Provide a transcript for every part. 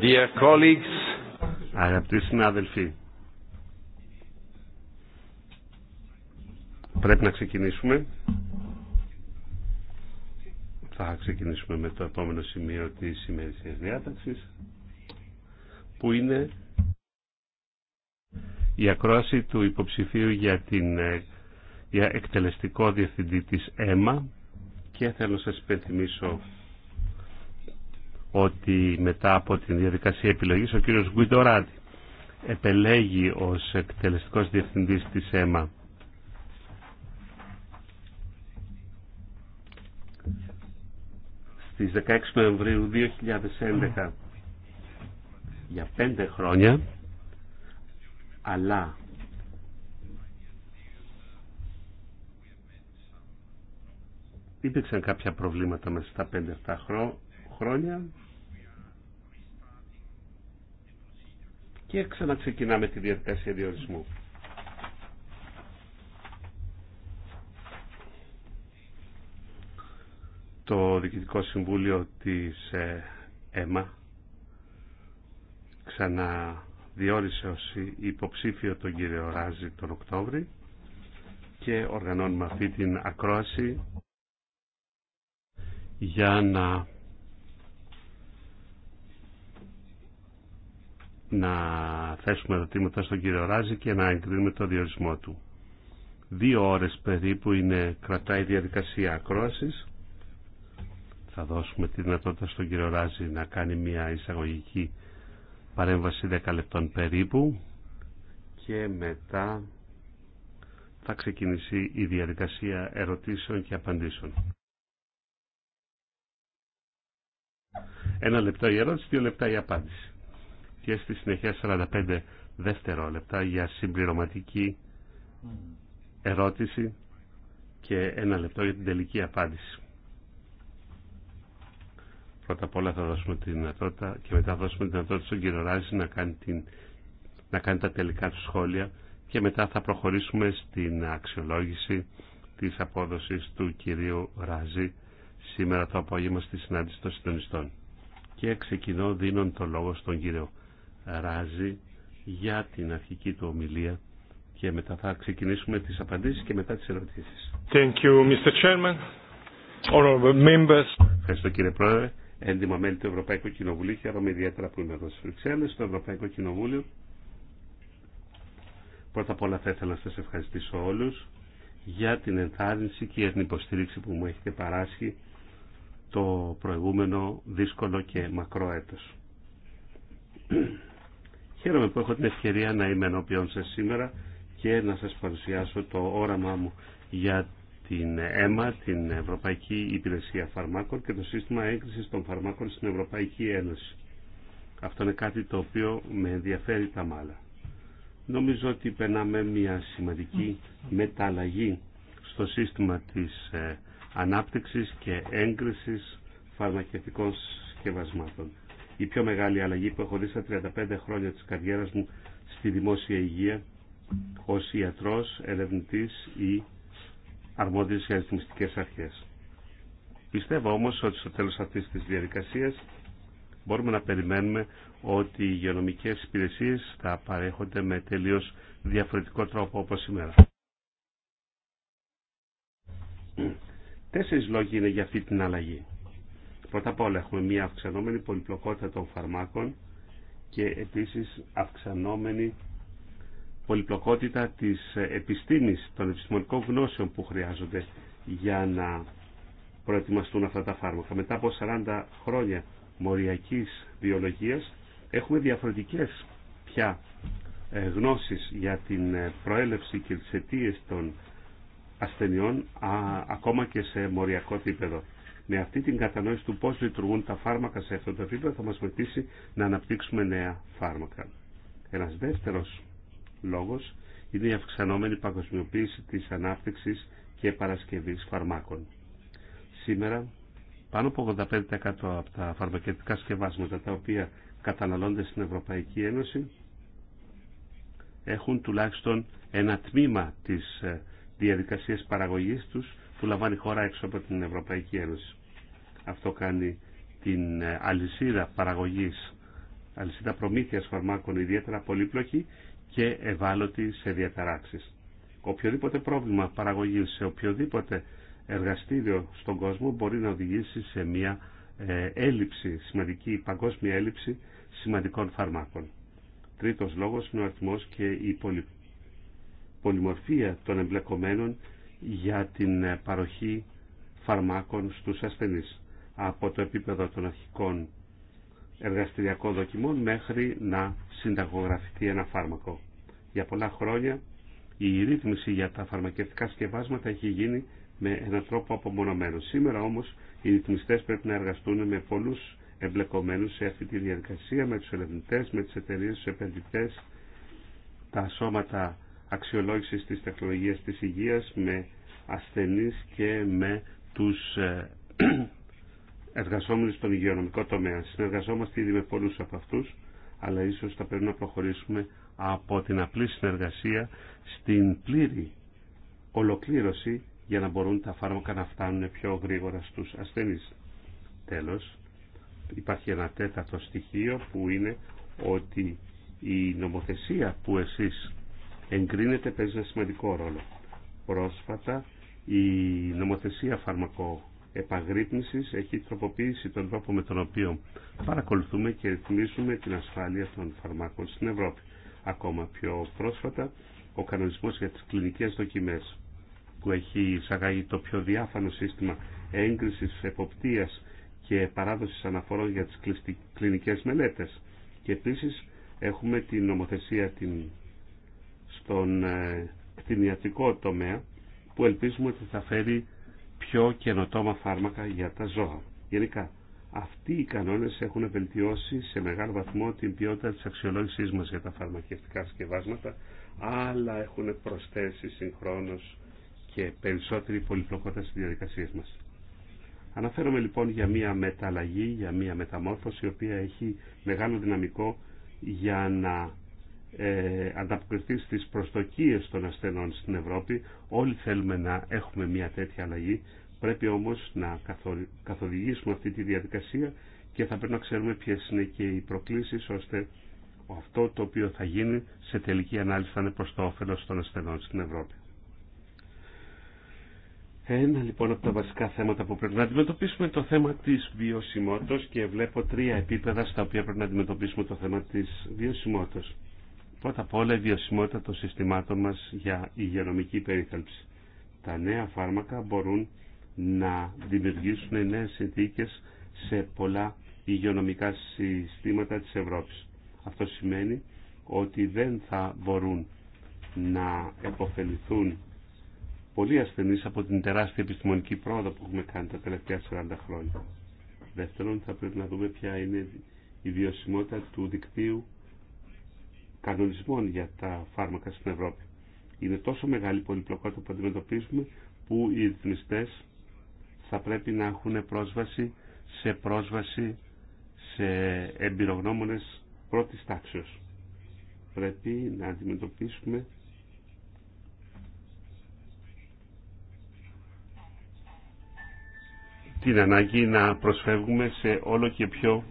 Dear colleagues, αγαπητοί συνάδελφοι, πρέπει να ξεκινήσουμε. Θα ξεκινήσουμε με το επόμενο σημείο της ημερησίας διάταξης, που είναι η ακρόαση του υποψηφίου για, την, ε, για εκτελεστικό διευθυντή της ΕΜΑ και θέλω να σας υπενθυμίσω ότι μετά από την διαδικασία επιλογής ο κύριος Γκουιντοράτη επελέγει ως εκτελεστικός διευθυντής της ΕΜΑ. Στις 16 Νοεμβρίου 2011 για πέντε χρόνια αλλά υπήρξαν κάποια προβλήματα μέσα στα πέντε αυτά χρόνια και ξαναξεκινάμε τη διαδικασία διορισμού. Το Διοικητικό Συμβούλιο της ε, ΕΜΑ ξαναδιόρισε ως υποψήφιο τον κύριο Ράζη τον Οκτώβρη και οργανώνουμε αυτή την ακρόαση για να να θέσουμε ερωτήματα στον κύριο Ράζη και να εγκρίνουμε το διορισμό του. Δύο ώρες περίπου είναι, κρατάει η διαδικασία ακρόασης. Θα δώσουμε τη δυνατότητα στον κύριο Ράζη να κάνει μια εισαγωγική παρέμβαση 10 λεπτών περίπου και μετά θα ξεκινήσει η διαδικασία ερωτήσεων και απαντήσεων. Ένα λεπτό η ερώτηση, δύο λεπτά η απάντηση και στη συνεχεία 45 δευτερόλεπτα για συμπληρωματική ερώτηση και ένα λεπτό για την τελική απάντηση. Πρώτα απ' όλα θα δώσουμε τη δυνατότητα και μετά θα δώσουμε τη δυνατότητα στον κύριο Ράζη να κάνει, να τα τελικά του σχόλια και μετά θα προχωρήσουμε στην αξιολόγηση της απόδοσης του κυρίου Ράζη σήμερα το απόγευμα στη συνάντηση των συντονιστών. Και ξεκινώ δίνω το λόγο στον κύριο Ράζη για την αρχική του ομιλία και μετά θα ξεκινήσουμε τις απαντήσεις και μετά τις ερωτήσεις. Thank you, Mr. Chairman. Members. Ευχαριστώ κύριε Πρόεδρε. Έντιμα μέλη του Ευρωπαϊκού Κοινοβουλίου. Χαίρομαι ιδιαίτερα που είμαι εδώ στις Βρυξέλλες, στο Ευρωπαϊκό Κοινοβούλιο. Πρώτα απ' όλα θα ήθελα να σας ευχαριστήσω όλους για την ενθάρρυνση και για την υποστήριξη που μου έχετε παράσχει το προηγούμενο δύσκολο και μακρό έτος. Χαίρομαι που έχω την ευκαιρία να είμαι ενώπιον σας σήμερα και να σας παρουσιάσω το όραμά μου για την ΕΜΑ, την Ευρωπαϊκή Υπηρεσία Φαρμάκων και το σύστημα έγκρισης των φαρμάκων στην Ευρωπαϊκή Ένωση. Αυτό είναι κάτι το οποίο με ενδιαφέρει τα μάλα. Νομίζω ότι περνάμε μια σημαντική μεταλλαγή στο σύστημα της ε, ανάπτυξης και έγκρισης φαρμακευτικών συσκευασμάτων η πιο μεγάλη αλλαγή που έχω δει στα 35 χρόνια της καριέρας μου στη δημόσια υγεία ως ιατρός, ερευνητής ή αρμόδιος για αριθμιστικές αρχές. Πιστεύω όμως ότι στο τέλος αυτής της διαδικασίας μπορούμε να περιμένουμε ότι οι υγειονομικές υπηρεσίες θα παρέχονται με τελείως διαφορετικό τρόπο όπως σήμερα. Τέσσερις λόγοι είναι για αυτή την αλλαγή. Πρώτα απ' όλα έχουμε μια αυξανόμενη πολυπλοκότητα των φαρμάκων και επίσης αυξανόμενη πολυπλοκότητα της επιστήμης, των επιστημονικών γνώσεων που χρειάζονται για να προετοιμαστούν αυτά τα φάρμακα. Μετά από 40 χρόνια μοριακής βιολογίας έχουμε διαφορετικές πια ε, γνώσεις για την ε, προέλευση και τις αιτίες των ασθενειών ακόμα και σε μοριακό επίπεδο. Με αυτή την κατανόηση του πώς λειτουργούν τα φάρμακα σε αυτό το επίπεδο θα μας βοηθήσει να αναπτύξουμε νέα φάρμακα. Ένας δεύτερος λόγος είναι η αυξανόμενη παγκοσμιοποίηση της ανάπτυξης και παρασκευής φαρμάκων. Σήμερα πάνω από 85% από τα φαρμακευτικά σκευάσματα τα οποία καταναλώνται στην Ευρωπαϊκή Ένωση έχουν τουλάχιστον ένα τμήμα της ε, διαδικασίας παραγωγής τους που λαμβάνει χώρα έξω από την Ευρωπαϊκή Ένωση. Αυτό κάνει την ε, αλυσίδα παραγωγής, αλυσίδα προμήθειας φαρμάκων ιδιαίτερα πολύπλοκη και ευάλωτη σε διαταράξεις. Οποιοδήποτε πρόβλημα παραγωγής σε οποιοδήποτε εργαστήριο στον κόσμο μπορεί να οδηγήσει σε μια ε, έλλειψη, σημαντική παγκόσμια έλλειψη σημαντικών φαρμάκων. Τρίτος λόγος είναι ο αριθμός και η πολυμορφία των εμπλεκομένων για την ε, παροχή φαρμάκων στους ασθενείς από το επίπεδο των αρχικών εργαστηριακών δοκιμών μέχρι να συνταγογραφηθεί ένα φάρμακο. Για πολλά χρόνια η ρύθμιση για τα φαρμακευτικά σκευάσματα έχει γίνει με έναν τρόπο απομονωμένο. Σήμερα όμως οι ρυθμιστές πρέπει να εργαστούν με πολλούς εμπλεκομένους σε αυτή τη διαδικασία, με τους ερευνητέ, με τις εταιρείες, τους επενδυτές, τα σώματα αξιολόγησης της τεχνολογίας της υγείας, με ασθενείς και με τους ε, εργαζόμενοι στον υγειονομικό τομέα. Συνεργαζόμαστε ήδη με πολλούς από αυτούς, αλλά ίσως θα πρέπει να προχωρήσουμε από την απλή συνεργασία στην πλήρη ολοκλήρωση για να μπορούν τα φάρμακα να φτάνουν πιο γρήγορα στους ασθενείς. Τέλος, υπάρχει ένα τέταρτο στοιχείο που είναι ότι η νομοθεσία που εσείς εγκρίνετε παίζει ένα σημαντικό ρόλο. Πρόσφατα η νομοθεσία φαρμακο επαγρύπνησης έχει τροποποιήσει τον τρόπο με τον οποίο παρακολουθούμε και ρυθμίζουμε την ασφάλεια των φαρμάκων στην Ευρώπη. Ακόμα πιο πρόσφατα, ο κανονισμός για τις κλινικές δοκιμές που έχει εισαγάγει το πιο διάφανο σύστημα έγκρισης, εποπτείας και παράδοσης αναφορών για τις κλινικές μελέτες. Και επίσης έχουμε την νομοθεσία την, στον ε, κτηνιατρικό τομέα που ελπίζουμε ότι θα φέρει πιο καινοτόμα φάρμακα για τα ζώα. Γενικά, αυτοί οι κανόνε έχουν βελτιώσει σε μεγάλο βαθμό την ποιότητα τη αξιολόγησή μα για τα φαρμακευτικά συσκευάσματα, αλλά έχουν προσθέσει συγχρόνω και περισσότερη πολυπλοκότητα στι διαδικασίε μα. Αναφέρομαι λοιπόν για μια μεταλλαγή, για μια μεταμόρφωση, η οποία έχει μεγάλο δυναμικό για να ε, ανταποκριθεί στις προσδοκίες των ασθενών στην Ευρώπη. Όλοι θέλουμε να έχουμε μια τέτοια αλλαγή Πρέπει όμως να καθοδηγήσουμε αυτή τη διαδικασία και θα πρέπει να ξέρουμε ποιες είναι και οι προκλήσεις ώστε αυτό το οποίο θα γίνει σε τελική ανάλυση θα είναι προς το όφελος των ασθενών στην Ευρώπη. Ένα λοιπόν από τα βασικά θέματα που πρέπει να αντιμετωπίσουμε είναι το θέμα της βιωσιμότητας και βλέπω τρία επίπεδα στα οποία πρέπει να αντιμετωπίσουμε το θέμα της βιωσιμότητας. Πρώτα απ' όλα η βιωσιμότητα των συστημάτων μας για υγειονομική περίθαλψη. Τα νέα φάρμακα μπορούν να δημιουργήσουν νέες συνθήκε σε πολλά υγειονομικά συστήματα της Ευρώπης. Αυτό σημαίνει ότι δεν θα μπορούν να επωφεληθούν πολλοί ασθενείς από την τεράστια επιστημονική πρόοδο που έχουμε κάνει τα τελευταία 40 χρόνια. Δεύτερον, θα πρέπει να δούμε ποια είναι η βιωσιμότητα του δικτύου κανονισμών για τα φάρμακα στην Ευρώπη. Είναι τόσο μεγάλη πολυπλοκότητα που αντιμετωπίζουμε που οι ρυθμιστές θα πρέπει να έχουν πρόσβαση σε πρόσβαση σε εμπειρογνώμονες πρώτης τάξεως. Πρέπει να αντιμετωπίσουμε την ανάγκη να προσφεύγουμε σε όλο και πιο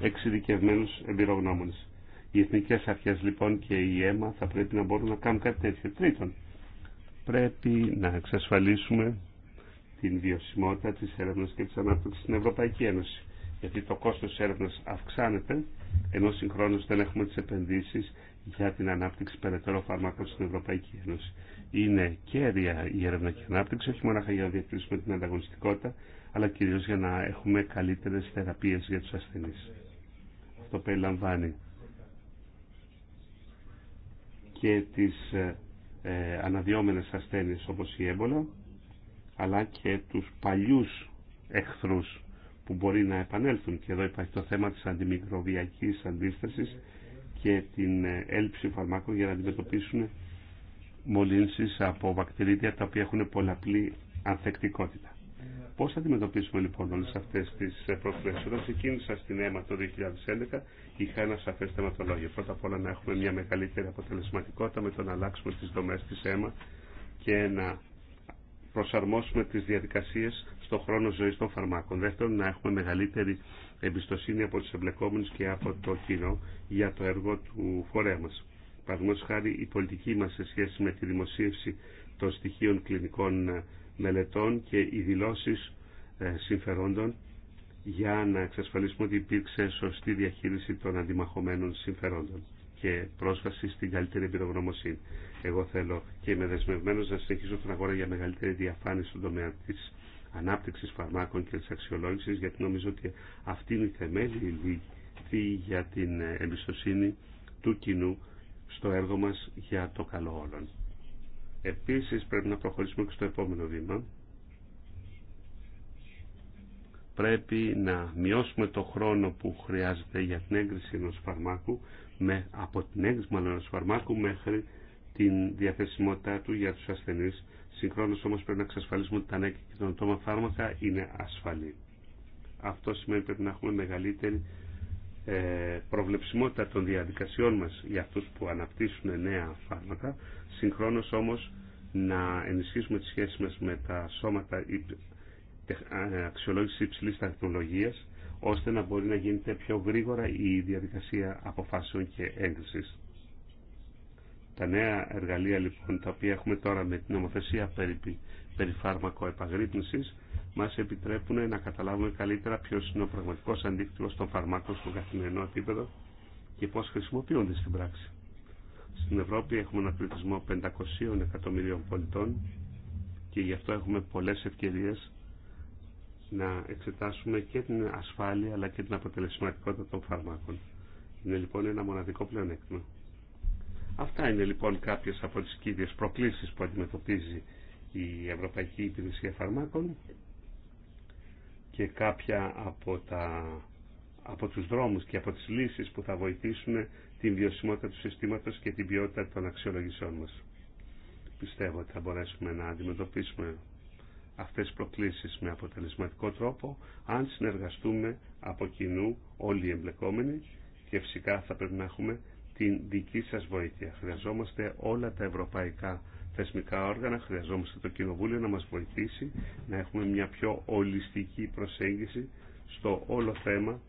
εξειδικευμένους εμπειρογνώμονες. Οι εθνικές αρχές λοιπόν και η ΕΜΑ θα πρέπει να μπορούν να κάνουν κάτι τέτοιο. Τρίτον, πρέπει να εξασφαλίσουμε την βιωσιμότητα τη έρευνα και τη ανάπτυξη στην Ευρωπαϊκή Ένωση. Γιατί το κόστο τη έρευνας αυξάνεται, ενώ συγχρόνω δεν έχουμε τι επενδύσει για την ανάπτυξη περαιτέρω φαρμάκων στην Ευρωπαϊκή Ένωση. Είναι κέρια η έρευνα και η ανάπτυξη, όχι μόνο για να διατηρήσουμε την ανταγωνιστικότητα, αλλά κυρίω για να έχουμε καλύτερε θεραπείε για του ασθενεί. Αυτό περιλαμβάνει και τι ε, ε αναδιόμενες ασθένειες όπως η έμπολα, αλλά και τους παλιούς εχθρούς που μπορεί να επανέλθουν. Και εδώ υπάρχει το θέμα της αντιμικροβιακής αντίστασης και την ε, έλλειψη φαρμάκων για να αντιμετωπίσουν μολύνσεις από βακτηρίδια τα οποία έχουν πολλαπλή ανθεκτικότητα. Πώ θα αντιμετωπίσουμε λοιπόν όλε αυτέ τι ε, προκλήσει. Όταν ξεκίνησα στην ΕΜΑ το 2011, είχα ένα σαφέ θεματολόγιο. Πρώτα απ' όλα να έχουμε μια μεγαλύτερη αποτελεσματικότητα με το να αλλάξουμε τι δομέ τη ΕΜΑ και να προσαρμόσουμε τις διαδικασίες στον χρόνο ζωής των φαρμάκων. Δεύτερον, να έχουμε μεγαλύτερη εμπιστοσύνη από τους εμπλεκόμενους και από το κοινό για το έργο του φορέα μας. Παραδείγματο χάρη η πολιτική μα σε σχέση με τη δημοσίευση των στοιχείων κλινικών ε, μελετών και οι δηλώσει ε, συμφερόντων για να εξασφαλίσουμε ότι υπήρξε σωστή διαχείριση των αντιμαχωμένων συμφερόντων και πρόσβαση στην καλύτερη εμπειρογνωμοσύνη. Εγώ θέλω και είμαι δεσμευμένο να συνεχίσω τον αγώνα για μεγαλύτερη διαφάνεια στον τομέα τη ανάπτυξη φαρμάκων και τη αξιολόγηση. γιατί νομίζω ότι αυτή είναι η θεμέλη για την εμπιστοσύνη του κοινού στο έργο μα για το καλό όλων. Επίση πρέπει να προχωρήσουμε και στο επόμενο βήμα. Πρέπει να μειώσουμε το χρόνο που χρειάζεται για την έγκριση ενός φαρμάκου με, από την έγκριση μάλλον φαρμάκου μέχρι την διαθεσιμότητά του για τους ασθενείς. Συγχρόνως όμως πρέπει να εξασφαλίσουμε ότι τα νέα και τόμα φάρμακα είναι ασφαλή. Αυτό σημαίνει πρέπει να έχουμε μεγαλύτερη ε, προβλεψιμότητα των διαδικασιών μας για αυτούς που αναπτύσσουν νέα φάρμακα, συγχρόνως όμως να ενισχύσουμε τις σχέσεις μας με τα σώματα αξιολόγηση υψηλής τεχνολογίας ώστε να μπορεί να γίνεται πιο γρήγορα η διαδικασία αποφάσεων και έγκρισης. Τα νέα εργαλεία λοιπόν τα οποία έχουμε τώρα με την νομοθεσία περί, περί φάρμακο επαγρύπνησης μας επιτρέπουν να καταλάβουμε καλύτερα ποιος είναι ο πραγματικός αντίκτυπος των φαρμάκων στο καθημερινό επίπεδο και πώς χρησιμοποιούνται στην πράξη. Στην Ευρώπη έχουμε ένα πληθυσμό 500 εκατομμυρίων πολιτών και γι' αυτό έχουμε πολλές ευκαιρίες να εξετάσουμε και την ασφάλεια αλλά και την αποτελεσματικότητα των φαρμάκων. Είναι λοιπόν ένα μοναδικό πλεονέκτημα. Αυτά είναι λοιπόν κάποιες από τις κύριες προκλήσεις που αντιμετωπίζει η Ευρωπαϊκή Υπηρεσία Φαρμάκων και κάποια από, τα, από τους δρόμους και από τις λύσεις που θα βοηθήσουν την βιωσιμότητα του συστήματος και την ποιότητα των αξιολογησεών μας. Πιστεύω ότι θα μπορέσουμε να αντιμετωπίσουμε αυτές τις προκλήσεις με αποτελεσματικό τρόπο αν συνεργαστούμε από κοινού όλοι οι εμπλεκόμενοι και φυσικά θα πρέπει να έχουμε την δική σας βοήθεια. Χρειαζόμαστε όλα τα ευρωπαϊκά θεσμικά όργανα, χρειαζόμαστε το Κοινοβούλιο να μας βοηθήσει να έχουμε μια πιο ολιστική προσέγγιση στο όλο θέμα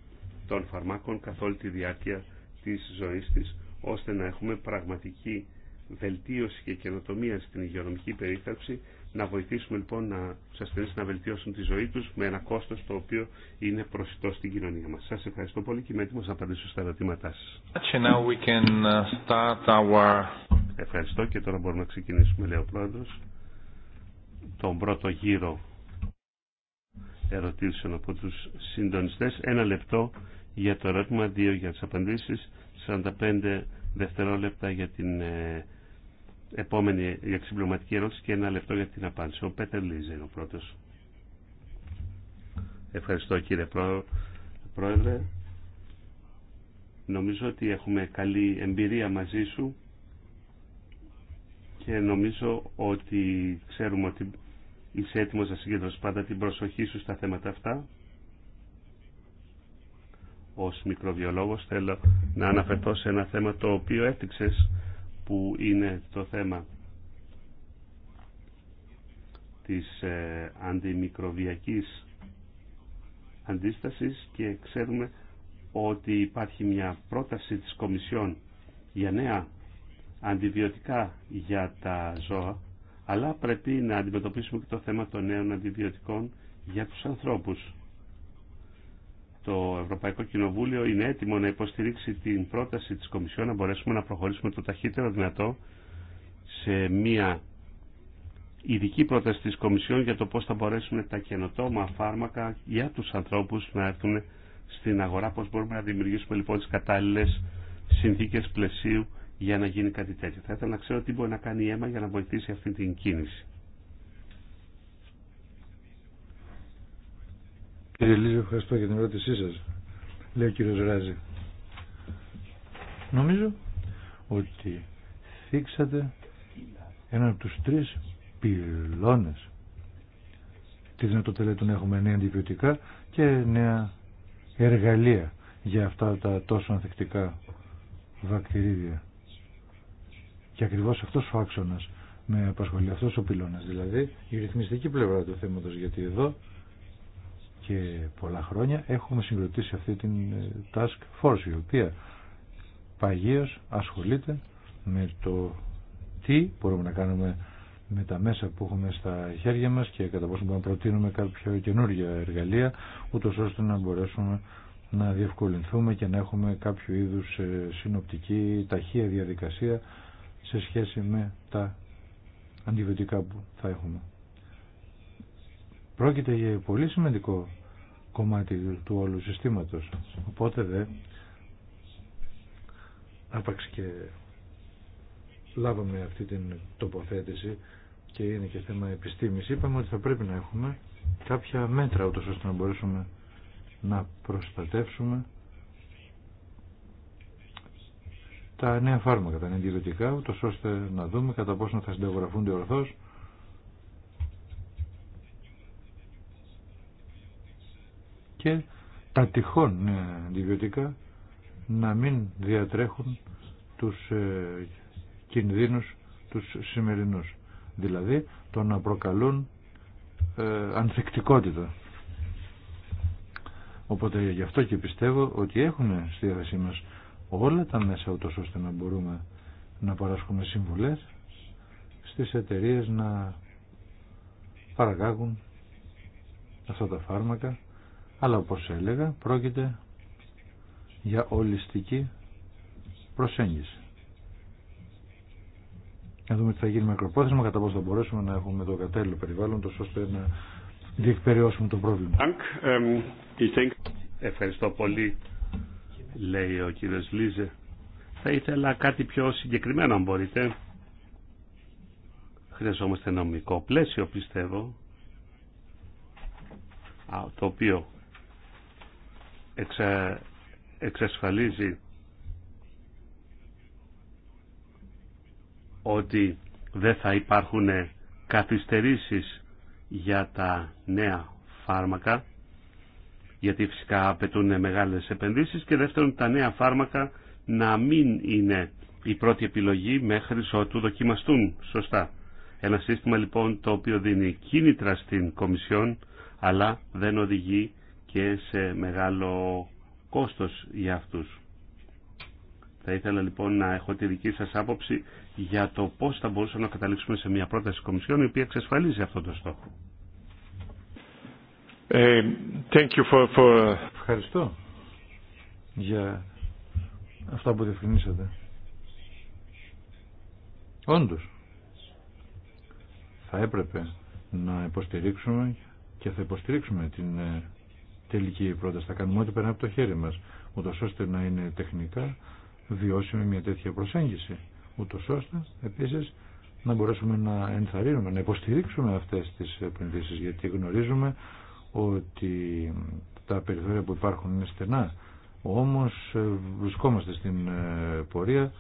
των φαρμάκων καθ' όλη τη διάρκεια της ζωής της, ώστε να έχουμε πραγματική βελτίωση και καινοτομία στην υγειονομική περίθαλψη να βοηθήσουμε λοιπόν να, σας ασθενείς να βελτιώσουν τη ζωή τους με ένα κόστος το οποίο είναι προσιτό στην κοινωνία μας. Σας ευχαριστώ πολύ και είμαι έτοιμος να απαντήσω στα ερωτήματά σας. Uh, our... Ευχαριστώ και τώρα μπορούμε να ξεκινήσουμε, λέει ο Πρόεδρος, τον πρώτο γύρο ερωτήσεων από τους συντονιστές. Ένα λεπτό για το ερώτημα, δύο για τις απαντήσεις, 45 δευτερόλεπτα για την ε, Επόμενη για συμπληρωματική ερώτηση και ένα λεπτό για την απάντηση. Ο Πέτερ Λίζε είναι ο πρώτος. Ευχαριστώ κύριε Πρόεδρε. Νομίζω ότι έχουμε καλή εμπειρία μαζί σου και νομίζω ότι ξέρουμε ότι είσαι έτοιμος να συγκεντρώσεις πάντα την προσοχή σου στα θέματα αυτά. Ως μικροβιολόγος θέλω να αναφερθώ σε ένα θέμα το οποίο έφτιαξες που είναι το θέμα της ε, αντιμικροβιακής αντίστασης και ξέρουμε ότι υπάρχει μια πρόταση της Κομισιόν για νέα αντιβιωτικά για τα ζώα, αλλά πρέπει να αντιμετωπίσουμε και το θέμα των νέων αντιβιωτικών για τους ανθρώπους το Ευρωπαϊκό Κοινοβούλιο είναι έτοιμο να υποστηρίξει την πρόταση της Κομισιόν να μπορέσουμε να προχωρήσουμε το ταχύτερο δυνατό σε μια ειδική πρόταση της Κομισιόν για το πώς θα μπορέσουν τα καινοτόμα φάρμακα για τους ανθρώπους να έρθουν στην αγορά, πώς μπορούμε να δημιουργήσουμε λοιπόν τις κατάλληλες συνθήκες πλαισίου για να γίνει κάτι τέτοιο. Θα ήθελα να ξέρω τι μπορεί να κάνει η αίμα για να βοηθήσει αυτή την κίνηση. Κύριε Λίζο, ευχαριστώ για την ερώτησή σα, Λέει ο κύριο Ράζη. Νομίζω ότι θίξατε έναν από τους τρεις πυλώνες τη δυνατότητα να έχουμε νέα αντιβιωτικά και νέα εργαλεία για αυτά τα τόσο ανθεκτικά βακτηρίδια. Και ακριβώ αυτό ο άξονα με απασχολεί, αυτό ο πυλώνα δηλαδή, η ρυθμιστική πλευρά του θέματος, γιατί εδώ και πολλά χρόνια έχουμε συγκροτήσει αυτή την ε, task force η οποία παγίως ασχολείται με το τι μπορούμε να κάνουμε με τα μέσα που έχουμε στα χέρια μας και κατά πόσο μπορούμε να προτείνουμε κάποια καινούργια εργαλεία ούτως ώστε να μπορέσουμε να διευκολυνθούμε και να έχουμε κάποιο είδους ε, συνοπτική ταχεία διαδικασία σε σχέση με τα αντιβιωτικά που θα έχουμε. Πρόκειται για πολύ σημαντικό κομμάτι του όλου συστήματος. Οπότε δε άπαξ και λάβαμε αυτή την τοποθέτηση και είναι και θέμα επιστήμης. Είπαμε ότι θα πρέπει να έχουμε κάποια μέτρα ούτως ώστε να μπορέσουμε να προστατεύσουμε τα νέα φάρμακα, τα νέα αντιβιωτικά, ούτως ώστε να δούμε κατά πόσο θα συνταγογραφούνται ορθώς και τα τυχόν ε, αντιβιωτικά να μην διατρέχουν τους ε, κινδύνους τους σημερινούς. Δηλαδή το να προκαλούν ε, ανθεκτικότητα. Οπότε γι' αυτό και πιστεύω ότι έχουμε στη διάθεσή μας όλα τα μέσα ούτως ώστε να μπορούμε να παράσχουμε συμβουλές στις εταιρείες να παραγάγουν αυτά τα φάρμακα αλλά όπως έλεγα πρόκειται για ολιστική προσέγγιση. Να δούμε τι θα γίνει με μακροπρόθεσμα, κατά πόσο θα μπορέσουμε να έχουμε το κατάλληλο περιβάλλον, τόσο ώστε να διεκπεριώσουμε το πρόβλημα. Ευχαριστώ πολύ, λέει ο κύριος Λίζε. Θα ήθελα κάτι πιο συγκεκριμένο, αν μπορείτε. Χρειαζόμαστε νομικό πλαίσιο, πιστεύω, το οποίο εξασφαλίζει ότι δεν θα υπάρχουν καθυστερήσεις για τα νέα φάρμακα γιατί φυσικά απαιτούν μεγάλες επενδύσεις και δεύτερον τα νέα φάρμακα να μην είναι η πρώτη επιλογή μέχρι ότου δοκιμαστούν σωστά. Ένα σύστημα λοιπόν το οποίο δίνει κίνητρα στην Κομισιόν αλλά δεν οδηγεί και σε μεγάλο κόστος για αυτούς. Θα ήθελα λοιπόν να έχω τη δική σας άποψη για το πώς θα μπορούσαμε να καταλήξουμε σε μια πρόταση Κομισιόν η οποία εξασφαλίζει αυτό το στόχο. Ε, thank you for, for... Ευχαριστώ για αυτά που διευκρινίσατε. Όντως, θα έπρεπε να υποστηρίξουμε και θα υποστηρίξουμε την ε, τελική πρόταση. Θα κάνουμε ό,τι περνάει από το χέρι μα, ούτω ώστε να είναι τεχνικά βιώσιμη μια τέτοια προσέγγιση, ούτω ώστε επίσης να μπορέσουμε να ενθαρρύνουμε, να υποστηρίξουμε αυτές τις επενδύσει. γιατί γνωρίζουμε ότι τα περιθώρια που υπάρχουν είναι στενά, όμως βρισκόμαστε στην ε, πορεία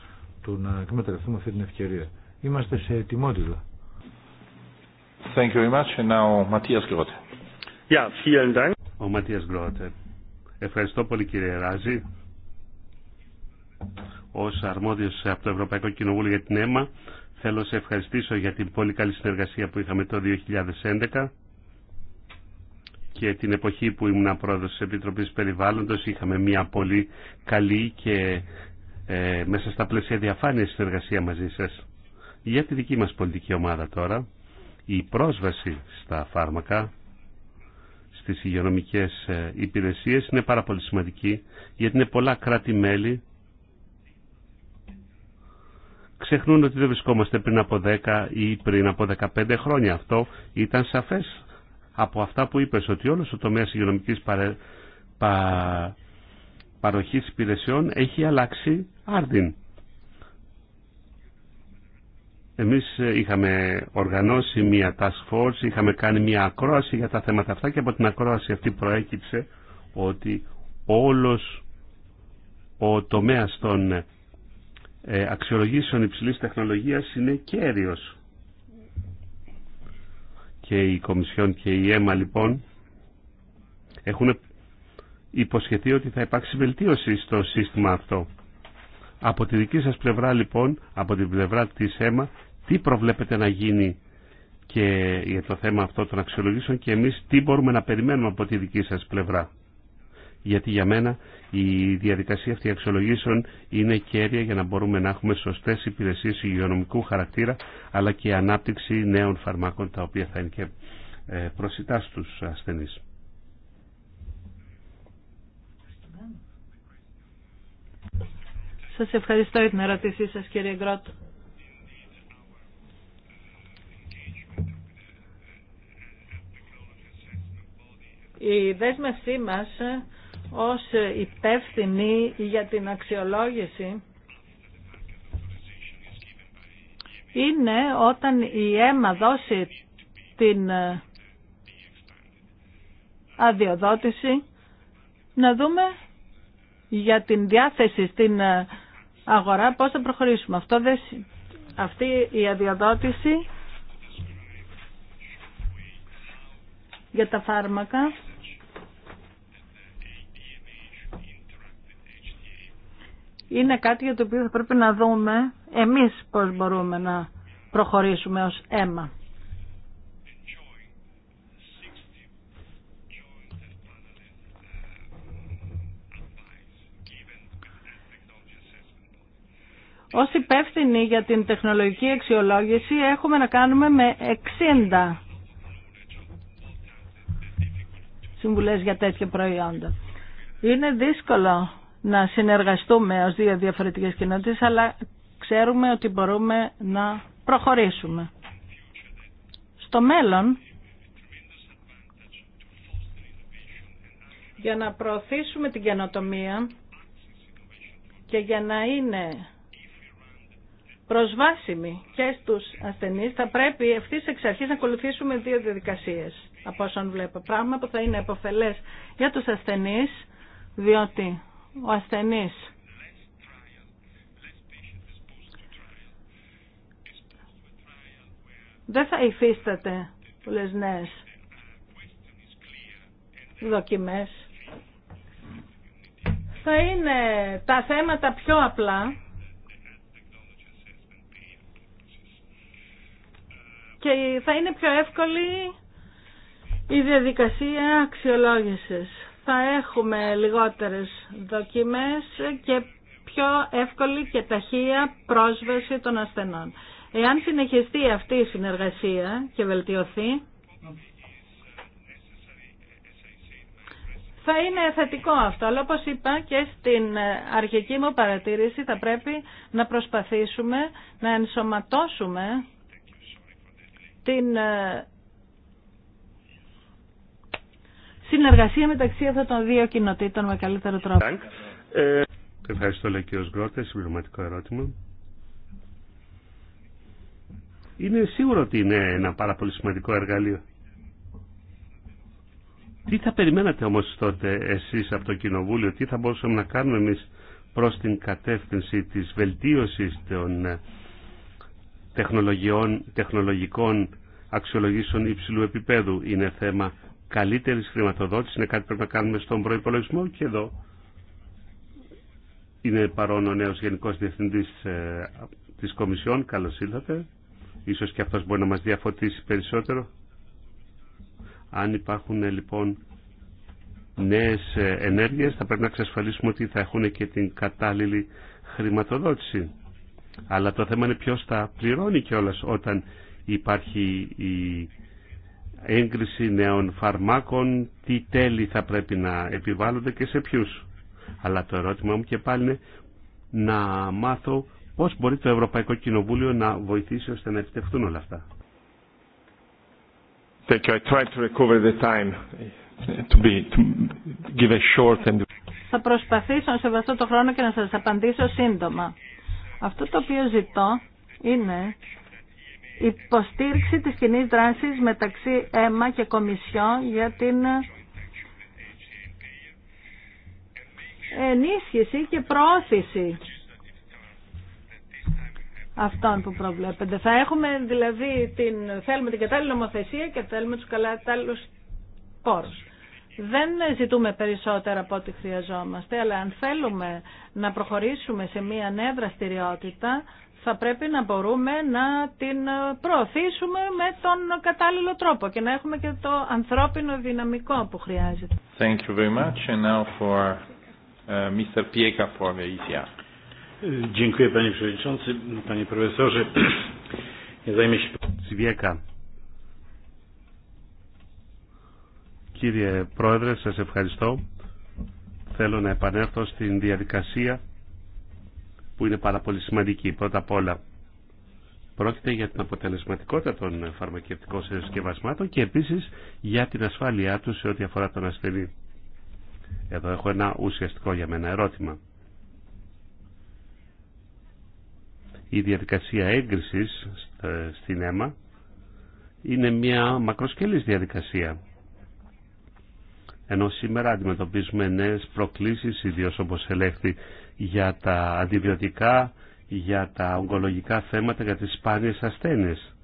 του να εκμεταλλευτούμε αυτή την ευκαιρία. Είμαστε σε ετοιμότητα. Thank you now, Matthias vielen Dank. Ο Ματίας Ευχαριστώ πολύ κύριε Ράζη. Ως αρμόδιος από το Ευρωπαϊκό Κοινοβούλιο για την ΕΜΑ θέλω να σε ευχαριστήσω για την πολύ καλή συνεργασία που είχαμε το 2011 και την εποχή που ήμουν πρόεδρος της Επιτροπής Περιβάλλοντος είχαμε μια πολύ καλή και ε, μέσα στα πλαίσια διαφάνεια συνεργασία μαζί σας. Για τη δική μας πολιτική ομάδα τώρα, η πρόσβαση στα φάρμακα στις υγειονομικές ε, υπηρεσίες είναι πάρα πολύ σημαντική γιατί είναι πολλά κράτη-μέλη ξεχνούν ότι δεν βρισκόμαστε πριν από 10 ή πριν από 15 χρόνια. Αυτό ήταν σαφές από αυτά που είπες ότι όλος ο τομέας υγειονομικής παρε... πα... παροχής υπηρεσιών έχει αλλάξει άρδιν. Εμείς ε, είχαμε οργανώσει μια task force, είχαμε κάνει μια ακρόαση για τα θέματα αυτά και από την ακρόαση αυτή προέκυψε ότι όλος ο τομέας των ε, ε, αξιολογήσεων υψηλής τεχνολογίας είναι κέριος. Και η Κομισιόν και η ΕΜΑ λοιπόν έχουν υποσχεθεί ότι θα υπάρξει βελτίωση στο σύστημα αυτό. Από τη δική σας πλευρά λοιπόν, από την πλευρά της ΕΜΑ, τι προβλέπετε να γίνει και για το θέμα αυτό των αξιολογήσεων και εμείς τι μπορούμε να περιμένουμε από τη δική σας πλευρά. Γιατί για μένα η διαδικασία αυτή αξιολογήσεων είναι κέρια για να μπορούμε να έχουμε σωστές υπηρεσίες υγειονομικού χαρακτήρα αλλά και ανάπτυξη νέων φαρμάκων τα οποία θα είναι και ε, προσιτά στους ασθενείς. Σας ευχαριστώ για την ερώτησή σας κύριε Γκρότ. Η δέσμευσή μας ως υπεύθυνη για την αξιολόγηση είναι όταν η ΕΜΑ δώσει την αδειοδότηση να δούμε για την διάθεση στην αγορά πώς θα προχωρήσουμε. Αυτό Αυτή η αδειοδότηση για τα φάρμακα είναι κάτι για το οποίο θα πρέπει να δούμε εμείς πώς μπορούμε να προχωρήσουμε ως αίμα. Ως υπεύθυνοι για την τεχνολογική αξιολόγηση έχουμε να κάνουμε με 60 συμβουλές για τέτοια προϊόντα. Είναι δύσκολο να συνεργαστούμε ως δύο διαφορετικές κοινότητες, αλλά ξέρουμε ότι μπορούμε να προχωρήσουμε. Στο μέλλον, για να προωθήσουμε την καινοτομία και για να είναι προσβάσιμη και στους ασθενείς, θα πρέπει ευθύ εξ αρχής να ακολουθήσουμε δύο διαδικασίες, από όσον βλέπω. Πράγμα που θα είναι επωφελές για τους ασθενείς, διότι ο ασθενής δεν θα υφίσταται πολλές νέες δοκιμές. Θα είναι τα θέματα πιο απλά και θα είναι πιο εύκολη η διαδικασία αξιολόγησης. Θα έχουμε λιγότερες δοκιμές και πιο εύκολη και ταχεία πρόσβαση των ασθενών. Εάν συνεχιστεί αυτή η συνεργασία και βελτιωθεί, θα είναι θετικό αυτό, αλλά όπως είπα και στην αρχική μου παρατήρηση θα πρέπει να προσπαθήσουμε να ενσωματώσουμε την ε, συνεργασία μεταξύ αυτών των δύο κοινοτήτων με καλύτερο τρόπο. Ε, ευχαριστώ, λέει ο Γκρότε. Συμπληρωματικό ερώτημα. Είναι σίγουρο ότι είναι ένα πάρα πολύ σημαντικό εργαλείο. Τι θα περιμένατε όμως τότε εσείς από το Κοινοβούλιο, τι θα μπορούσαμε να κάνουμε εμείς προς την κατεύθυνση της βελτίωσης των ε, τεχνολογιών, τεχνολογικών αξιολογήσεων υψηλού επίπεδου. Είναι θέμα καλύτερης χρηματοδότησης, είναι κάτι που πρέπει να κάνουμε στον προϋπολογισμό και εδώ είναι παρόν ο νέος Γενικός Διευθυντής ε, της Κομισιόν. Καλώς ήλθατε. Ίσως και αυτός μπορεί να μας διαφωτίσει περισσότερο. Αν υπάρχουν ε, λοιπόν νέες ε, ενέργειες θα πρέπει να εξασφαλίσουμε ότι θα έχουν και την κατάλληλη χρηματοδότηση. Αλλά το θέμα είναι ποιος θα πληρώνει κιόλα όταν υπάρχει η έγκριση νέων φαρμάκων, τι τέλη θα πρέπει να επιβάλλονται και σε ποιους. Αλλά το ερώτημα μου και πάλι είναι να μάθω πώς μπορεί το Ευρωπαϊκό Κοινοβούλιο να βοηθήσει ώστε να επιτευχθούν όλα αυτά. Θα προσπαθήσω να σεβαστώ το χρόνο και να σας απαντήσω σύντομα. Αυτό το οποίο ζητώ είναι υποστήριξη της κοινή δράσης μεταξύ ΕΜΑ και Κομισιό για την ενίσχυση και προώθηση αυτών που προβλέπεται. Θα έχουμε δηλαδή την, θέλουμε την κατάλληλη νομοθεσία και θέλουμε τους κατάλληλους πόρους δεν ζητούμε περισσότερα από ό,τι χρειαζόμαστε, αλλά αν θέλουμε να προχωρήσουμε σε μια νέα δραστηριότητα, θα πρέπει να μπορούμε να την προωθήσουμε με τον κατάλληλο τρόπο και να έχουμε και το ανθρώπινο δυναμικό που χρειάζεται. Thank you very much. And now for uh, Mr. Pieka for the e Dziękuję panie przewodniczący, panie profesorze. zajmę się... Κύριε Πρόεδρε, σας ευχαριστώ. Θέλω να επανέλθω στην διαδικασία που είναι πάρα πολύ σημαντική. Πρώτα απ' όλα, πρόκειται για την αποτελεσματικότητα των φαρμακευτικών συσκευασμάτων και επίσης για την ασφάλειά τους σε ό,τι αφορά τον ασθενή. Εδώ έχω ένα ουσιαστικό για μένα ερώτημα. Η διαδικασία έγκρισης ε, στην αίμα είναι μια μακροσκελής διαδικασία ενώ σήμερα αντιμετωπίζουμε νέες προκλήσεις, ιδίως όπως ελέγχθη για τα αντιβιωτικά, για τα ογκολογικά θέματα, για τις σπάνιες ασθένειες.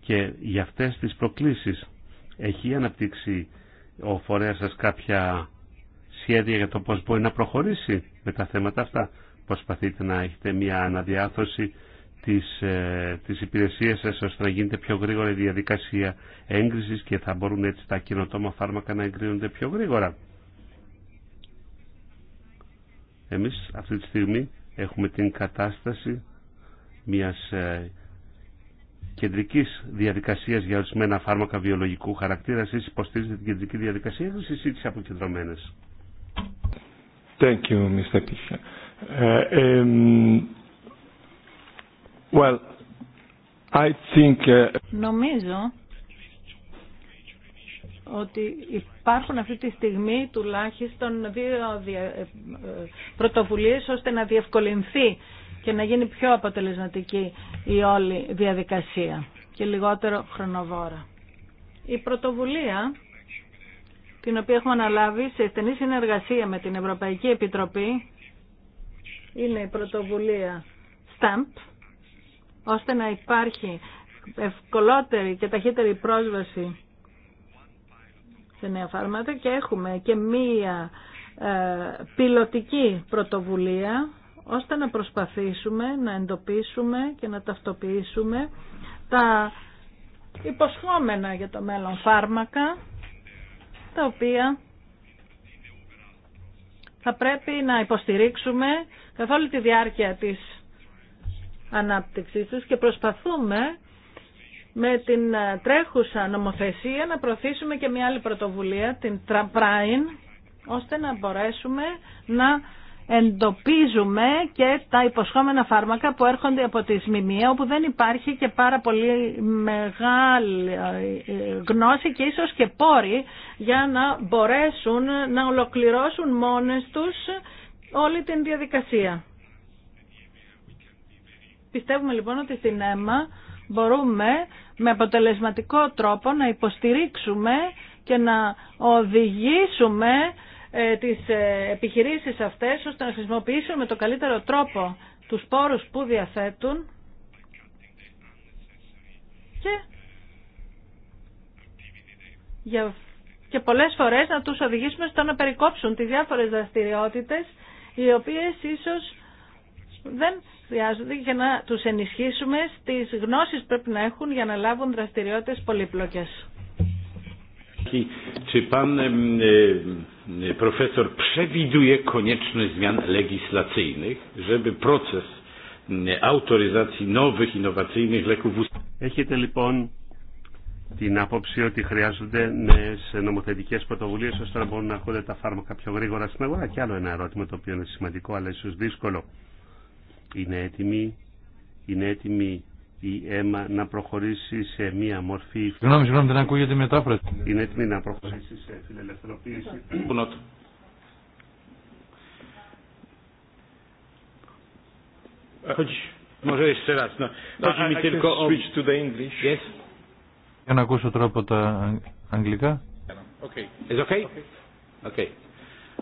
Και για αυτές τις προκλήσεις έχει αναπτύξει ο φορέας σας κάποια σχέδια για το πώς μπορεί να προχωρήσει με τα θέματα αυτά. Προσπαθείτε να έχετε μια αναδιάθρωση τις, ε, τις υπηρεσίες σας ώστε να γίνεται πιο γρήγορα η διαδικασία έγκρισης και θα μπορούν έτσι τα κοινοτόμα φάρμακα να εγκρίνονται πιο γρήγορα. Εμείς αυτή τη στιγμή έχουμε την κατάσταση μιας ε, κεντρικής διαδικασίας για ορισμένα φάρμακα βιολογικού χαρακτήρα. Εσείς υποστηρίζετε την κεντρική διαδικασία ή ή αποκεντρωμένες. Thank you, Mr. Well, I think... Uh, Νομίζω ότι υπάρχουν αυτή τη στιγμή τουλάχιστον δύο ε, ε, πρωτοβουλίες ώστε να διευκολυνθεί και να γίνει πιο αποτελεσματική η όλη διαδικασία και λιγότερο χρονοβόρα. Η πρωτοβουλία την οποία έχουμε αναλάβει σε στενή συνεργασία με την Ευρωπαϊκή Επιτροπή είναι η πρωτοβουλία STAMP ώστε να υπάρχει ευκολότερη και ταχύτερη πρόσβαση σε νέα φάρμακα και έχουμε και μία ε, πιλωτική πρωτοβουλία ώστε να προσπαθήσουμε να εντοπίσουμε και να ταυτοποιήσουμε τα υποσχόμενα για το μέλλον φάρμακα τα οποία θα πρέπει να υποστηρίξουμε καθ' όλη τη διάρκεια της Ανάπτυξη τους και προσπαθούμε με την τρέχουσα νομοθεσία να προωθήσουμε και μια άλλη πρωτοβουλία, την Τραπράιν, ώστε να μπορέσουμε να εντοπίζουμε και τα υποσχόμενα φάρμακα που έρχονται από τη Σμιμία όπου δεν υπάρχει και πάρα πολύ μεγάλη ε, γνώση και ίσως και πόρη για να μπορέσουν να ολοκληρώσουν μόνες τους όλη την διαδικασία. Πιστεύουμε λοιπόν ότι στην ΕΜΑ μπορούμε με αποτελεσματικό τρόπο να υποστηρίξουμε και να οδηγήσουμε ε, τις ε, επιχειρήσεις αυτές ώστε να χρησιμοποιήσουν με το καλύτερο τρόπο τους πόρους που διαθέτουν και, για... και πολλές φορές να τους οδηγήσουμε στο να περικόψουν τις διάφορες δραστηριότητες οι οποίες ίσως δεν χρειάζονται για να τους ενισχύσουμε στις γνώσεις που πρέπει να έχουν για να λάβουν δραστηριότητες πολύπλοκες. Έχετε λοιπόν την άποψη ότι χρειάζονται νέες νομοθετικές πρωτοβουλίες ώστε να μπορούν να έρχονται τα φάρμακα πιο γρήγορα στην αγορά. Και άλλο ένα ερώτημα το οποίο είναι σημαντικό αλλά ίσως δύσκολο είναι έτοιμη, είναι έτοιμη η αίμα να προχωρήσει σε μία μορφή... Συγγνώμη, συγγνώμη, δεν ακούγεται η μετάφραση. Είναι έτοιμη να προχωρήσει σε φιλελευθερωποίηση. Może jeszcze raz. No, chodzi switch to the English. Yes. Για να ακούσω τρόπο τα αγγλικά. Okay. Is okay? Okay.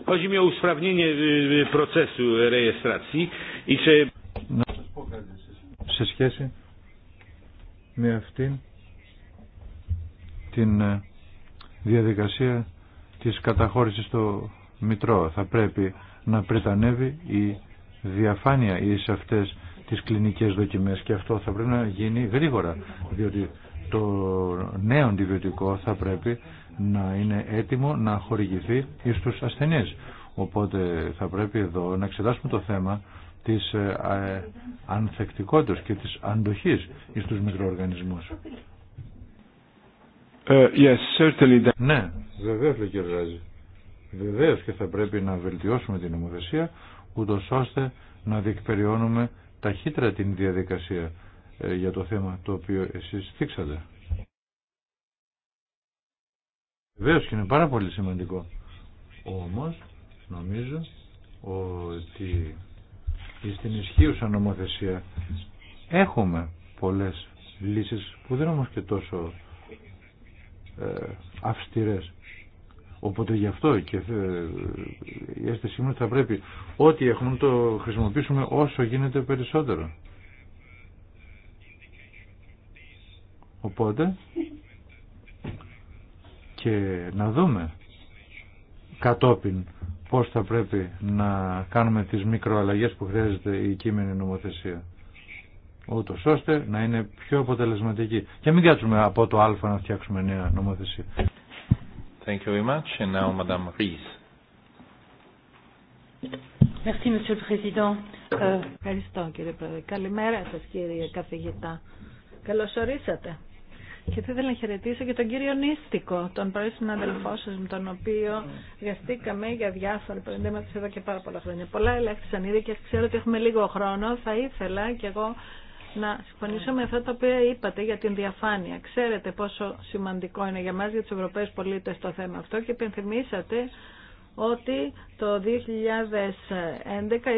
Chodzi mi o usprawnienie procesu rejestracji i czy σε σχέση με αυτήν την ε, διαδικασία της καταχώρησης στο Μητρό. Θα πρέπει να πρετανεύει η διαφάνεια ή σε αυτές τις κλινικές δοκιμές και αυτό θα πρέπει να γίνει γρήγορα διότι το νέο αντιβιωτικό θα πρέπει να είναι έτοιμο να χορηγηθεί στους ασθενείς. Οπότε θα πρέπει εδώ να εξετάσουμε το θέμα της ε, ε, ανθεκτικότητας και της αντοχής στους μικροοργανισμούς. Uh, yes, certainly. Ναι, βεβαίως λέει κύριε Ράζη. Βεβαίως και θα πρέπει να βελτιώσουμε την νομοθεσία ούτω ώστε να διεκπεριώνουμε ταχύτερα την διαδικασία για το θέμα το οποίο εσείς θίξατε. Βεβαίω και είναι πάρα πολύ σημαντικό. Όμως νομίζω ότι στην ισχύουσα νομοθεσία έχουμε πολλές λύσεις που δεν όμως και τόσο ε, αυστηρές. Οπότε γι' αυτό και ε, η αίσθησή μου θα πρέπει ό,τι έχουμε το χρησιμοποιήσουμε όσο γίνεται περισσότερο. Οπότε και να δούμε κατόπιν πώς θα πρέπει να κάνουμε τις μικροαλλαγές που χρειάζεται η κείμενη νομοθεσία. Ούτως ώστε να είναι πιο αποτελεσματική. Και μην κάτσουμε από το α να φτιάξουμε νέα νομοθεσία. Thank you very much. And now, Madame Merci, Monsieur le Président. Ε, ευχαριστώ, κύριε Πρόεδρε. Καλημέρα σας, κύριε καθηγητά. Καλώ ορίσατε. Και θα ήθελα να χαιρετήσω και τον κύριο Νίστικο, τον πρώην συναδελφό σα, με τον οποίο βιαστήκαμε για διάφορα προβλήματα εδώ και πάρα πολλά χρόνια. Πολλά ελέγχθησαν ήδη και ξέρω ότι έχουμε λίγο χρόνο. Θα ήθελα και εγώ να συμφωνήσω με αυτά τα οποία είπατε για την διαφάνεια. Ξέρετε πόσο σημαντικό είναι για μας, για τους Ευρωπαίους πολίτες το θέμα αυτό και υπενθυμίσατε ότι το 2011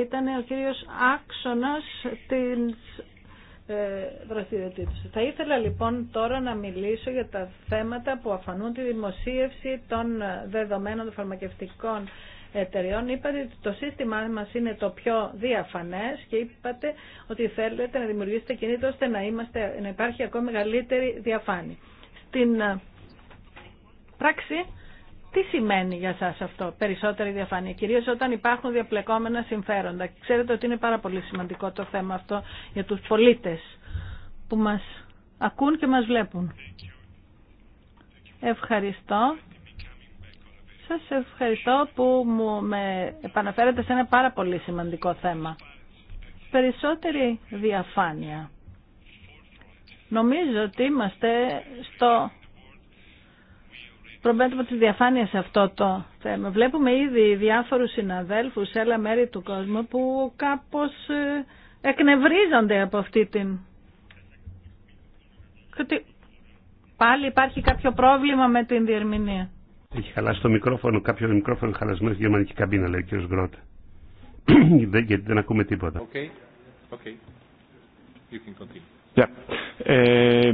ήταν ο κύριος άξονας της ε, δραστηριοτήτους. Θα ήθελα λοιπόν τώρα να μιλήσω για τα θέματα που αφανούν τη δημοσίευση των δεδομένων των φαρμακευτικών εταιριών. Είπατε ότι το σύστημά μας είναι το πιο διαφανές και είπατε ότι θέλετε να δημιουργήσετε κινήτρο ώστε να, να υπάρχει ακόμη μεγαλύτερη διαφάνεια. Στην ε, πράξη τι σημαίνει για σας αυτό, περισσότερη διαφάνεια, κυρίως όταν υπάρχουν διαπλεκόμενα συμφέροντα. Ξέρετε ότι είναι πάρα πολύ σημαντικό το θέμα αυτό για τους πολίτες που μας ακούν και μας βλέπουν. Ευχαριστώ. Σας ευχαριστώ που μου με επαναφέρετε σε ένα πάρα πολύ σημαντικό θέμα. Περισσότερη διαφάνεια. Νομίζω ότι είμαστε στο προβλέπουμε τη διαφάνεια σε αυτό το θέμα. Βλέπουμε ήδη διάφορους συναδέλφους σε άλλα μέρη του κόσμου που κάπως ε, εκνευρίζονται από αυτή την... Ότι πάλι υπάρχει κάποιο πρόβλημα με την διερμηνία. Έχει χαλάσει το μικρόφωνο, κάποιο μικρόφωνο χαλασμένο στη γερμανική καμπίνα, λέει ο κ. Γκρότ. δεν, γιατί δεν ακούμε τίποτα. Okay. Okay. You can continue. Yeah. Ε,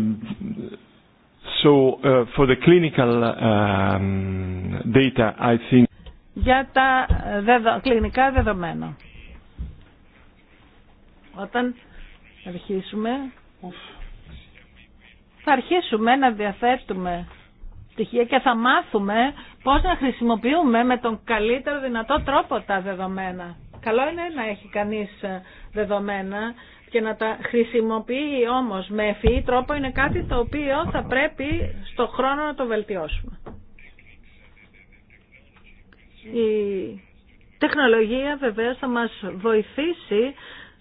So, uh, for the clinical uh, um, data, Για τα ε, δεδο... κλινικά δεδομένα. Όταν αρχίσουμε, θα αρχίσουμε να διαθέτουμε στοιχεία και θα μάθουμε πώς να χρησιμοποιούμε με τον καλύτερο δυνατό τρόπο τα δεδομένα. Καλό είναι να έχει κανείς ε, δεδομένα και να τα χρησιμοποιεί όμως με ευφυή τρόπο είναι κάτι το οποίο θα πρέπει στο χρόνο να το βελτιώσουμε. Η τεχνολογία βεβαίως θα μας βοηθήσει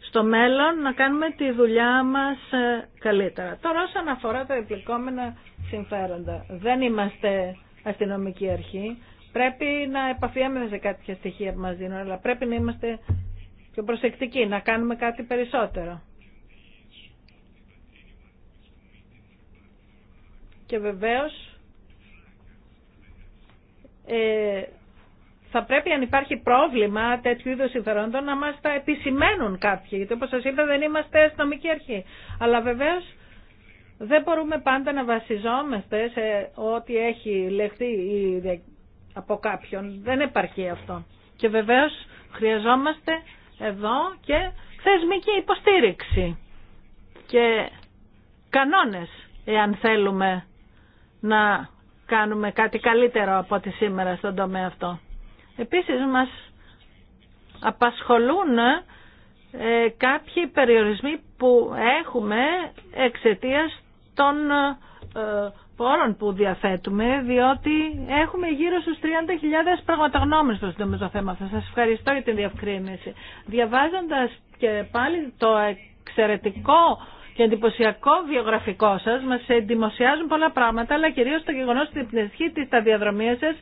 στο μέλλον να κάνουμε τη δουλειά μας ε, καλύτερα. Τώρα όσον αφορά τα επληκόμενα συμφέροντα, δεν είμαστε αστυνομική αρχή. Πρέπει να επαφιέμαι σε κάποια στοιχεία που μας δίνουν, αλλά πρέπει να είμαστε πιο προσεκτική, να κάνουμε κάτι περισσότερο. Και βεβαίως ε, θα πρέπει αν υπάρχει πρόβλημα τέτοιου είδους συμφερόντων να μας τα επισημαίνουν κάποιοι, γιατί όπως σας είπα δεν είμαστε αστυνομική αρχή. Αλλά βεβαίως δεν μπορούμε πάντα να βασιζόμαστε σε ό,τι έχει λεχθεί από κάποιον. Δεν υπάρχει αυτό. Και βεβαίως χρειαζόμαστε εδώ και θεσμική υποστήριξη και κανόνες εάν θέλουμε να κάνουμε κάτι καλύτερο από ό,τι σήμερα στον τομέα αυτό. Επίσης μας απασχολούν ε, κάποιοι περιορισμοί που έχουμε εξαιτίας των ε, πόρων που διαθέτουμε, διότι έχουμε γύρω στους 30.000 πραγματογνώμες στο σύντομο το θέμα αυτό. Σας ευχαριστώ για την διευκρίνηση. Διαβάζοντας και πάλι το εξαιρετικό και εντυπωσιακό βιογραφικό σας, μας εντυπωσιάζουν πολλά πράγματα, αλλά κυρίως το γεγονός ότι την αρχή της σταδιαδρομίας σας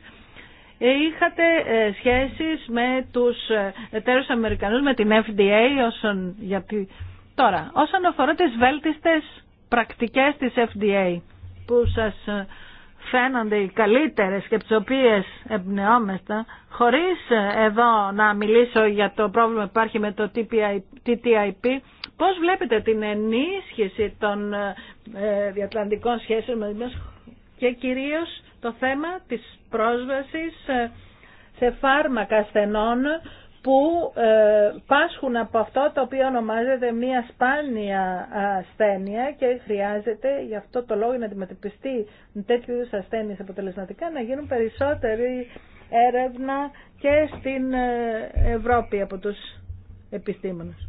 ε, είχατε ε, σχέσεις με τους ε, εταίρους Αμερικανούς, με την FDA, όσον, γιατί... Τώρα, όσον αφορά τις βέλτιστες πρακτικές της FDA, που σας ε, φαίνονται οι καλύτερες και τις οποίες εμπνεόμαστε, χωρίς ε, εδώ να μιλήσω για το πρόβλημα που υπάρχει με το TTIP, πώς βλέπετε την ενίσχυση των ε, διατλαντικών σχέσεων με μας και κυρίως το θέμα της πρόσβασης σε φάρμακα ασθενών που ε, πάσχουν από αυτό το οποίο ονομάζεται μία σπάνια ασθένεια και χρειάζεται γι' αυτό το λόγο να αντιμετωπιστεί τέτοιου είδου ασθένειε αποτελεσματικά να γίνουν περισσότερη έρευνα και στην ε, Ευρώπη από τους επιστήμονες.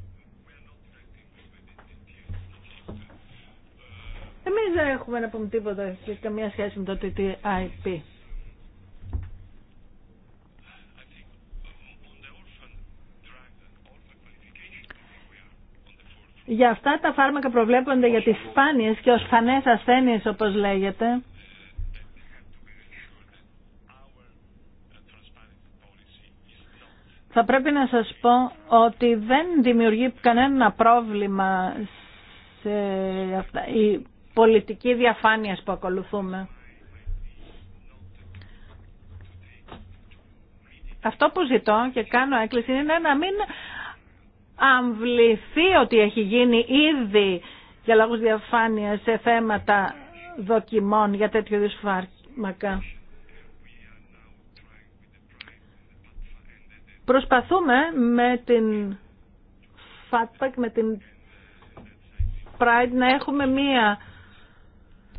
Εμείς δεν έχουμε να πούμε τίποτα σε καμία σχέση με το TTIP. Για αυτά τα φάρμακα προβλέπονται για τις σπάνιες και ως φανές ασθένειες όπως λέγεται. Θα πρέπει να σας πω ότι δεν δημιουργεί κανένα πρόβλημα σε αυτά, η πολιτική διαφάνεια που ακολουθούμε. Αυτό που ζητώ και κάνω έκκληση είναι να μην αμβληθεί ότι έχει γίνει ήδη για λόγους διαφάνειας σε θέματα δοκιμών για τέτοιου είδους φάρμακα. Προσπαθούμε με την FATPAC, με την Pride να έχουμε μία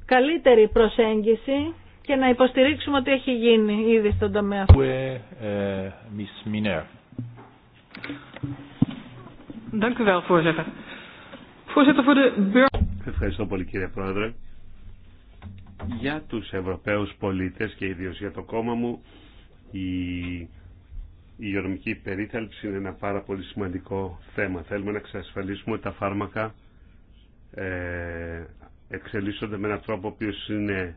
καλύτερη προσέγγιση και να υποστηρίξουμε ότι έχει γίνει ήδη στον τομέα αυτό. Ε, ε, Ευχαριστώ πολύ κύριε Πρόεδρε. Για τους Ευρωπαίους πολίτες και ιδίως για το κόμμα μου η υγειονομική περίθαλψη είναι ένα πάρα πολύ σημαντικό θέμα. Θέλουμε να εξασφαλίσουμε ότι τα φάρμακα ε, εξελίσσονται με έναν τρόπο ο είναι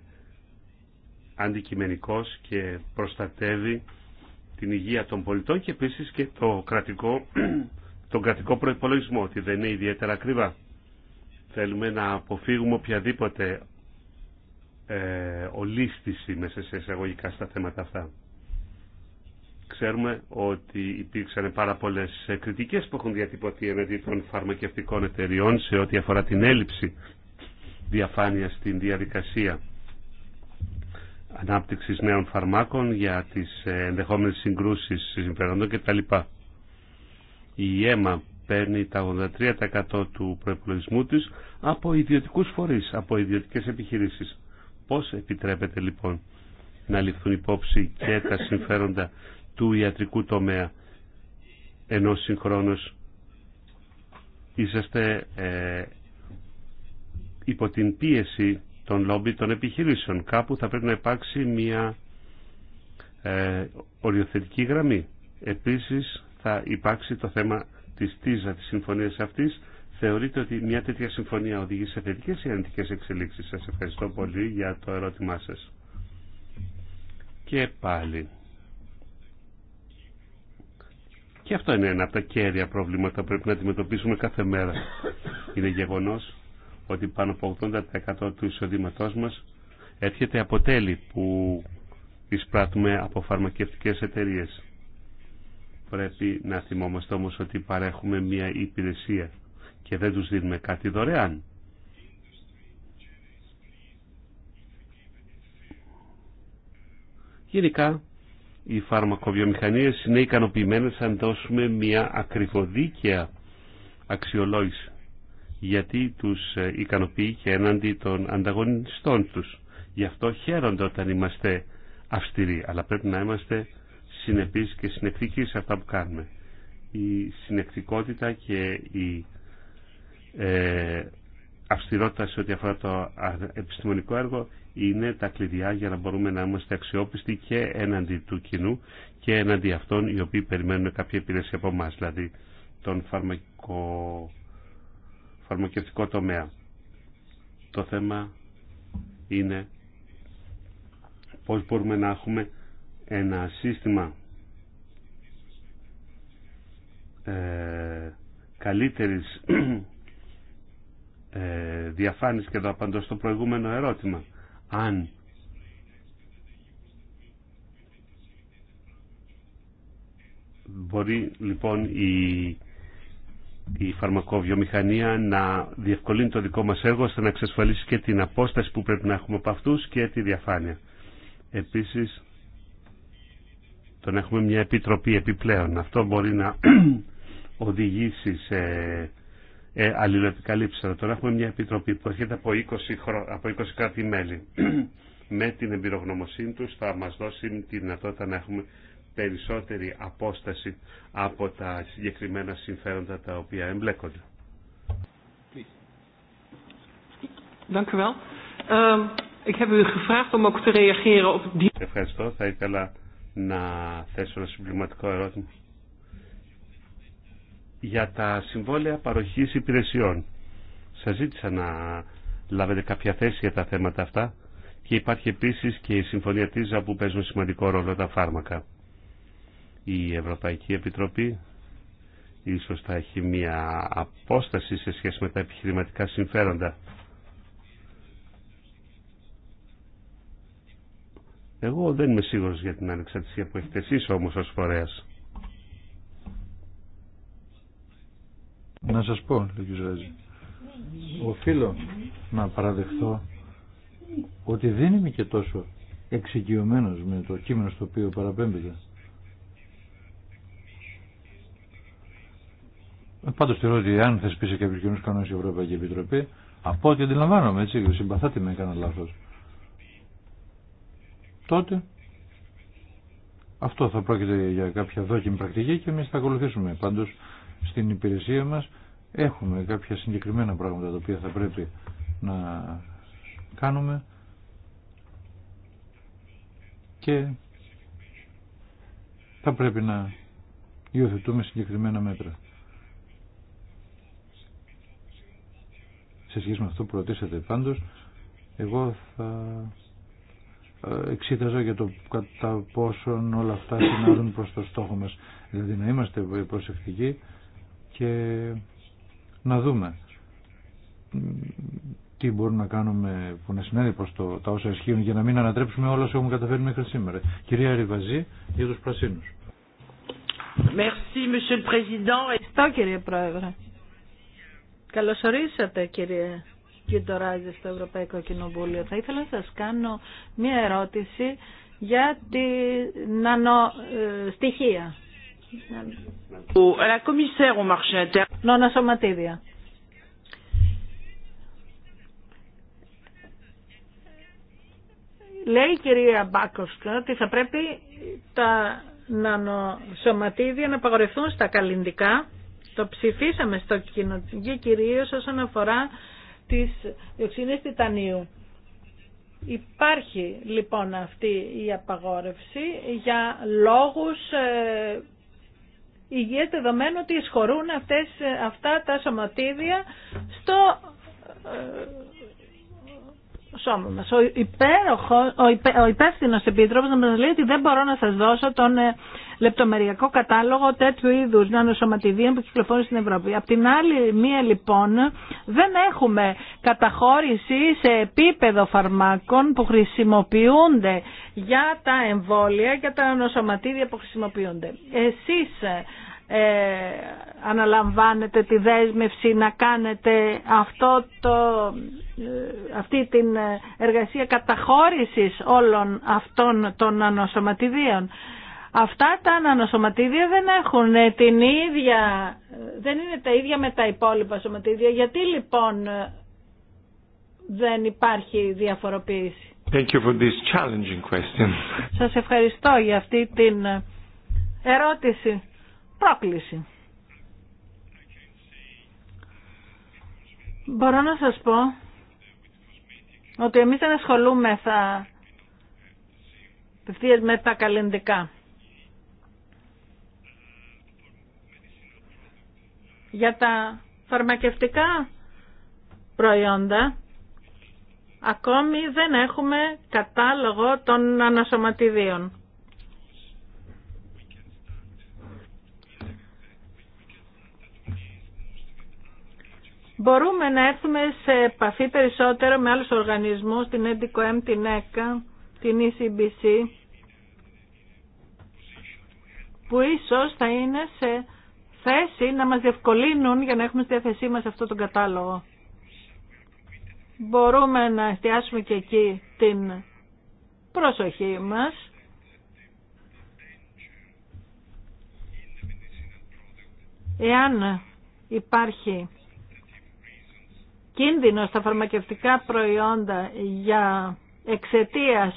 αντικειμενικός και προστατεύει την υγεία των πολιτών και επίσης και το κρατικό τον κρατικό προϋπολογισμό, ότι δεν είναι ιδιαίτερα ακριβά. Θέλουμε να αποφύγουμε οποιαδήποτε ε, ολίσθηση μέσα σε εισαγωγικά στα θέματα αυτά. Ξέρουμε ότι υπήρξαν πάρα πολλέ ε, κριτικές που έχουν διατυπωθεί εναντίον των φαρμακευτικών εταιριών σε ό,τι αφορά την έλλειψη διαφάνεια στην διαδικασία ανάπτυξη νέων φαρμάκων για τι ε, ενδεχόμενε συγκρούσει συμφερόντων κτλ η ΕΜΑ παίρνει τα 83% του προϋπολογισμού της από ιδιωτικούς φορείς, από ιδιωτικές επιχειρήσεις. Πώς επιτρέπεται λοιπόν να ληφθούν υπόψη και τα συμφέροντα του ιατρικού τομέα ενώ συγχρόνως είσαστε ε, υπό την πίεση των λόμπι των επιχειρήσεων. Κάπου θα πρέπει να υπάρξει μια ε, οριοθετική γραμμή. Επίσης θα υπάρξει το θέμα τη τίζα της συμφωνίας αυτής. Θεωρείτε ότι μια τέτοια συμφωνία οδηγεί σε θετικέ ή αρνητικέ εξελίξει. Σα ευχαριστώ πολύ για το ερώτημά σα. Και πάλι. Και αυτό είναι ένα από τα κέρια προβλήματα που πρέπει να αντιμετωπίσουμε κάθε μέρα. Είναι γεγονό ότι πάνω από 80% του εισοδήματό μα έρχεται από τέλη που εισπράττουμε από φαρμακευτικές εταιρείες. Πρέπει να θυμόμαστε όμως ότι παρέχουμε μια υπηρεσία και δεν τους δίνουμε κάτι δωρεάν. Γενικά, οι φαρμακοβιομηχανίες είναι ικανοποιημένες αν δώσουμε μια ακριβοδίκαια αξιολόγηση γιατί τους ικανοποιεί και έναντι των ανταγωνιστών τους. Γι' αυτό χαίρονται όταν είμαστε αυστηροί, αλλά πρέπει να είμαστε συνεπείς και συνεκτικοί σε αυτά που κάνουμε. Η συνεκτικότητα και η ε, αυστηρότητα σε ό,τι αφορά το επιστημονικό έργο είναι τα κλειδιά για να μπορούμε να είμαστε αξιόπιστοι και έναντι του κοινού και έναντι αυτών οι οποίοι περιμένουν κάποια υπηρεσία από εμά, δηλαδή τον φαρμακο... φαρμακευτικό τομέα. Το θέμα είναι πώς μπορούμε να έχουμε ένα σύστημα ε, καλύτερης ε, διαφάνειας και εδώ απαντώ στο προηγούμενο ερώτημα. Αν μπορεί λοιπόν η, η φαρμακοβιομηχανία να διευκολύνει το δικό μας έργο ώστε να εξασφαλίσει και την απόσταση που πρέπει να έχουμε από αυτούς και τη διαφάνεια. Επίσης τον έχουμε μια επιτροπή επιπλέον. Αυτό μπορεί να οδηγήσει σε ε, Αλλά Τώρα έχουμε μια επιτροπή που έρχεται από 20, χρο... από 20 κράτη μέλη. Με την εμπειρογνωμοσύνη τους θα μας δώσει τη δυνατότητα να έχουμε περισσότερη απόσταση από τα συγκεκριμένα συμφέροντα τα οποία εμπλέκονται. Ευχαριστώ. Θα ήθελα να θέσω ένα συμπληρωματικό ερώτημα για τα συμβόλαια παροχής υπηρεσιών. Σας ζήτησα να λάβετε κάποια θέση για τα θέματα αυτά και υπάρχει επίσης και η Συμφωνία Τίζα που παίζουν σημαντικό ρόλο τα φάρμακα. Η Ευρωπαϊκή Επιτροπή ίσως θα έχει μια απόσταση σε σχέση με τα επιχειρηματικά συμφέροντα Εγώ δεν είμαι σίγουρος για την ανεξαρτησία που έχετε εσείς όμως ως φορέας. Να σας πω, Ζάζη, οφείλω να παραδεχθώ ότι δεν είμαι και τόσο εξοικειωμένος με το κείμενο στο οποίο παραπέμπεται. Πάντω θεωρώ ότι αν θεσπίσει κάποιου κοινού κανόνε η Ευρωπαϊκή Επιτροπή, από ό,τι αντιλαμβάνομαι, έτσι, συμπαθάτε με, έκανα λάθο τότε αυτό θα πρόκειται για κάποια δόκιμη πρακτική και εμείς θα ακολουθήσουμε. Πάντως στην υπηρεσία μας έχουμε κάποια συγκεκριμένα πράγματα τα οποία θα πρέπει να κάνουμε και θα πρέπει να υιοθετούμε συγκεκριμένα μέτρα. Σε σχέση με αυτό που ρωτήσατε πάντως, εγώ θα ε, εξήθαζα για το κατά πόσον όλα αυτά συνάδουν προς το στόχο μας. Δηλαδή να είμαστε προσεκτικοί και να δούμε τι μπορούμε να κάνουμε που να συνέβη προς το, τα όσα ισχύουν για να μην ανατρέψουμε όλα όσα έχουμε καταφέρει μέχρι σήμερα. Κυρία Ριβαζή για τους Πρασίνους. Merci, Monsieur le Président. Ευχαριστώ κύριε Πρόεδρε. Καλωσορίσατε κύριε κιουτοράζει στο Ευρωπαϊκό Κοινοβούλιο. Θα ήθελα να σας κάνω μία ερώτηση για τη νανοστοιχεία. Ε, ε, Νονοσωματίδια. Λέει η κυρία Μπάκοσκα ότι θα πρέπει τα νανοσωματίδια να απαγορευτούν στα καλλιντικά. Το ψηφίσαμε στο κοινοτική κυρίως όσον αφορά της διοξινής τιτανίου. Υπάρχει λοιπόν αυτή η απαγόρευση για λόγους ε, υγείας δεδομένου ότι εισχωρούν αυτές, ε, αυτά τα σωματίδια στο ε, σώμα Ο, υπέροχο, ο, υπέ, υπεύθυνος επίτροπος να μας λέει ότι δεν μπορώ να σας δώσω τον ε, λεπτομεριακό κατάλογο τέτοιου είδους νανοσωματιδίων που κυκλοφορούν στην Ευρώπη. Απ' την άλλη μία λοιπόν δεν έχουμε καταχώρηση σε επίπεδο φαρμάκων που χρησιμοποιούνται για τα εμβόλια και τα νοσοματίδια που χρησιμοποιούνται. Εσείς ε, αναλαμβάνετε τη δέσμευση να κάνετε αυτό το, ε, αυτή την εργασία καταχώρησης όλων αυτών των ανασωματιδίων. Αυτά τα ανανοσωματίδια δεν έχουν την ίδια, δεν είναι τα ίδια με τα υπόλοιπα σωματίδια. Γιατί λοιπόν δεν υπάρχει διαφοροποίηση. Thank you for this challenging question. Σας ευχαριστώ για αυτή την ερώτηση, πρόκληση. Μπορώ να σας πω ότι εμείς δεν θα με τα καλλιντικά. Για τα φαρμακευτικά προϊόντα ακόμη δεν έχουμε κατάλογο των ανασωματιδίων. μπορούμε να έρθουμε σε επαφή περισσότερο με άλλους οργανισμούς, την EDICOM, την ΕΚΑ, την ECBC, που ίσως θα είναι σε θέση να μας διευκολύνουν για να έχουμε στη διάθεσή μας αυτό τον κατάλογο. Μπορούμε να εστιάσουμε και εκεί την προσοχή μας. Εάν υπάρχει κίνδυνο στα φαρμακευτικά προϊόντα για εξαιτίας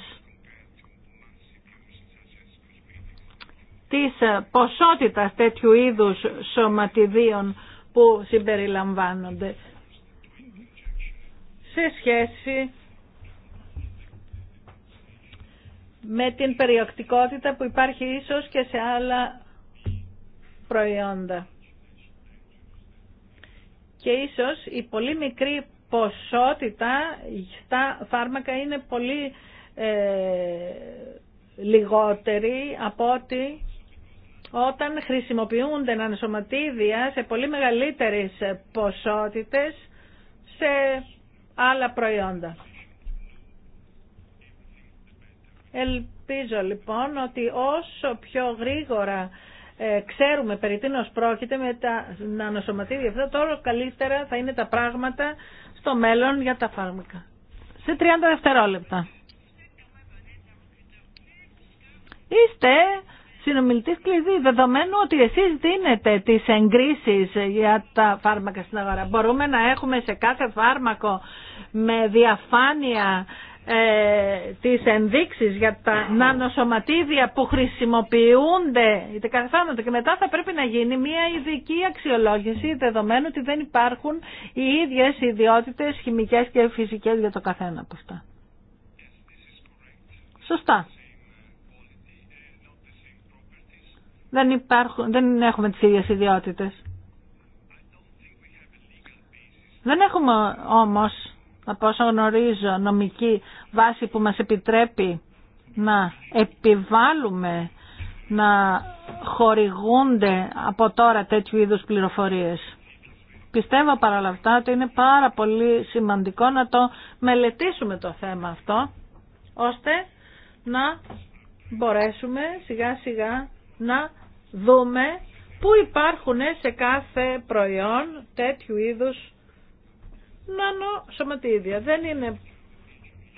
της ποσότητας τέτοιου είδους σωματιδίων που συμπεριλαμβάνονται σε σχέση με την περιοκτικότητα που υπάρχει ίσως και σε άλλα προϊόντα και ίσως η πολύ μικρή ποσότητα στα φάρμακα είναι πολύ ε, λιγότερη από ότι όταν χρησιμοποιούνται ανασωματίδια σε πολύ μεγαλύτερες ποσότητες σε άλλα προϊόντα. Ελπίζω λοιπόν ότι όσο πιο γρήγορα ε, ξέρουμε περί τίνος πρόκειται με τα νανοσωματίδια αυτά, τώρα καλύτερα θα είναι τα πράγματα στο μέλλον για τα φάρμακα. Σε 30 δευτερόλεπτα. Είστε συνομιλητής κλειδί, δεδομένου ότι εσείς δίνετε τις εγκρίσεις για τα φάρμακα στην αγορά. Μπορούμε να έχουμε σε κάθε φάρμακο με διαφάνεια ε, τις ενδείξεις για τα νανοσωματίδια που χρησιμοποιούνται είτε καθάνονται και μετά θα πρέπει να γίνει μια ειδική αξιολόγηση δεδομένου ότι δεν υπάρχουν οι ίδιες ιδιότητες χημικές και φυσικές για το καθένα από αυτά. Σωστά. Δεν, υπάρχουν, δεν έχουμε τις ίδιες ιδιότητες. Δεν έχουμε όμως από όσο γνωρίζω, νομική βάση που μας επιτρέπει να επιβάλλουμε να χορηγούνται από τώρα τέτοιου είδους πληροφορίες. Πιστεύω παρά αυτά ότι είναι πάρα πολύ σημαντικό να το μελετήσουμε το θέμα αυτό, ώστε να μπορέσουμε σιγά σιγά να δούμε πού υπάρχουν σε κάθε προϊόν τέτοιου είδους νάνο σωματίδια. Δεν είναι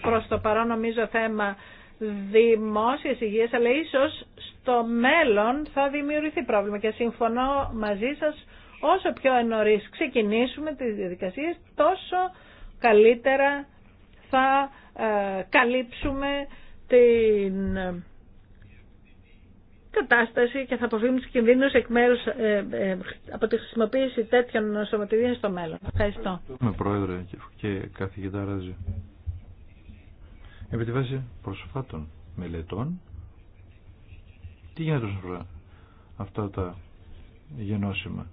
προς το παρόν νομίζω θέμα δημόσιας υγείας, αλλά ίσως στο μέλλον θα δημιουργηθεί πρόβλημα και συμφωνώ μαζί σας όσο πιο ενωρίς ξεκινήσουμε τις διαδικασίες τόσο καλύτερα θα ε, καλύψουμε την κατάσταση και θα αποφύγουμε του κινδύνου εκ μέρου ε, ε, από τη χρησιμοποίηση τέτοιων νοσοματιδίων στο μέλλον. Ευχαριστώ. Είμαι πρόεδρε και καθηγητά Ράζη. Επί τη βάση προσφάτων μελετών, τι γίνεται όσον αφορά αυτά τα γενώσιμα.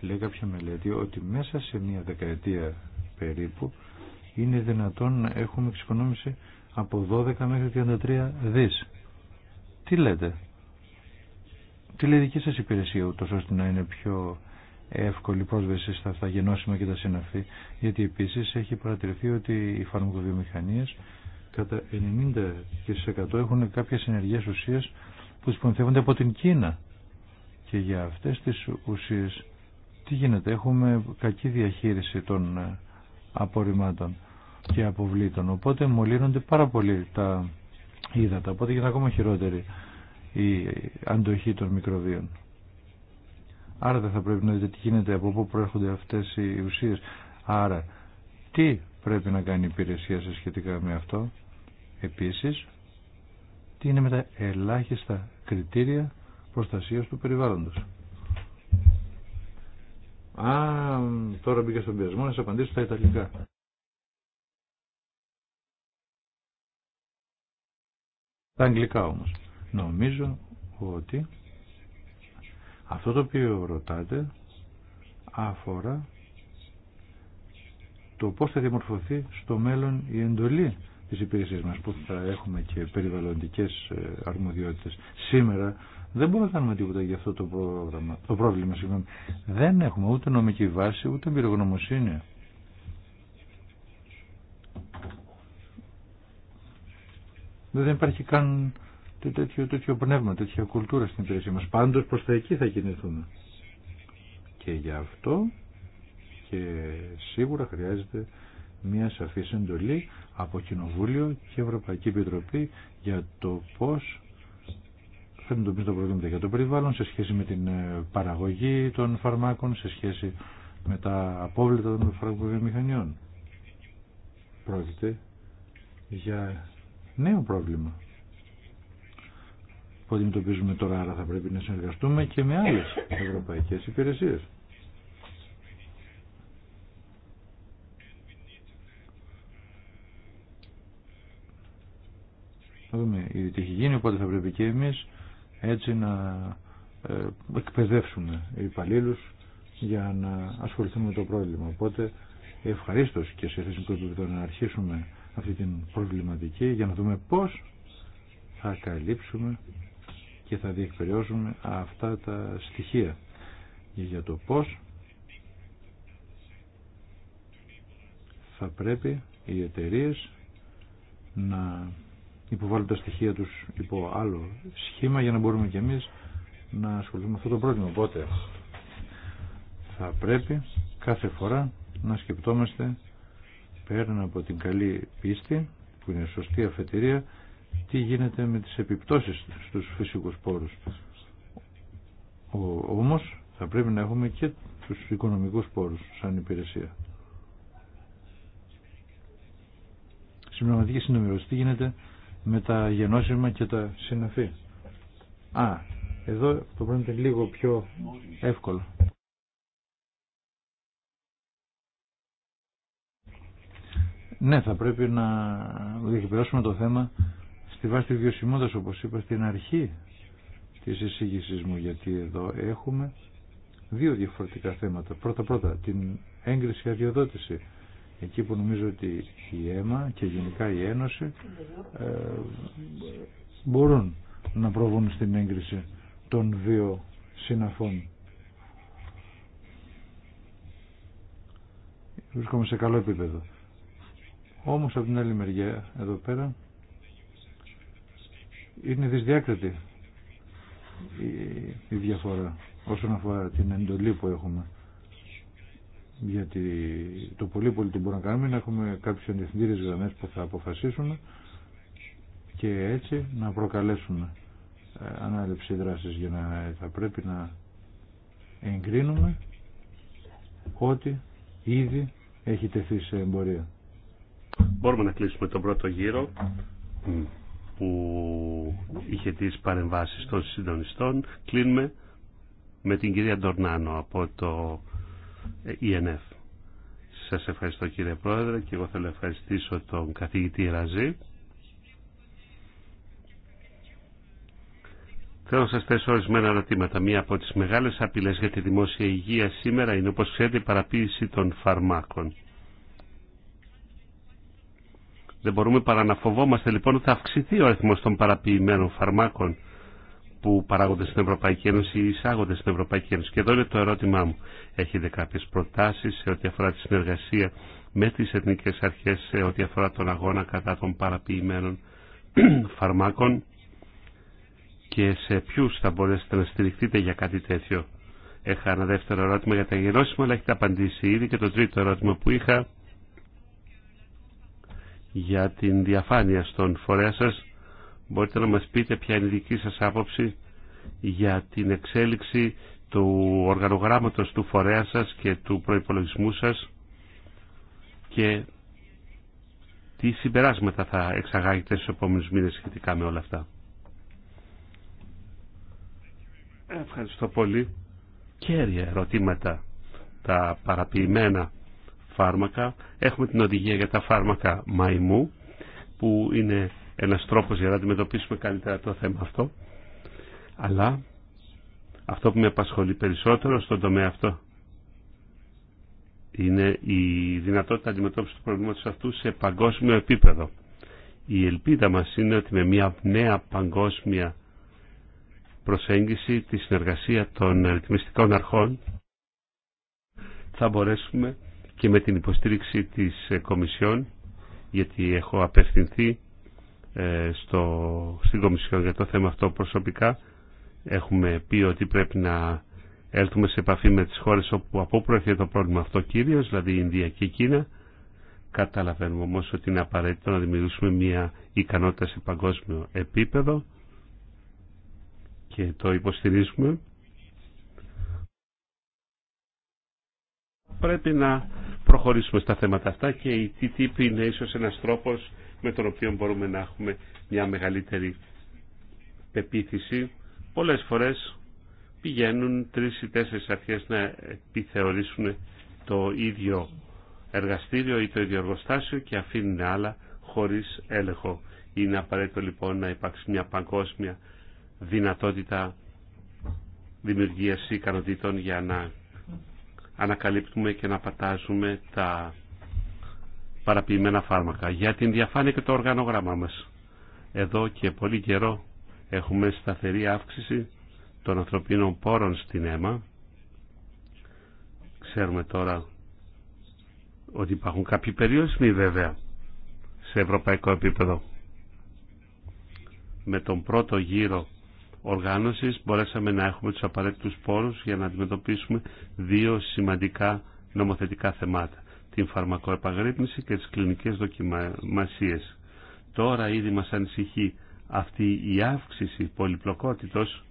Λέει κάποια μελέτη ότι μέσα σε μία δεκαετία περίπου είναι δυνατόν να έχουμε εξοικονόμηση από 12 μέχρι 33 δις. Τι λέτε, τι δική σας υπηρεσία ούτως ώστε να είναι πιο εύκολη πρόσβαση στα αυτά γενώσιμα και τα συναφή γιατί επίσης έχει παρατηρηθεί ότι οι φαρμακοβιομηχανίες κατά 90% έχουν κάποιες ενεργές ουσίες που σπονθεύονται από την Κίνα και για αυτές τις ουσίες τι γίνεται έχουμε κακή διαχείριση των ε, απορριμμάτων και αποβλήτων οπότε μολύνονται πάρα πολύ τα ύδατα οπότε γίνεται ακόμα χειρότερη η αντοχή των μικροβίων. Άρα δεν θα πρέπει να δείτε τι γίνεται, από πού προέρχονται αυτές οι ουσίες. Άρα, τι πρέπει να κάνει η υπηρεσία σας σχετικά με αυτό. Επίσης, τι είναι με τα ελάχιστα κριτήρια προστασίας του περιβάλλοντος. Α, τώρα μπήκα στον πιασμό. να σας απαντήσω στα Ιταλικά. Τα Αγγλικά όμως. Νομίζω ότι αυτό το οποίο ρωτάτε αφορά το πώς θα διαμορφωθεί στο μέλλον η εντολή της υπηρεσίας μας που θα έχουμε και περιβαλλοντικές ε, αρμοδιότητες. Σήμερα δεν μπορούμε να κάνουμε τίποτα για αυτό το, πρόγραμμα, το πρόβλημα. Δεν έχουμε ούτε νομική βάση ούτε εμπειρογνωμοσύνη. Δεν υπάρχει καν τέτοιο, τέτοιο πνεύμα, τέτοια κουλτούρα στην υπηρεσία μας. Πάντως προς τα εκεί θα κινηθούμε. Και γι' αυτό και σίγουρα χρειάζεται μια σαφής εντολή από Κοινοβούλιο και Ευρωπαϊκή Επιτροπή για το πώς θα εντοπίσει το προβλήματα για το περιβάλλον σε σχέση με την ε, παραγωγή των φαρμάκων, σε σχέση με τα απόβλητα των φαρμακοβιομηχανιών. Πρόκειται για νέο πρόβλημα που αντιμετωπίζουμε τώρα, άρα θα πρέπει να συνεργαστούμε και με άλλες ευρωπαϊκές υπηρεσίες. Θα δούμε ήδη τι έχει γίνει, οπότε θα πρέπει και εμείς έτσι να ε, εκπαιδεύσουμε υπαλλήλου για να ασχοληθούμε με το πρόβλημα. Οπότε ευχαρίστως και σε θεσμικό επίπεδο να αρχίσουμε αυτή την προβληματική για να δούμε πώς θα καλύψουμε και θα διεκπαιριώσουμε αυτά τα στοιχεία για το πώς θα πρέπει οι εταιρείε να υποβάλουν τα στοιχεία τους υπό άλλο σχήμα για να μπορούμε και εμείς να ασχοληθούμε με αυτό το πρόβλημα. Οπότε θα πρέπει κάθε φορά να σκεπτόμαστε πέραν από την καλή πίστη που είναι σωστή αφετηρία τι γίνεται με τις επιπτώσεις στους φυσικούς πόρους. Ο, όμως θα πρέπει να έχουμε και τους οικονομικούς πόρους σαν υπηρεσία. Συμπληρωματική συνομιλωσία Τι γίνεται με τα γενώσιμα και τα συναφή. Α, εδώ το πρόβλημα είναι λίγο πιο εύκολο. Ναι, θα πρέπει να διεκπαιρώσουμε το θέμα στη βάση της βιωσιμότητας όπως είπα στην αρχή της εισήγησής μου γιατί εδώ έχουμε δύο διαφορετικά θέματα. Πρώτα πρώτα την έγκριση αδειοδότηση εκεί που νομίζω ότι η αίμα και γενικά η Ένωση ε, μπορούν να προβούν στην έγκριση των δύο συναφών. Βρίσκομαι σε καλό επίπεδο. Όμως από την άλλη μεριά εδώ πέρα είναι δυσδιάκριτη η διαφορά όσον αφορά την εντολή που έχουμε. Γιατί το πολύ πολύ τι μπορούμε να κάνουμε είναι να έχουμε κάποιες αντιθυντήριες γραμμές που θα αποφασίσουν και έτσι να προκαλέσουμε ανάληψη δράσης για να θα πρέπει να εγκρίνουμε ότι ήδη έχει τεθεί σε εμπορία. Μπορούμε να κλείσουμε τον πρώτο γύρο που είχε τις παρεμβάσεις των συντονιστών. Κλείνουμε με την κυρία Ντορνάνο από το ΕΝΕΦ. E σας ευχαριστώ κύριε Πρόεδρε και εγώ θέλω να ευχαριστήσω τον καθηγητή Ραζή. Θέλω να σας θέσω ορισμένα ερωτήματα. Μία από τις μεγάλες απειλές για τη δημόσια υγεία σήμερα είναι όπως ξέρετε η παραποίηση των φαρμάκων. Δεν μπορούμε παρά να φοβόμαστε λοιπόν ότι θα αυξηθεί ο αριθμός των παραποιημένων φαρμάκων που παράγονται στην Ευρωπαϊκή Ένωση ή εισάγονται στην Ευρωπαϊκή Ένωση. Και εδώ είναι το ερώτημά μου. Έχετε κάποιες προτάσεις σε ό,τι αφορά τη συνεργασία με τις εθνικές αρχές σε ό,τι αφορά τον αγώνα κατά των παραποιημένων φαρμάκων και σε ποιου θα μπορέσετε να στηριχτείτε για κάτι τέτοιο. Έχα ένα δεύτερο ερώτημα για τα γενώσιμα, αλλά έχετε απαντήσει ήδη και το τρίτο ερώτημα που είχα για την διαφάνεια στον φορέα σας. Μπορείτε να μας πείτε ποια είναι η δική σας άποψη για την εξέλιξη του οργανογράμματος του φορέα σας και του προϋπολογισμού σας και τι συμπεράσματα θα εξαγάγετε στους επόμενους μήνες σχετικά με όλα αυτά. Ευχαριστώ πολύ. Κέρια ερωτήματα, τα παραποιημένα φάρμακα. Έχουμε την οδηγία για τα φάρμακα μαϊμού, που είναι ένας τρόπος για να αντιμετωπίσουμε καλύτερα το θέμα αυτό. Αλλά αυτό που με απασχολεί περισσότερο στον τομέα αυτό είναι η δυνατότητα αντιμετώπισης του προβλήματος αυτού σε παγκόσμιο επίπεδο. Η ελπίδα μας είναι ότι με μια νέα παγκόσμια προσέγγιση, τη συνεργασία των ρυθμιστικών αρχών θα μπορέσουμε και με την υποστήριξη της ε, Κομισιόν γιατί έχω απευθυνθεί ε, στο, στην Κομισιόν για το θέμα αυτό προσωπικά έχουμε πει ότι πρέπει να έλθουμε σε επαφή με τις χώρες όπου από προέρχεται το πρόβλημα αυτό κυρίως δηλαδή η Ινδία και η Κίνα Καταλαβαίνουμε όμως ότι είναι απαραίτητο να δημιουργήσουμε μια ικανότητα σε παγκόσμιο επίπεδο και το υποστηρίζουμε. Πρέπει να προχωρήσουμε στα θέματα αυτά και η TTIP είναι ίσως ένας τρόπος με τον οποίο μπορούμε να έχουμε μια μεγαλύτερη πεποίθηση. Πολλές φορές πηγαίνουν τρεις ή τέσσερις αρχές να επιθεωρήσουν το ίδιο εργαστήριο ή το ίδιο εργοστάσιο και αφήνουν άλλα χωρίς έλεγχο. Είναι απαραίτητο λοιπόν να υπάρξει μια παγκόσμια δυνατότητα δημιουργίας ικανοτήτων για να ανακαλύπτουμε και να πατάζουμε τα παραποιημένα φάρμακα. Για την διαφάνεια και το οργανόγραμμά μας. Εδώ και πολύ καιρό έχουμε σταθερή αύξηση των ανθρωπίνων πόρων στην αίμα. Ξέρουμε τώρα ότι υπάρχουν κάποιοι περιορισμοί βέβαια σε ευρωπαϊκό επίπεδο. Με τον πρώτο γύρο οργάνωσης μπορέσαμε να έχουμε τους απαραίτητους πόρους για να αντιμετωπίσουμε δύο σημαντικά νομοθετικά θεμάτα. Την φαρμακοεπαγρύπνηση και τις κλινικές δοκιμασίες. Τώρα ήδη μας ανησυχεί αυτή η αύξηση πολυπλοκότητος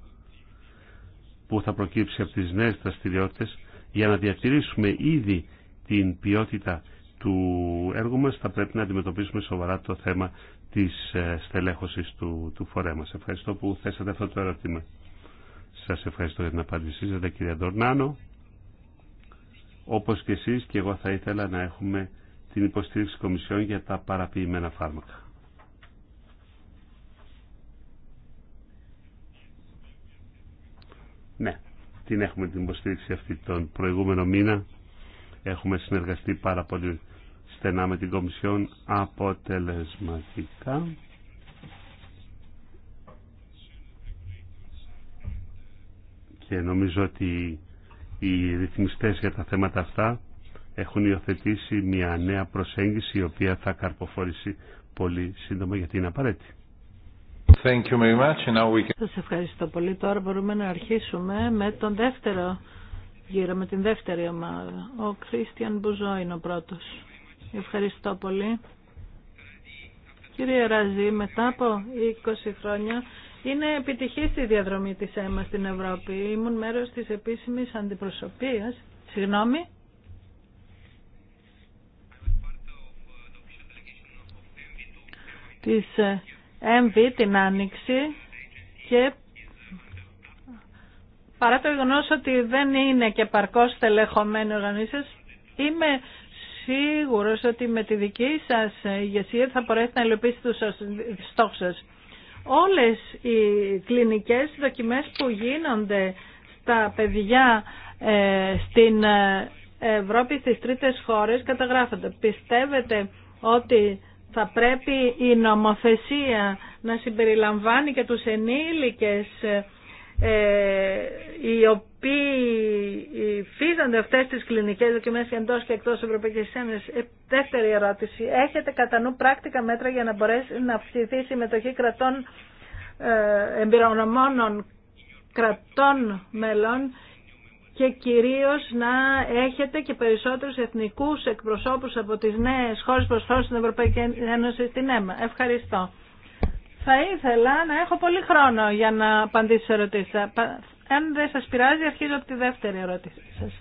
που θα προκύψει από τις νέες δραστηριότητε για να διατηρήσουμε ήδη την ποιότητα του έργου μας θα πρέπει να αντιμετωπίσουμε σοβαρά το θέμα της ε, στελέχωσης του, του φορέα Ευχαριστώ που θέσατε αυτό το ερώτημα. Σας ευχαριστώ για την απάντησή σας, κυρία Ντορνάνο. Όπως και εσείς και εγώ θα ήθελα να έχουμε την υποστήριξη Κομισιόν για τα παραποιημένα φάρμακα. Ναι, την έχουμε την υποστήριξη αυτή τον προηγούμενο μήνα. Έχουμε συνεργαστεί πάρα πολύ Στενάμε την Κομισιόν αποτελεσματικά. Και νομίζω ότι οι ρυθμιστές για τα θέματα αυτά έχουν υιοθετήσει μια νέα προσέγγιση η οποία θα καρποφορήσει πολύ σύντομα γιατί είναι απαραίτητη. Thank you very much. now we can... Σας ευχαριστώ πολύ. Τώρα μπορούμε να αρχίσουμε με τον δεύτερο γύρο, με την δεύτερη ομάδα. Ο Κρίστιαν Μπουζό είναι ο πρώτος. Ευχαριστώ πολύ. Κύριε Ραζή, μετά από 20 χρόνια είναι επιτυχή η διαδρομή της ΕΜΑ στην Ευρώπη. Ήμουν μέρος της επίσημης αντιπροσωπείας. Συγγνώμη. Της ε, ΕΜΒ την Άνοιξη και παρά το γνώσο ότι δεν είναι και παρκώς τελεχωμένοι οργανίσεις, είμαι σίγουρος ότι με τη δική σας ηγεσία θα μπορέσετε να υλοποιήσετε τους στόχους σας. Όλες οι κλινικές δοκιμές που γίνονται στα παιδιά ε, στην ε, Ευρώπη, στις τρίτες χώρες καταγράφονται. Πιστεύετε ότι θα πρέπει η νομοθεσία να συμπεριλαμβάνει και τους ενήλικες ε, ε, οι οποίοι φύγανε αυτέ τι κλινικέ δοκιμές εντό και εκτός Ευρωπαϊκής Ένωσης. Ε, δεύτερη ερώτηση. Έχετε κατά νου πράκτικα μέτρα για να μπορέσει να αυξηθεί η συμμετοχή κρατών ε, εμπειρογνωμόνων κρατών μελών και κυρίως να έχετε και περισσότερους εθνικούς εκπροσώπους από τις νέες χώρες προς στην Ευρωπαϊκή Ένωση στην ΕΜΑ. Ευχαριστώ. Θα ήθελα να έχω πολύ χρόνο για να απαντήσω σε ερωτήσεις. Αν δεν σας πειράζει, αρχίζω από τη δεύτερη ερώτηση σας.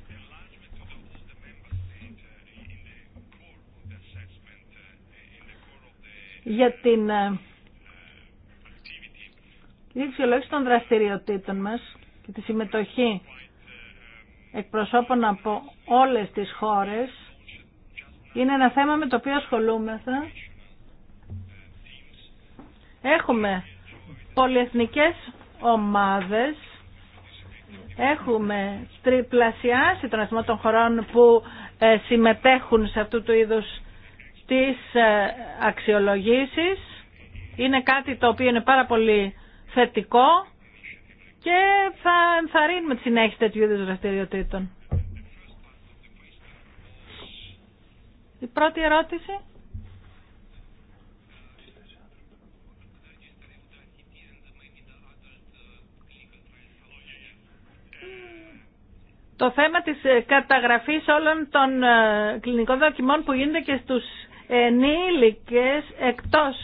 Για την διεξιολόγηση των δραστηριοτήτων μας και τη συμμετοχή εκπροσώπων από όλες τις χώρες είναι ένα θέμα με το οποίο ασχολούμεθα Έχουμε πολυεθνικές ομάδες, έχουμε τριπλασιάσει τον αριθμό των χωρών που ε, συμμετέχουν σε αυτού του είδους τις ε, αξιολογήσεις. Είναι κάτι το οποίο είναι πάρα πολύ θετικό και θα ενθαρρύνουμε τη συνέχιση τέτοιου είδους δραστηριοτήτων. Η πρώτη ερώτηση. το θέμα της ε, καταγραφής όλων των ε, κλινικών δοκιμών που γίνεται και στους ενήλικες εκτός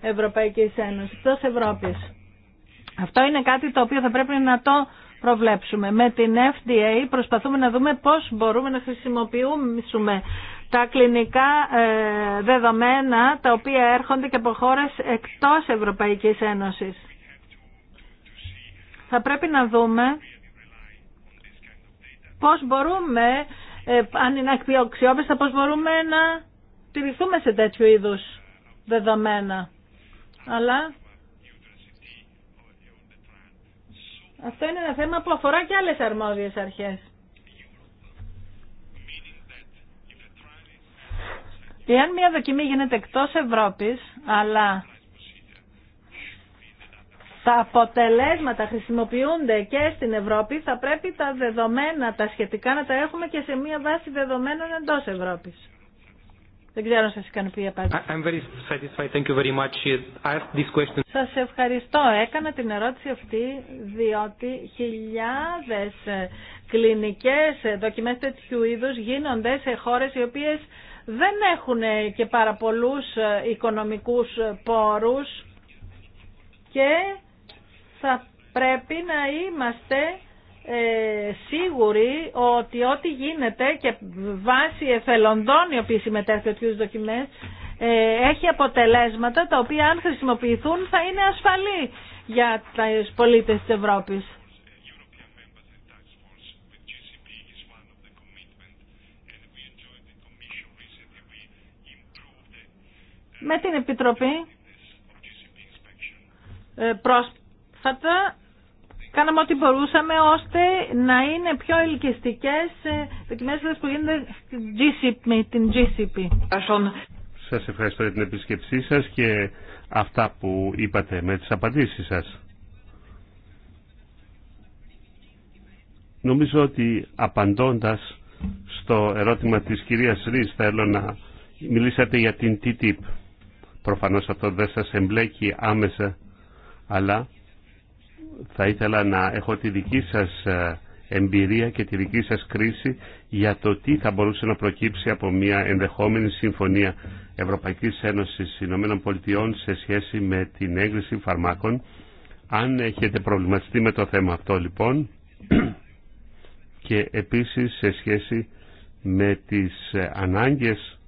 Ευρωπαϊκής Ένωσης, εκτός Ευρώπης. Αυτό είναι κάτι το οποίο θα πρέπει να το προβλέψουμε. Με την FDA προσπαθούμε να δούμε πώς μπορούμε να χρησιμοποιήσουμε τα κλινικά ε, δεδομένα τα οποία έρχονται και από χώρες εκτός Ευρωπαϊκής Ένωσης. Θα πρέπει να δούμε πώς μπορούμε, ε, αν είναι αξιόπιστα, πώς μπορούμε να τηρηθούμε σε τέτοιου είδους δεδομένα. Αλλά αυτό είναι ένα θέμα που αφορά και άλλες αρμόδιες αρχές. Εάν μια δοκιμή γίνεται εκτός Ευρώπης, αλλά τα αποτελέσματα χρησιμοποιούνται και στην Ευρώπη, θα πρέπει τα δεδομένα, τα σχετικά να τα έχουμε και σε μία βάση δεδομένων εντός Ευρώπης. Δεν ξέρω αν σας ικανοποιεί η απάντηση. I'm Σας ευχαριστώ. Έκανα την ερώτηση αυτή διότι χιλιάδες ε, κλινικές ε, δοκιμές τέτοιου είδους γίνονται σε χώρες οι οποίες δεν έχουν ε, και πάρα πολλούς οικονομικούς πόρους και θα πρέπει να είμαστε ε, σίγουροι ότι ό,τι γίνεται και βάσει εθελοντών οι οποίοι συμμετέχουν σε δοκιμές ε, έχει αποτελέσματα τα οποία αν χρησιμοποιηθούν θα είναι ασφαλή για τους πολίτες της Ευρώπης. Με την Επιτροπή ε, κάναμε ό,τι μπορούσαμε ώστε να είναι πιο ελκυστικές δοκιμές ε, που γίνεται GCP, την GCP. Σας ευχαριστώ για την επισκεψή σας και αυτά που είπατε με τις απαντήσεις σας. Νομίζω ότι απαντώντας στο ερώτημα της κυρίας Ρης θέλω να μιλήσατε για την TTIP. Προφανώς αυτό δεν σας εμπλέκει άμεσα, αλλά θα ήθελα να έχω τη δική σας ε, εμπειρία και τη δική σας κρίση για το τι θα μπορούσε να προκύψει από μια ενδεχόμενη συμφωνία Ευρωπαϊκής Ένωσης Ηνωμένων Πολιτειών σε σχέση με την έγκριση φαρμάκων. Αν έχετε προβληματιστεί με το θέμα αυτό λοιπόν και επίσης σε σχέση με τις ε, ανάγκες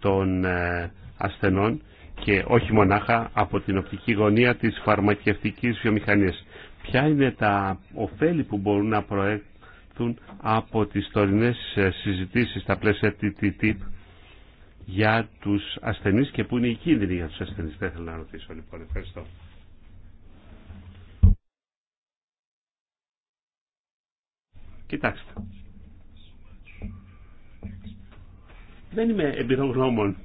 των ε, ασθενών και όχι μονάχα από την οπτική γωνία της φαρμακευτικής βιομηχανίας ποια είναι τα ωφέλη που μπορούν να προέρχονται από τις τωρινές ε, συζητήσεις στα πλαίσια TTIP για τους ασθενείς και που είναι οι κίνδυνοι για τους ασθενείς. Δεν θέλω να ρωτήσω λοιπόν. Ευχαριστώ. Κοιτάξτε. Δεν είμαι εμπειρογνώμων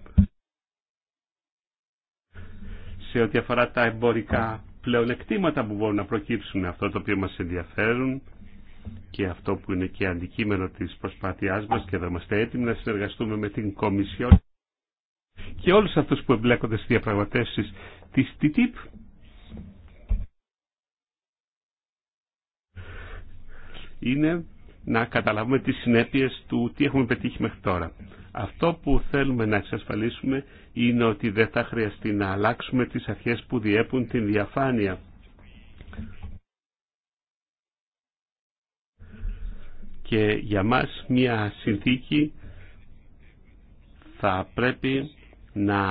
σε ό,τι αφορά τα εμπορικά πλεονεκτήματα που μπορούν να προκύψουν αυτό το οποίο μας ενδιαφέρουν και αυτό που είναι και αντικείμενο της προσπάθειάς μας και εδώ είμαστε έτοιμοι να συνεργαστούμε με την Κομισιόν και όλους αυτούς που εμπλέκονται στις διαπραγματεύσεις της TTIP είναι να καταλάβουμε τις συνέπειες του τι έχουμε πετύχει μέχρι τώρα. Αυτό που θέλουμε να εξασφαλίσουμε είναι ότι δεν θα χρειαστεί να αλλάξουμε τις αρχές που διέπουν την διαφάνεια. Και για μας μια συνθήκη θα πρέπει να,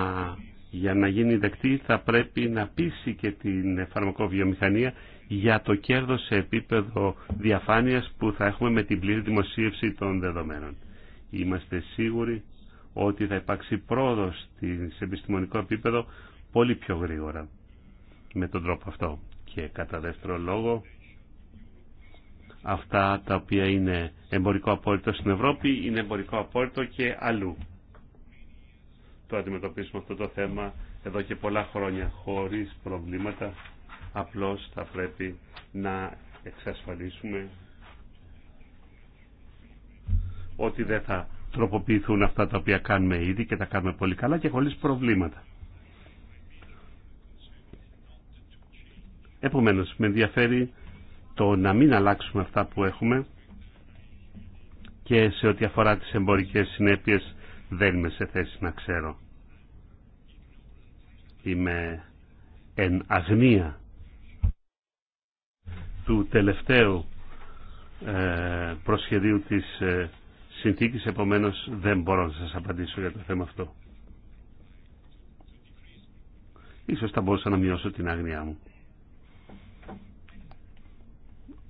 για να γίνει δεκτή θα πρέπει να πείσει και την φαρμακοβιομηχανία για το κέρδος σε επίπεδο διαφάνειας που θα έχουμε με την πλήρη δημοσίευση των δεδομένων. Είμαστε σίγουροι ότι θα υπάρξει πρόοδο σε επιστημονικό επίπεδο πολύ πιο γρήγορα με τον τρόπο αυτό. Και κατά δεύτερο λόγο, αυτά τα οποία είναι εμπορικό απόλυτο στην Ευρώπη είναι εμπορικό απόλυτο και αλλού. Το αντιμετωπίσουμε αυτό το θέμα εδώ και πολλά χρόνια χωρίς προβλήματα. Απλώς θα πρέπει να εξασφαλίσουμε ότι δεν θα τροποποιηθούν αυτά τα οποία κάνουμε ήδη και τα κάνουμε πολύ καλά και χωρίς προβλήματα. Επομένως, με ενδιαφέρει το να μην αλλάξουμε αυτά που έχουμε και σε ό,τι αφορά τις εμπορικές συνέπειες δεν είμαι σε θέση να ξέρω. Είμαι εν αγνία του τελευταίου ε, προσχεδίου της ε, συνθήκης, επομένως δεν μπορώ να σας απαντήσω για το θέμα αυτό. Ίσως θα μπορούσα να μειώσω την άγνοιά μου.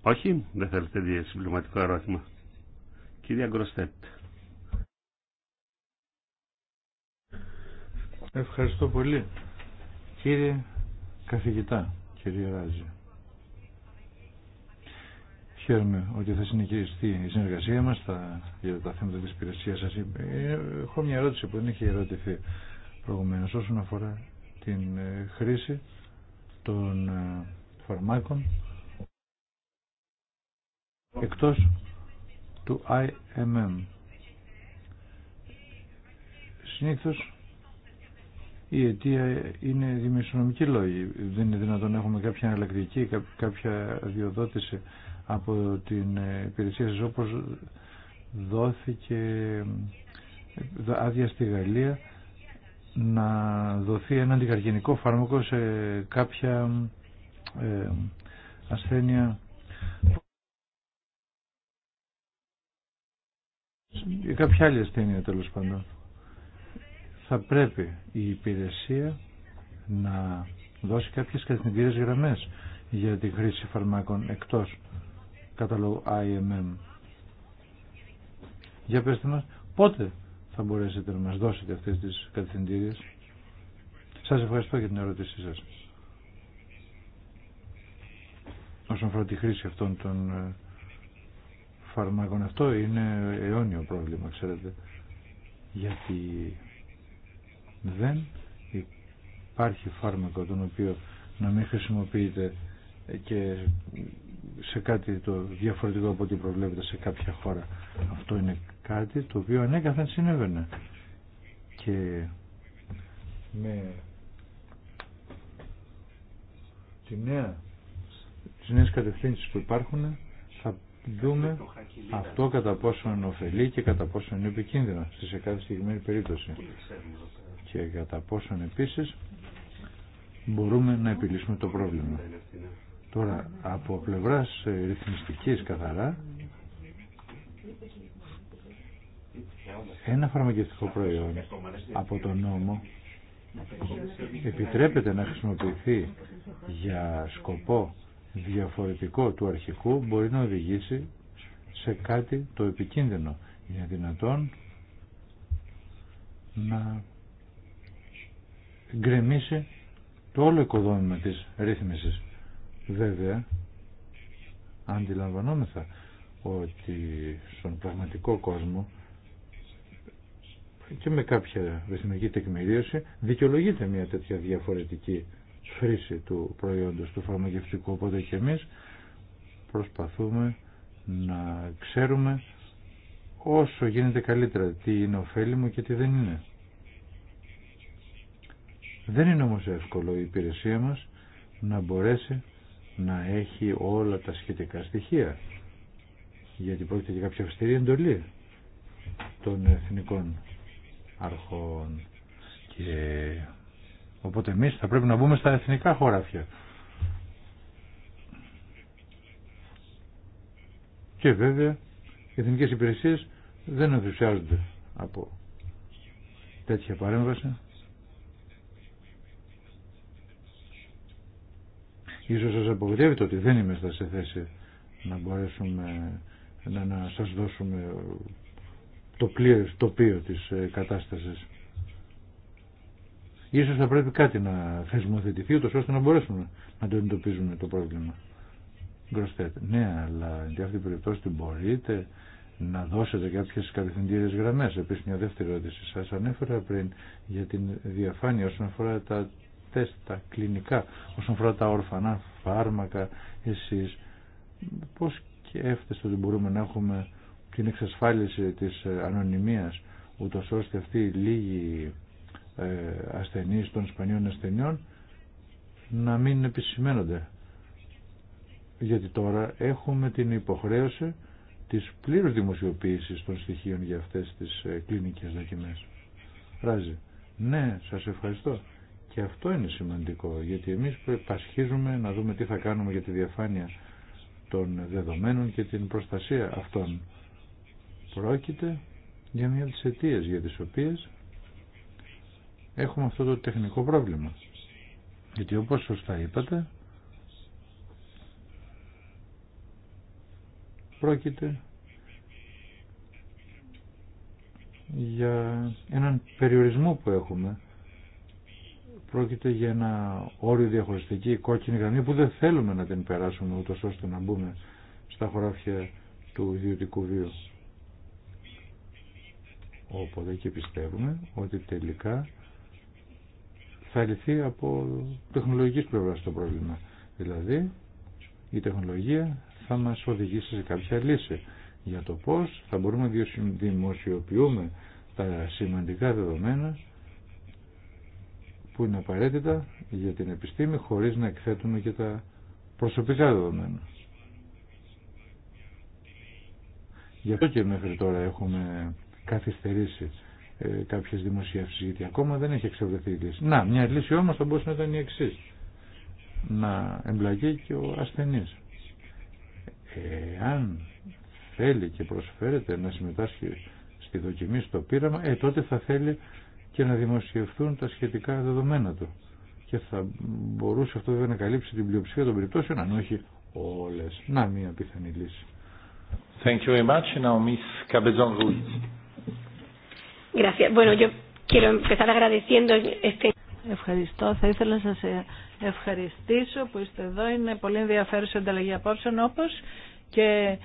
Όχι, δεν θέλετε συμπληρωματικό ερώτημα. Κύριε Γκροστέτ. Ευχαριστώ πολύ. Κύριε καθηγητά, κύριε Ράζη. Χαίρομαι ότι θα συνεχιστεί η συνεργασία μα για τα θέματα τη υπηρεσία σα. Ε, έχω μια ερώτηση που δεν έχει ερωτηθεί προηγουμένω όσον αφορά την ε, χρήση των ε, φαρμάκων Εκτό. του IMM. Συνήθω, η αιτία είναι δημοσιονομική λόγη. Δεν είναι δυνατόν να έχουμε κάποια εναλλακτική, κάποια διοδότηση από την υπηρεσία σας όπως δόθηκε άδεια στη Γαλλία να δοθεί ένα αντικαρκενικό φάρμακο σε κάποια ε, ασθένεια ή κάποια άλλη ασθένεια τέλος πάντων θα πρέπει η υπηρεσία να δώσει κάποιες καθημερινές γραμμές για τη χρήση φαρμάκων εκτός κατάλογο IMM. Για πέστε μας, πότε θα μπορέσετε να μας δώσετε αυτές τις κατευθυντήριες. Σας ευχαριστώ για την ερώτησή σας. Όσον αφορά τη χρήση αυτών των ε, φαρμάκων, αυτό είναι αιώνιο πρόβλημα, ξέρετε. Γιατί δεν υπάρχει φάρμακο τον οποίο να μην χρησιμοποιείται και σε κάτι το διαφορετικό από ό,τι προβλέπεται σε κάποια χώρα. Αυτό είναι κάτι το οποίο ανέκαθεν ναι, συνέβαινε. Και με τη νέα, τις νέες κατευθύνσεις που υπάρχουν θα δούμε αυτό κατά πόσο ωφελεί και κατά πόσο είναι επικίνδυνο σε κάθε συγκεκριμένη περίπτωση. Και κατά πόσο επίσης μπορούμε να επιλύσουμε το πρόβλημα. Τώρα από πλευράς ε, ρυθμιστικής καθαρά ένα φαρμακευτικό προϊόν από τον νόμο επιτρέπεται να χρησιμοποιηθεί για σκοπό διαφορετικό του αρχικού μπορεί να οδηγήσει σε κάτι το επικίνδυνο. Είναι δυνατόν να γκρεμίσει το όλο οικοδόμημα της ρύθμισης. Βέβαια, αντιλαμβανόμεθα ότι στον πραγματικό κόσμο και με κάποια ρυθμική τεκμηρίωση δικαιολογείται μια τέτοια διαφορετική χρήση του προϊόντος του φαρμακευτικού οπότε και εμείς προσπαθούμε να ξέρουμε όσο γίνεται καλύτερα τι είναι ωφέλιμο και τι δεν είναι. Δεν είναι όμως εύκολο η υπηρεσία μας να μπορέσει να έχει όλα τα σχετικά στοιχεία γιατί πρόκειται για κάποια αυστηρή εντολή των εθνικών αρχών και οπότε εμείς θα πρέπει να μπούμε στα εθνικά χωράφια και βέβαια οι εθνικές υπηρεσίες δεν ενθουσιάζονται από τέτοια παρέμβαση ίσως σας απογοητεύει ότι δεν είμαστε σε θέση να μπορέσουμε να, να σας δώσουμε το πλήρες τοπίο της ε, κατάστασης. Ίσως θα πρέπει κάτι να θεσμοθετηθεί ούτως ώστε να μπορέσουμε να το εντοπίζουμε το πρόβλημα. Ναι, αλλά για αυτή την περιπτώση μπορείτε να δώσετε κάποιε κατευθυντήριε γραμμέ. Επίση, μια δεύτερη ερώτηση. σας ανέφερα πριν για την διαφάνεια όσον αφορά τα τεστ, τα κλινικά, όσον αφορά τα όρφανα, φάρμακα, εσείς, πώς και έφτασε ότι μπορούμε να έχουμε την εξασφάλιση της ε, ανωνυμίας, ούτω ώστε αυτοί οι λίγοι ε, ασθενείς των σπανιών ασθενειών να μην επισημένονται. Γιατί τώρα έχουμε την υποχρέωση της πλήρους δημοσιοποίησης των στοιχείων για αυτές τις ε, κλινικές δοκιμές. Ράζει. Ναι, σας ευχαριστώ. Και αυτό είναι σημαντικό, γιατί εμείς πασχίζουμε να δούμε τι θα κάνουμε για τη διαφάνεια των δεδομένων και την προστασία αυτών. Πρόκειται για μια από τις αιτίες για τις οποίες έχουμε αυτό το τεχνικό πρόβλημα. Γιατί όπως σωστά είπατε, πρόκειται για έναν περιορισμό που έχουμε πρόκειται για ένα όριο διαχωριστική κόκκινη γραμμή που δεν θέλουμε να την περάσουμε ούτως ώστε να μπούμε στα χωράφια του ιδιωτικού βίου. Οπότε και πιστεύουμε ότι τελικά θα λυθεί από τεχνολογικής πλευράς το πρόβλημα. Δηλαδή η τεχνολογία θα μας οδηγήσει σε κάποια λύση για το πώς θα μπορούμε να δημοσιοποιούμε τα σημαντικά δεδομένα που είναι απαραίτητα για την επιστήμη χωρίς να εκθέτουμε και τα προσωπικά δεδομένα. Γι' αυτό και μέχρι τώρα έχουμε καθυστερήσει ε, κάποιες δημοσίευσεις γιατί ακόμα δεν έχει εξευρεθεί η λύση. Να, μια λύση όμως θα μπορούσε να ήταν η εξή. Να εμπλακεί και ο ασθενής. Εάν θέλει και προσφέρεται να συμμετάσχει στη δοκιμή στο πείραμα, ε, τότε θα θέλει και να δημοσιευθούν τα σχετικά δεδομένα του. Και θα μπορούσε αυτό βέβαια να καλύψει την πλειοψηφία των περιπτώσεων, αν όχι όλε Να μία πιθανή λύση. Ευχαριστώ. Θα ήθελα να σας ε, ευχαριστήσω που είστε εδώ. Είναι πολύ ενδιαφέρουσα ανταλλαγή απόψεων όπω, και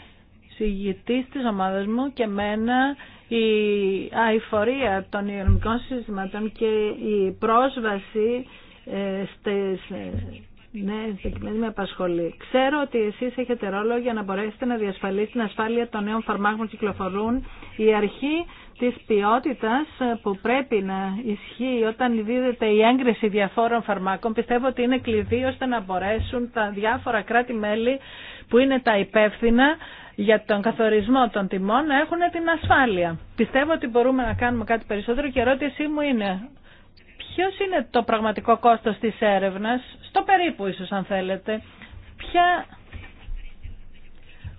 συγγητή τη ομάδα μου και μένα η αηφορία των υγειονομικών συστημάτων και η πρόσβαση ε, στις ε, ναι, με απασχολεί. Ξέρω ότι εσεί έχετε ρόλο για να μπορέσετε να διασφαλίσετε την ασφάλεια των νέων φαρμάκων που κυκλοφορούν. Η αρχή τη ποιότητα ε, που πρέπει να ισχύει όταν δίδεται η έγκριση διαφόρων φαρμάκων πιστεύω ότι είναι κλειδί ώστε να μπορέσουν τα διάφορα κράτη-μέλη που είναι τα υπεύθυνα για τον καθορισμό των τιμών να έχουν την ασφάλεια. Πιστεύω ότι μπορούμε να κάνουμε κάτι περισσότερο και η ερώτησή μου είναι ποιο είναι το πραγματικό κόστος της έρευνας, στο περίπου ίσως αν θέλετε, ποια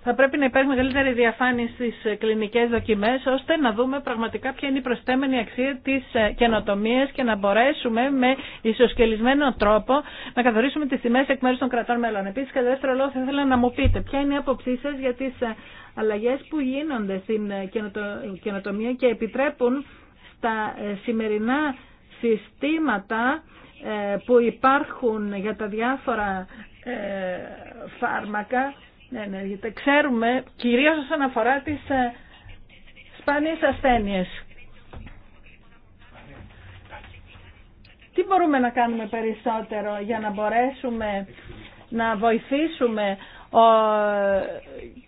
θα πρέπει να υπάρχει μεγαλύτερη διαφάνεια στι ε, κλινικέ δοκιμέ, ώστε να δούμε πραγματικά ποια είναι η προστέμενη αξία τη ε, καινοτομία και να μπορέσουμε με ισοσκελισμένο τρόπο να καθορίσουμε τις τιμέ εκ μέρου των κρατών μελών. Επίση, κατά δεύτερο λόγο, θα ήθελα να μου πείτε ποια είναι η άποψή σα για τι ε, αλλαγέ που γίνονται στην καινοτομία και επιτρέπουν στα σημερινά συστήματα που υπάρχουν για τα διάφορα φάρμακα ναι, ναι, ξέρουμε, κυρίως όσον αφορά τις ε, σπάνιες ασθένειες. Τι μπορούμε να κάνουμε περισσότερο για να μπορέσουμε να βοηθήσουμε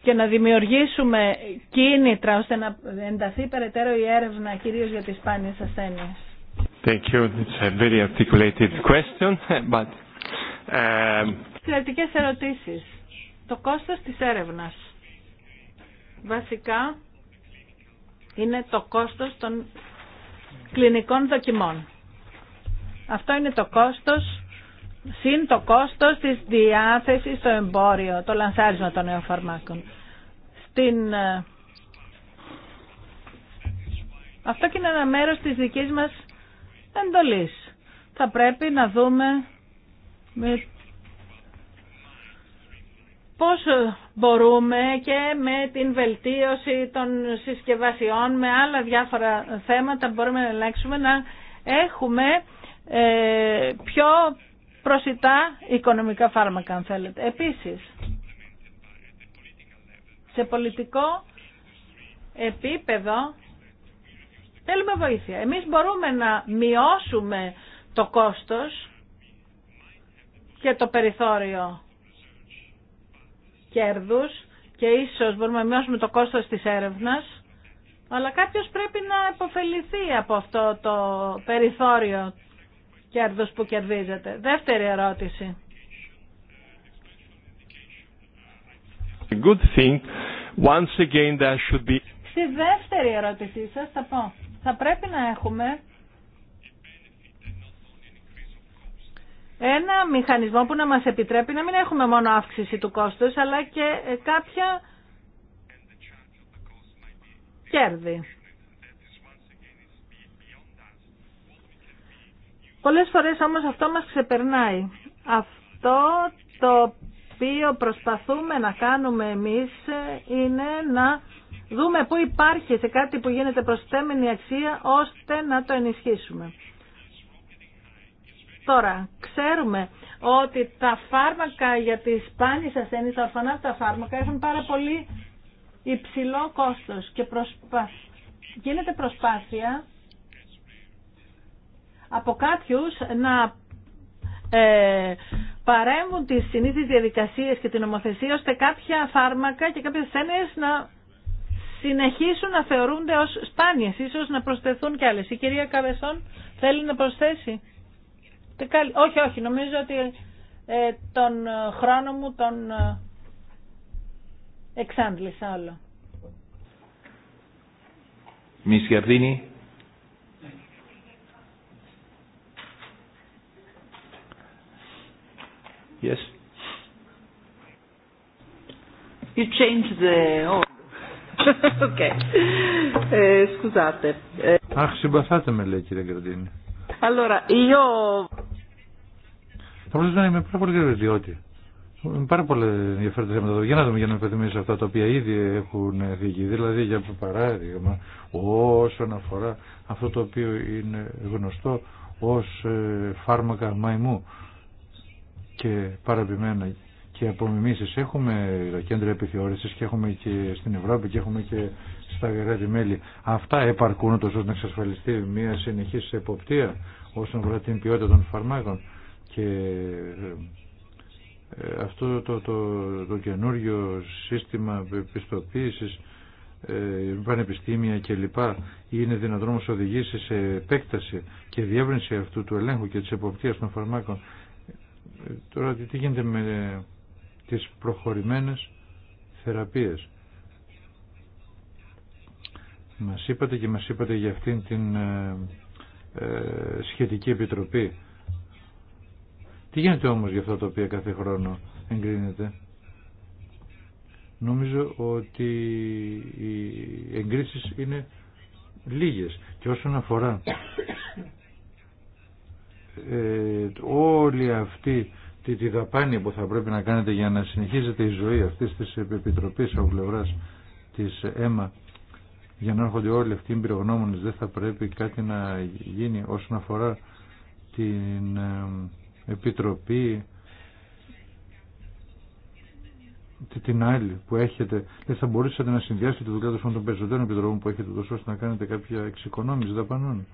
και να δημιουργήσουμε κίνητρα ώστε να ενταθεί περαιτέρω η έρευνα κυρίως για τις σπάνιες ασθένειες. Thank you. It's a very question, but... Um, το κόστος της έρευνας. Βασικά είναι το κόστος των κλινικών δοκιμών. Αυτό είναι το κόστος συν το κόστος της διάθεσης στο εμπόριο, το λανσάρισμα των νέων φαρμάκων. Στην... Ε, αυτό και είναι ένα μέρος της δικής μας εντολής. Θα πρέπει να δούμε με πώς μπορούμε και με την βελτίωση των συσκευασιών, με άλλα διάφορα θέματα μπορούμε να ελέγξουμε να έχουμε ε, πιο προσιτά οικονομικά φάρμακα αν θέλετε. Επίσης, σε πολιτικό επίπεδο θέλουμε βοήθεια. Εμείς μπορούμε να μειώσουμε το κόστος και το περιθώριο κέρδους και ίσως μπορούμε να μειώσουμε το κόστος της έρευνας, αλλά κάποιος πρέπει να υποφεληθεί από αυτό το περιθώριο κέρδους που κερδίζεται. Δεύτερη ερώτηση. Good thing. Once again, there should be... Στη δεύτερη ερώτησή σας θα πω. Θα πρέπει να έχουμε ένα μηχανισμό που να μας επιτρέπει να μην έχουμε μόνο αύξηση του κόστους, αλλά και ε, κάποια κέρδη. Πολλές φορές όμως αυτό μας ξεπερνάει. Αυτό το οποίο προσπαθούμε να κάνουμε εμείς ε, είναι να δούμε πού υπάρχει σε κάτι που γίνεται προστέμενη γινεται προσθεμενη ώστε να το ενισχύσουμε. Τώρα, ξέρουμε ότι τα φάρμακα για τις σπάνιες ασθένειες, τα ορφανά τα φάρμακα έχουν πάρα πολύ υψηλό κόστος και προσπά... γίνεται προσπάθεια από κάποιους να ε, παρέμβουν τις συνήθεις διαδικασίες και την νομοθεσία ώστε κάποια φάρμακα και κάποιες ασθένειες να συνεχίσουν να θεωρούνται ως σπάνιες, ίσως να προσθεθούν κι άλλες. Η κυρία Καβεσόν θέλει να προσθέσει. Όχι, όχι, νομίζω ότι ε, τον ε, χρόνο μου τον ε, εξάντλησα όλο. Μη Γαρδίνη. Yes. You change the order. okay. Ε, σκουζάτε. Αχ, συμπαθάτε με λέει κύριε Γκραντίνη. Allora, io... Θα μπορούσα να είμαι πάρα πολύ γρήγορη, διότι πάρα πολύ ενδιαφέροντα θέματα εδώ. Για να δούμε για να υπενθυμίσω αυτά τα οποία ήδη έχουν διηγηθεί. Δηλαδή, για παράδειγμα, όσον αφορά αυτό το οποίο είναι γνωστό ω ε, φάρμακα μαϊμού και παραπημένα και απομιμήσει. έχουμε κέντρα επιθεώρηση και έχουμε και στην Ευρώπη και έχουμε και στα τη μελη Αυτά επαρκούν ώστε να εξασφαλιστεί μια συνεχής εποπτεία όσον αφορά την ποιότητα των φαρμάκων και ε, ε, αυτό το, το, το καινούριο σύστημα επιστοποίηση, ε, πανεπιστήμια κλπ. είναι δυνατόν να οδηγήσει σε επέκταση και διεύρυνση αυτού του ελέγχου και της εποπτείας των φαρμάκων. Τώρα τι γίνεται με τις προχωρημένες θεραπείες. Μας είπατε και μας είπατε για αυτήν την ε, ε, σχετική επιτροπή. Τι γίνεται όμως για αυτά τα οποία κάθε χρόνο εγκρίνεται. Νομίζω ότι οι εγκρίσεις είναι λίγες. Και όσον αφορά ε, όλη αυτή τη, τη δαπάνη που θα πρέπει να κάνετε για να συνεχίζετε η ζωή αυτής της επιτροπής από της ΕΜΑ για να έρχονται όλοι αυτοί οι εμπειρογνώμονες δεν θα πρέπει κάτι να γίνει όσον αφορά την ε, Επιτροπή την άλλη που έχετε δεν θα μπορούσατε να συνδυάσετε το δουλειά των περισσότερων επιτροπών που έχετε τόσο ώστε να κάνετε κάποια εξοικονόμηση δαπανών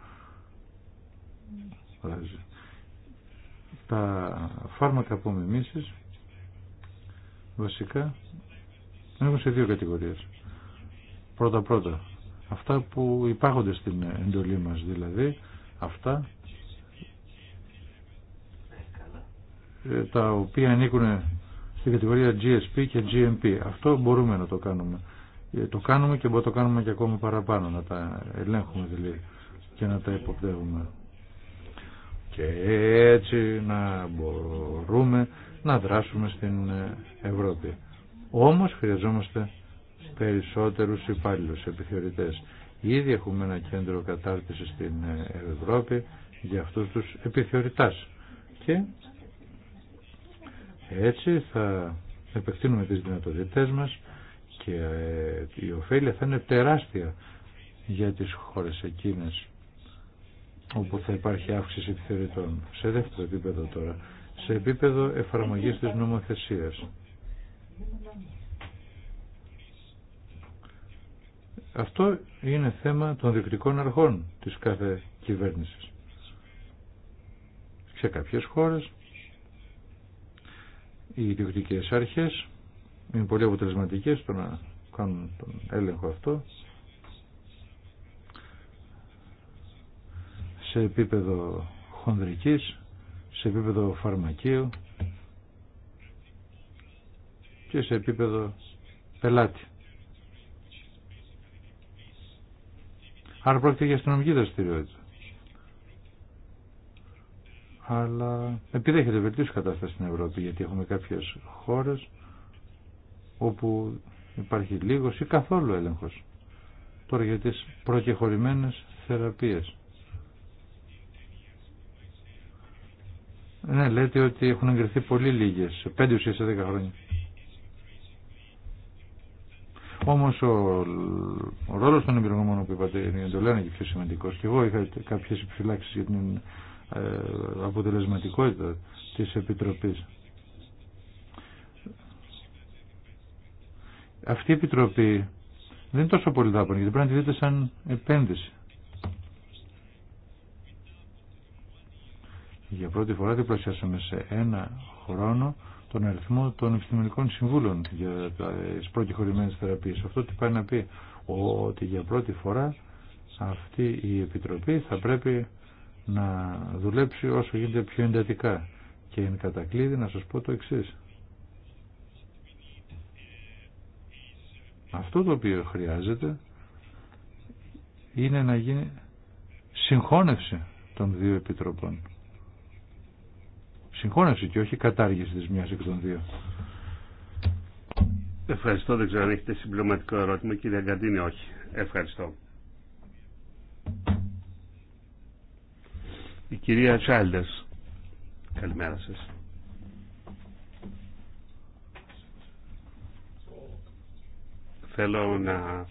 τα φάρμακα από μιμήσεις βασικά έχουν σε δύο κατηγορίες πρώτα πρώτα αυτά που υπάρχονται στην εντολή μας δηλαδή, αυτά ε, τα οποία ανήκουν στην κατηγορία GSP και GMP. Αυτό μπορούμε να το κάνουμε. Ε, το κάνουμε και μπορούμε να το κάνουμε και ακόμα παραπάνω, να τα ελέγχουμε δηλαδή και να τα υποπτεύουμε. Και έτσι να μπορούμε να δράσουμε στην Ευρώπη. Όμως χρειαζόμαστε περισσότερους υπάλληλους επιθεωρητές. Ήδη έχουμε ένα κέντρο κατάρτισης στην Ευρώπη για αυτούς τους επιθεωρητάς. Και έτσι θα επεκτείνουμε τις δυνατότητές μας και ε, η ωφέλεια θα είναι τεράστια για τις χώρες εκείνες όπου θα υπάρχει αύξηση επιθεωρητών. Σε δεύτερο επίπεδο τώρα. Σε επίπεδο εφαρμογής της νομοθεσίας. Αυτό είναι θέμα των διοικητικών αρχών της κάθε κυβέρνησης. Σε κάποιες χώρες οι διοικητικές αρχές είναι πολύ αποτελεσματικές στο να κάνουν τον έλεγχο αυτό σε επίπεδο χονδρικής, σε επίπεδο φαρμακείου και σε επίπεδο πελάτη. Άρα πρόκειται για αστυνομική δραστηριότητα. Αλλά επειδή έχετε βελτίωσει κατάσταση στην Ευρώπη, γιατί έχουμε κάποιε χώρε όπου υπάρχει λίγο ή καθόλου έλεγχο Τώρα για τι προκεχωρημένε θεραπείε. Ναι, λέτε ότι έχουν εγκριθεί πολύ λίγες, 5 ουσίε σε 10 χρόνια. Όμως ο, ο ρόλος των εμπειρογνώμων που είπατε είναι το λένε και πιο σημαντικός. Και εγώ είχα κάποιες επιφυλάξεις για την ε, αποτελεσματικότητα της Επιτροπής. Αυτή η Επιτροπή δεν είναι τόσο πολύ δάπανη, γιατί πρέπει να τη δείτε σαν επένδυση. Για πρώτη φορά διπλασιάσαμε σε ένα χρόνο τον αριθμό των επιστημονικών συμβούλων για τις προκεχωρημένες θεραπείες. Αυτό τι πάει να πει ότι για πρώτη φορά αυτή η Επιτροπή θα πρέπει να δουλέψει όσο γίνεται πιο εντατικά. Και εν κατακλείδη να σας πω το εξής. Αυτό το οποίο χρειάζεται είναι να γίνει συγχώνευση των δύο επιτροπών συγχώνευση και όχι κατάργηση της μιας εκ των δύο. Ευχαριστώ. Δεν ξέρω αν έχετε συμπληρωματικό ερώτημα. Κύριε Αγκαντίνη, όχι. Ευχαριστώ. Η κυρία Τσάλντες. Καλημέρα σας. Θέλω να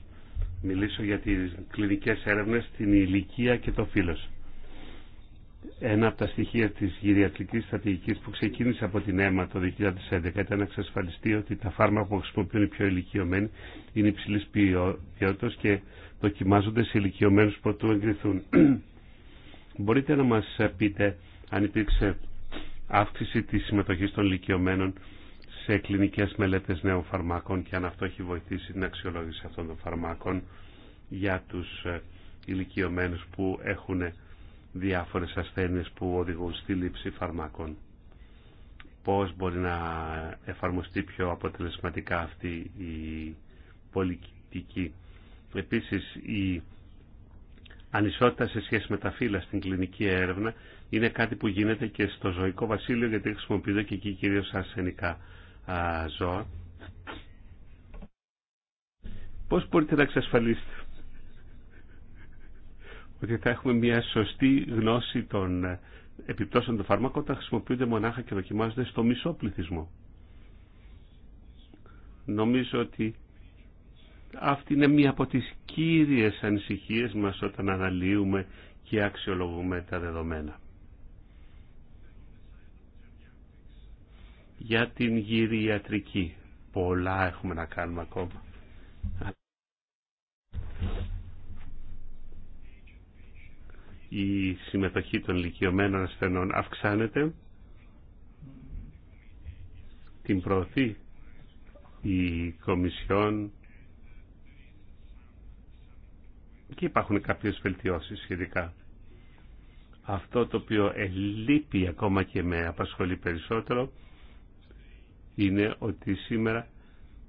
μιλήσω για τις κλινικές έρευνες, την ηλικία και το φίλος ένα από τα στοιχεία της γυριατρικής στρατηγικής που ξεκίνησε από την ΕΜΑ το 2011 ήταν να εξασφαλιστεί ότι τα φάρμακα που χρησιμοποιούν οι πιο ηλικιωμένοι είναι υψηλή ποιότητα και δοκιμάζονται σε ηλικιωμένους το εγκριθούν. Μπορείτε να μας πείτε αν υπήρξε αύξηση της συμμετοχής των ηλικιωμένων σε κλινικές μελέτες νέων φαρμάκων και αν αυτό έχει βοηθήσει την αξιολόγηση αυτών των φαρμάκων για τους ε, ηλικιωμένου που έχουν διάφορες ασθένειες που οδηγούν στη λήψη φαρμάκων. Πώς μπορεί να εφαρμοστεί πιο αποτελεσματικά αυτή η πολιτική. Επίσης, η ανισότητα σε σχέση με τα φύλλα στην κλινική έρευνα είναι κάτι που γίνεται και στο ζωικό βασίλειο γιατί χρησιμοποιείται και εκεί κυρίως ασθενικά ζώα. Πώς μπορείτε να εξασφαλίσετε ότι θα έχουμε μια σωστή γνώση των ε, επιπτώσεων των φαρμάκων όταν χρησιμοποιούνται μονάχα και δοκιμάζονται στο μισό πληθυσμό. Νομίζω ότι αυτή είναι μία από τις κύριες ανησυχίες μας όταν αναλύουμε και αξιολογούμε τα δεδομένα. Για την γυριατρική. Πολλά έχουμε να κάνουμε ακόμα. η συμμετοχή των ηλικιωμένων ασθενών αυξάνεται, την προωθεί η Κομισιόν και υπάρχουν κάποιες βελτιώσεις σχετικά. Αυτό το οποίο ελείπει ακόμα και με απασχολεί περισσότερο είναι ότι σήμερα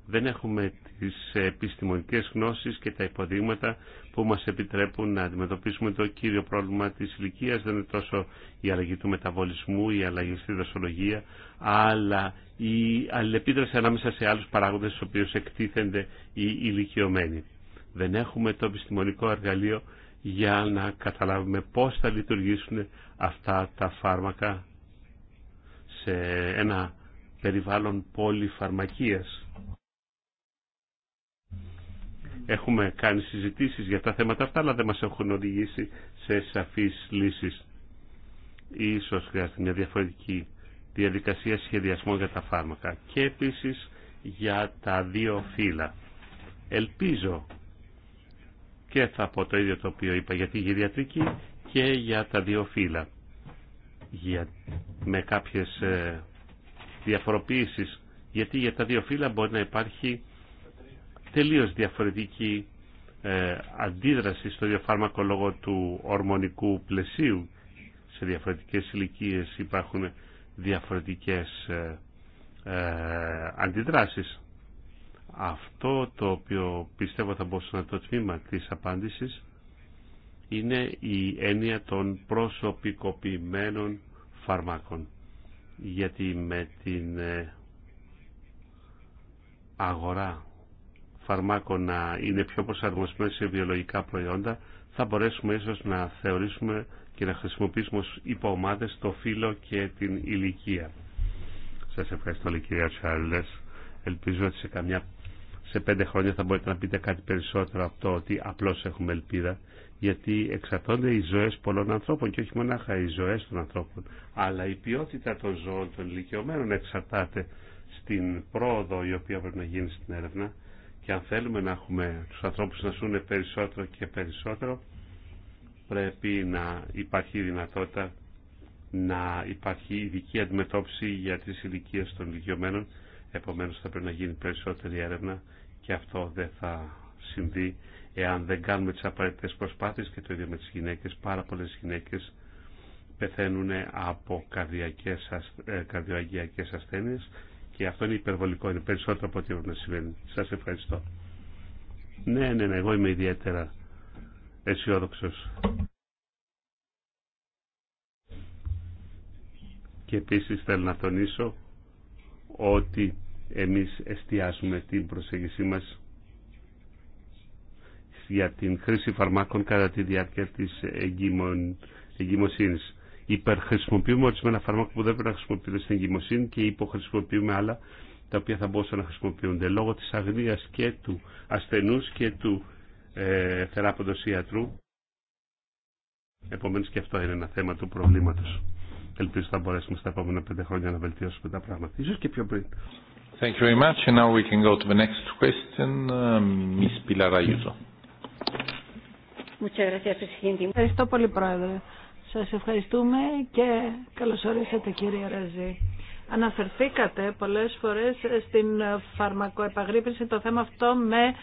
δεν έχουμε τις επιστημονικές γνώσεις και τα υποδείγματα που μας επιτρέπουν να αντιμετωπίσουμε το κύριο πρόβλημα της ηλικία. Δεν είναι τόσο η αλλαγή του μεταβολισμού, η αλλαγή στη δοσολογία, αλλά η αλληλεπίδραση ανάμεσα σε άλλους παράγοντες στους οποίους εκτίθενται οι ηλικιωμένοι. Δεν έχουμε το επιστημονικό εργαλείο για να καταλάβουμε πώς θα λειτουργήσουν αυτά τα φάρμακα σε ένα περιβάλλον πολυφαρμακίας. Έχουμε κάνει συζητήσεις για τα θέματα αυτά, αλλά δεν μας έχουν οδηγήσει σε σαφείς λύσεις. Ίσως χρειάζεται μια διαφορετική διαδικασία σχεδιασμού για τα φάρμακα και επίσης για τα δύο φύλλα. Ελπίζω και θα πω το ίδιο το οποίο είπα για τη γυριατρική και για τα δύο φύλλα. Για, με κάποιες ε, διαφοροποιήσεις γιατί για τα δύο φύλλα μπορεί να υπάρχει τελείως διαφορετική ε, αντίδραση στο διαφάρμακο λόγω του ορμονικού πλαισίου. Σε διαφορετικές ηλικίε υπάρχουν διαφορετικές ε, ε, αντιδράσεις. Αυτό το οποίο πιστεύω θα μπορούσε να το τμήμα της απάντησης είναι η έννοια των προσωπικοποιημένων φαρμάκων. Γιατί με την ε, αγορά φαρμάκων να είναι πιο προσαρμοσμένε σε βιολογικά προϊόντα, θα μπορέσουμε ίσως να θεωρήσουμε και να χρησιμοποιήσουμε ως υποομάδες το φύλλο και την ηλικία. Σας ευχαριστώ όλη κυρία Τσάρλες. Ελπίζω ότι σε, καμιά, σε πέντε χρόνια θα μπορείτε να πείτε κάτι περισσότερο από το ότι απλώς έχουμε ελπίδα. Γιατί εξαρτώνται οι ζωές πολλών ανθρώπων και όχι μονάχα οι ζωές των ανθρώπων. Αλλά η ποιότητα των ζώων των ηλικιωμένων εξαρτάται στην πρόοδο η οποία πρέπει να γίνει στην έρευνα και αν θέλουμε να έχουμε τους ανθρώπους να ζουν περισσότερο και περισσότερο, πρέπει να υπάρχει δυνατότητα να υπάρχει ειδική αντιμετώπιση για τις ηλικίε των ηλικιωμένων. Επομένως θα πρέπει να γίνει περισσότερη έρευνα και αυτό δεν θα συμβεί εάν δεν κάνουμε τις απαραίτητες προσπάθειες και το ίδιο με τις γυναίκες. Πάρα πολλές γυναίκες πεθαίνουν από καρδιακές, ε, καρδιοαγιακές ασθένειες και αυτό είναι υπερβολικό, είναι περισσότερο από ό,τι πρέπει να συμβαίνει. Σας ευχαριστώ. Ναι, ναι, ναι, εγώ είμαι ιδιαίτερα αισιόδοξο. Και επίσης θέλω να τονίσω ότι εμείς εστιάζουμε την προσέγγιση μας για την χρήση φαρμάκων κατά τη διάρκεια της εγκυμοσύνης υπερχρησιμοποιούμε ορισμένα φάρμακα που δεν πρέπει να χρησιμοποιούνται στην εγκυμοσύνη και υποχρησιμοποιούμε άλλα τα οποία θα μπορούσαν να χρησιμοποιούνται λόγω της αγνίας και του ασθενούς και του ε, θεράποντος ιατρού. Επομένως και αυτό είναι ένα θέμα του προβλήματος. Ελπίζω θα μπορέσουμε στα επόμενα πέντε χρόνια να βελτιώσουμε τα πράγματα. Ίσως και πιο πριν. Thank you very much. And now we can go to the next question, uh, Pilar Ayuso. Ευχαριστώ πολύ, Πρόεδρε. Σας ευχαριστούμε και καλώς ορίσατε κύριε Ραζή. Αναφερθήκατε πολλές φορές στην φαρμακοεπαγρύπνηση το θέμα αυτό με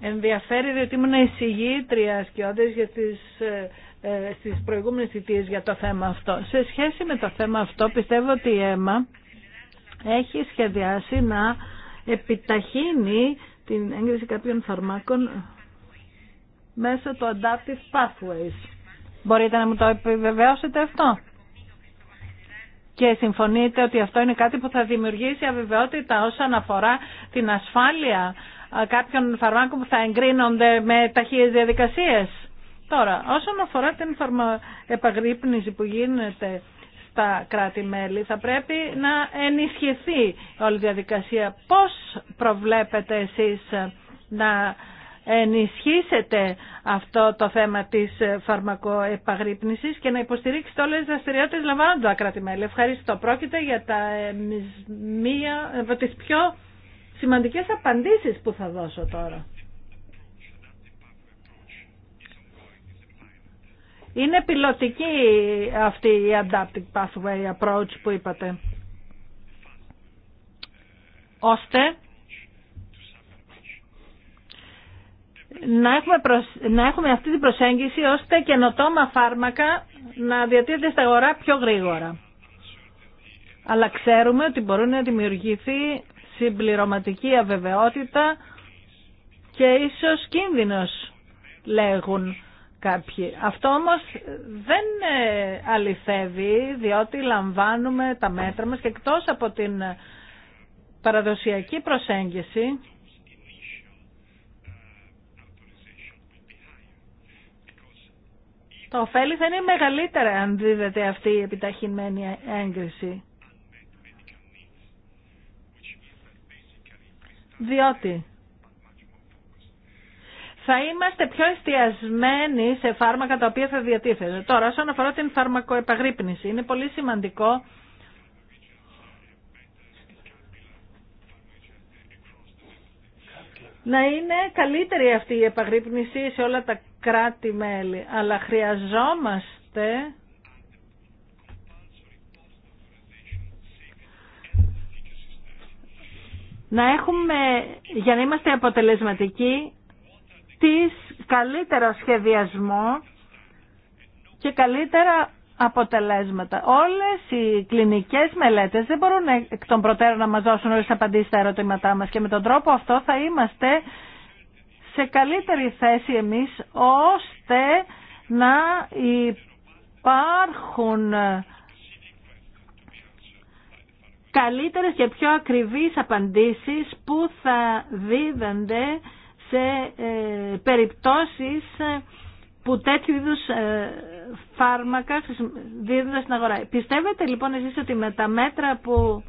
ενδιαφέρει διότι ήμουν εισηγήτρια σκιώδες για τις, ε, ε, στις προηγούμενες θητείες για το θέμα αυτό. Σε σχέση με το θέμα αυτό πιστεύω ότι η ΕΜΑ έχει σχεδιάσει να επιταχύνει την έγκριση κάποιων φαρμάκων μέσω του Adaptive Pathways. Μπορείτε να μου το επιβεβαιώσετε αυτό. Και συμφωνείτε ότι αυτό είναι κάτι που θα δημιουργήσει αβεβαιότητα όσον αφορά την ασφάλεια κάποιων φαρμάκων που θα εγκρίνονται με ταχύες διαδικασίες. Τώρα, όσον αφορά την επαγρύπνηση που γίνεται στα κράτη-μέλη, θα πρέπει να ενισχυθεί όλη η διαδικασία. Πώς προβλέπετε εσείς να ενισχύσετε αυτό το θέμα της φαρμακοεπαγρύπνησης και να υποστηρίξετε όλες τις δραστηριότητες λαμβάνοντας το κρατη Ευχαριστώ. Πρόκειται για τα, ε, μία, ε, τις πιο σημαντικές απαντήσεις που θα δώσω τώρα. Είναι πιλωτική αυτή η Adaptive Pathway Approach που είπατε. Ώστε να έχουμε, να αυτή την προσέγγιση ώστε καινοτόμα φάρμακα να διατίθεται στα αγορά πιο γρήγορα. Αλλά ξέρουμε ότι μπορεί να δημιουργηθεί συμπληρωματική αβεβαιότητα και ίσως κίνδυνος λέγουν κάποιοι. Αυτό όμως δεν ε, αληθεύει διότι λαμβάνουμε τα μέτρα μας και εκτός από την παραδοσιακή προσέγγιση Το ωφέλη θα είναι μεγαλύτερα αν δίδεται αυτή η επιταχυνμένη έγκριση. Διότι θα είμαστε πιο εστιασμένοι σε φάρμακα τα οποία θα διατίθεται. Τώρα, όσον αφορά την φαρμακοεπαγρύπνηση, είναι πολύ σημαντικό να είναι καλύτερη αυτή η επαγρύπνηση σε όλα τα κράτη-μέλη, αλλά χρειαζόμαστε να έχουμε, για να είμαστε αποτελεσματικοί, τις καλύτερο σχεδιασμό και καλύτερα αποτελέσματα. Όλες οι κλινικές μελέτες δεν μπορούν εκ των προτέρων να μας δώσουν όλες τις απαντήσεις στα ερωτήματά μας και με τον τρόπο αυτό θα είμαστε σε καλύτερη θέση εμείς ώστε να υπάρχουν καλύτερες και πιο ακριβείς απαντήσεις που θα δίδανται σε ε, περιπτώσεις ε, που τέτοιου είδους ε, φάρμακα δίδονται στην αγορά. Πιστεύετε λοιπόν εσείς ότι με τα μέτρα που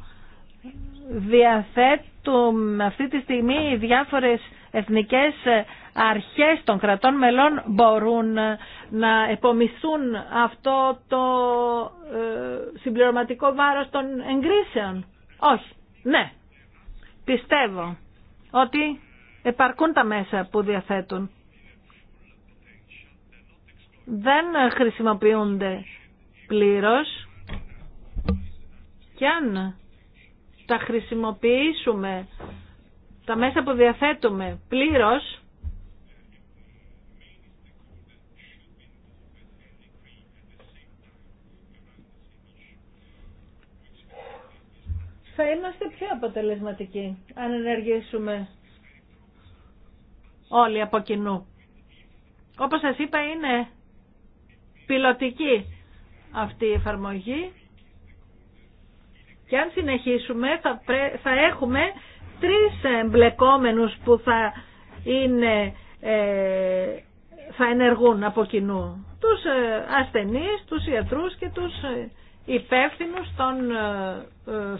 διαθέτουν αυτή τη στιγμή οι διάφορες εθνικές ε, αρχές των κρατών μελών μπορούν ε, να επομισθούν αυτό το ε, συμπληρωματικό βάρος των εγκρίσεων. Όχι. Ναι. Πιστεύω ότι επαρκούν τα μέσα που διαθέτουν. Δεν χρησιμοποιούνται πλήρως και αν τα χρησιμοποιήσουμε τα μέσα που διαθέτουμε πλήρως θα είμαστε πιο αποτελεσματικοί αν ενεργήσουμε όλοι από κοινού. Όπως σας είπα είναι πιλωτική αυτή η εφαρμογή και αν συνεχίσουμε θα, θα έχουμε τρεις εμπλεκόμενους που θα, είναι, ε, θα ενεργούν από κοινού. Τους ε, ασθενείς, τους ιατρούς και τους ε, υπεύθυνους των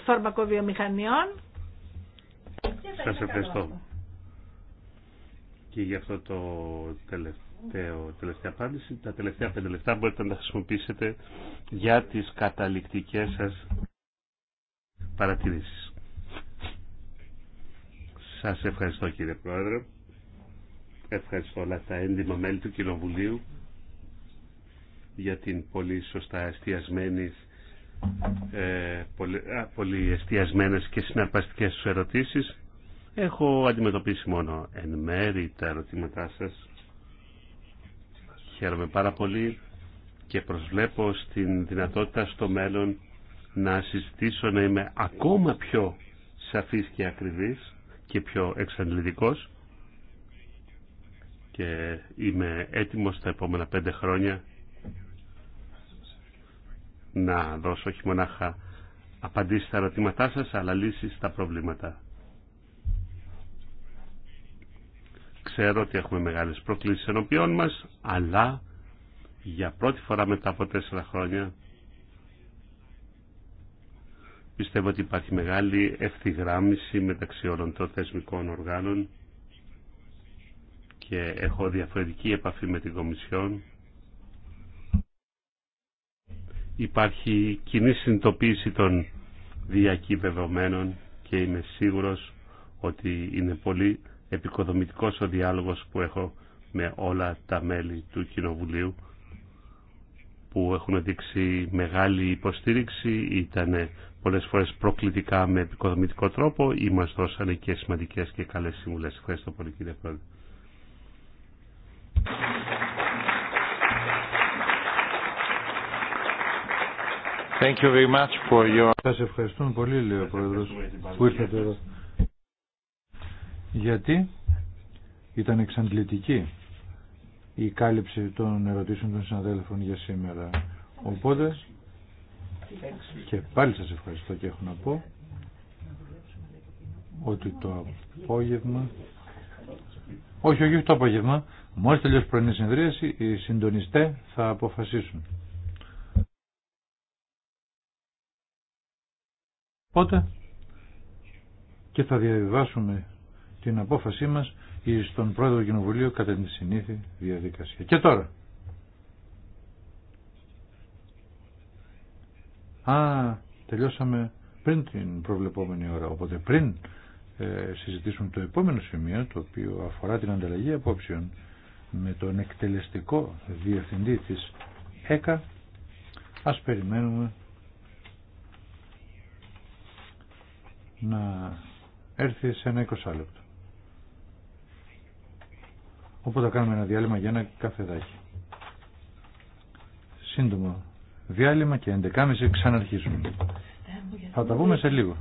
φαρμακοβιομηχανιών. Σας ευχαριστώ. Και για αυτό το τελευταίο τελευταία απάντηση. Τα τελευταία πέντε λεπτά μπορείτε να τα χρησιμοποιήσετε για τις καταληκτικές σας παρατηρήσεις. Σας ευχαριστώ κύριε Πρόεδρε. Ευχαριστώ όλα τα έντιμα μέλη του Κοινοβουλίου για την πολύ σωστά εστιασμένη ε, πολύ, πολύ εστιασμένες και συναρπαστικές σου ερωτήσεις. Έχω αντιμετωπίσει μόνο εν μέρη τα ερωτήματά σας. Χαίρομαι πάρα πολύ και προσβλέπω στην δυνατότητα στο μέλλον να συζητήσω να είμαι ακόμα πιο σαφής και ακριβής και πιο εξαντλητικός και είμαι έτοιμος τα επόμενα πέντε χρόνια να δώσω όχι μονάχα απαντήσεις στα ερωτήματά σας αλλά λύσεις στα προβλήματα. Ξέρω ότι έχουμε μεγάλες προκλήσεις ενώπιών μας αλλά για πρώτη φορά μετά από τέσσερα χρόνια Πιστεύω ότι υπάρχει μεγάλη ευθυγράμμιση μεταξύ όλων των θεσμικών οργάνων και έχω διαφορετική επαφή με την Κομισιόν. Υπάρχει κοινή συνειδητοποίηση των διακυβευμένων και είμαι σίγουρος ότι είναι πολύ επικοδομητικός ο διάλογος που έχω με όλα τα μέλη του Κοινοβουλίου που έχουν δείξει μεγάλη υποστήριξη, ήταν πολλές φορές προκλητικά με επικοδομητικό τρόπο ή μας δώσανε και σημαντικές και καλές συμβουλές. Ευχαριστώ πολύ κύριε Πρόεδρε. Thank you very much for your... Σας ευχαριστούμε πολύ, λέει ο Πρόεδρος, που ήρθατε εδώ. Γιατί ήταν εξαντλητική η κάλυψη των ερωτήσεων των συναδέλφων για σήμερα. Οπότε και πάλι σας ευχαριστώ και έχω να πω ότι το απόγευμα όχι, όχι το απόγευμα μόλις τελειώσει πρωινή συνδρίαση οι συντονιστές θα αποφασίσουν Οπότε και θα διαβιβάσουμε την απόφασή μας ή στον πρόεδρο κοινοβουλίου κατά την συνήθεια διαδικασία. Και τώρα. Α, τελειώσαμε πριν την προβλεπόμενη ώρα, οπότε πριν ε, το επόμενο σημείο το οποίο αφορά την ανταλλαγή απόψεων με τον εκτελεστικό διευθυντή της ΕΚΑ ας περιμένουμε να έρθει σε ένα 20 λεπτό. Οπότε θα κάνουμε ένα διάλειμμα για ένα καφεδάκι. Σύντομο διάλειμμα και 11.30 ξαναρχίζουμε. Θα τα πούμε σε λίγο.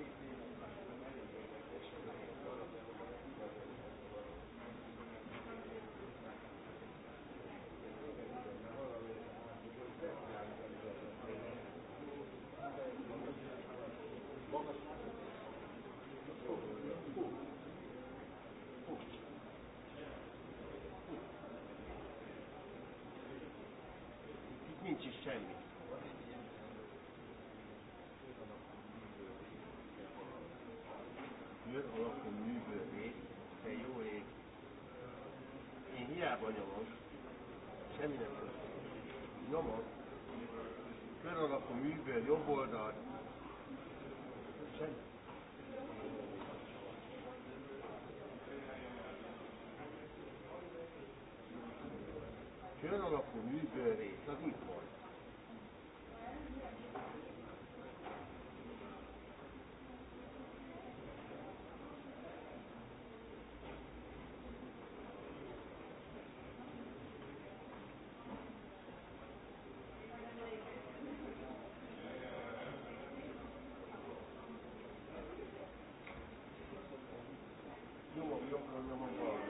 Thank you. mur te jó ég, én hiába nyomom, semmi nem Seminemange, Nyomom, mur alors qu'on jobb oldalt, semmi. Kör az itt. AUTHORWAVE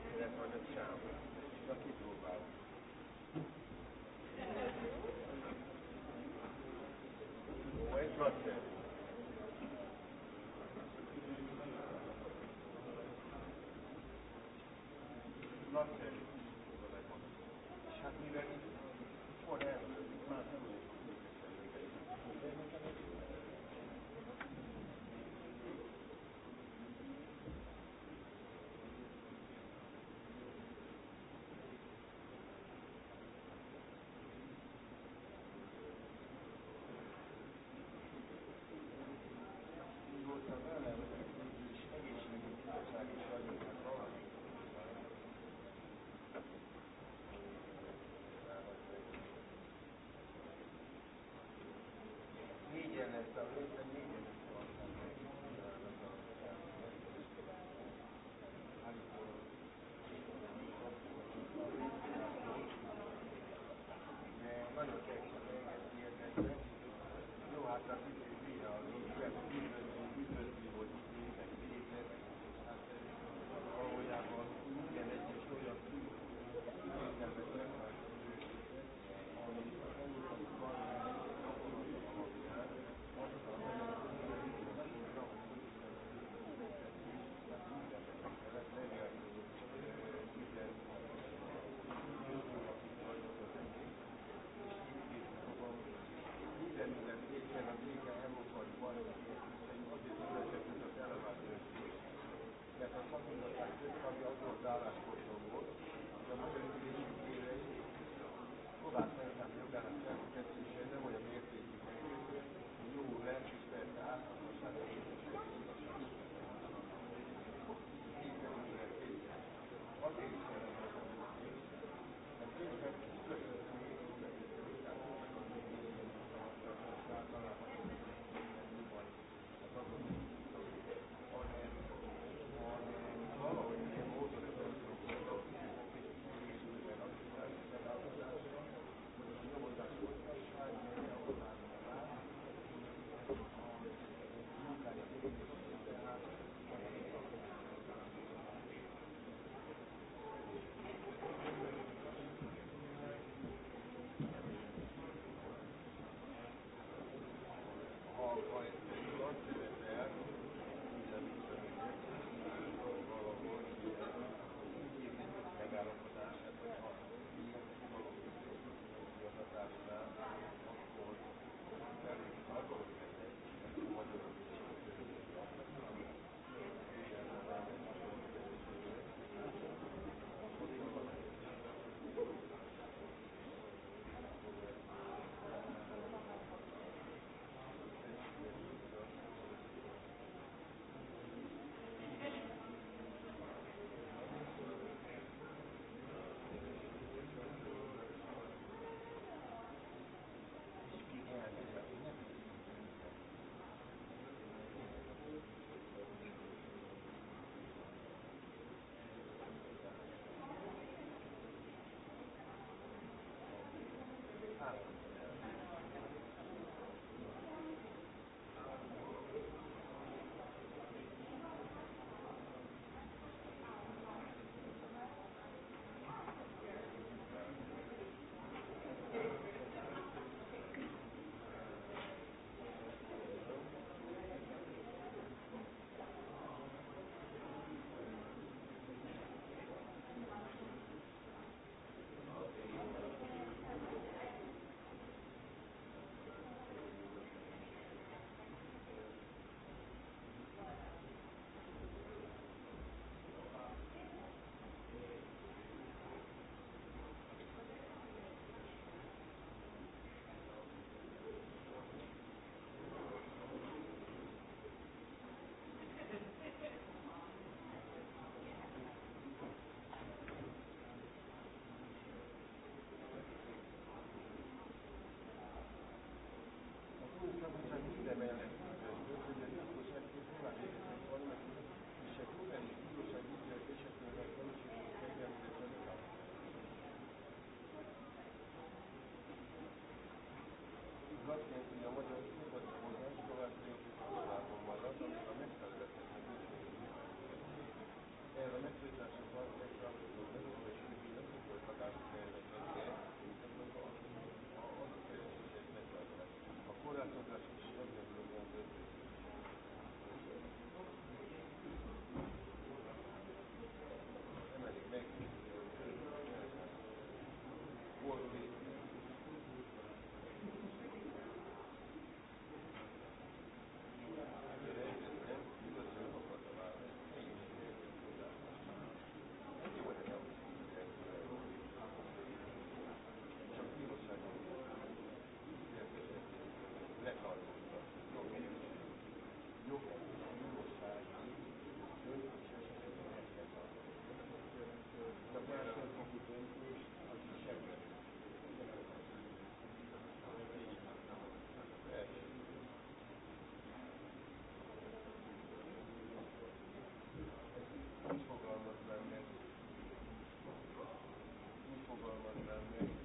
you. καλή Gracias. ο να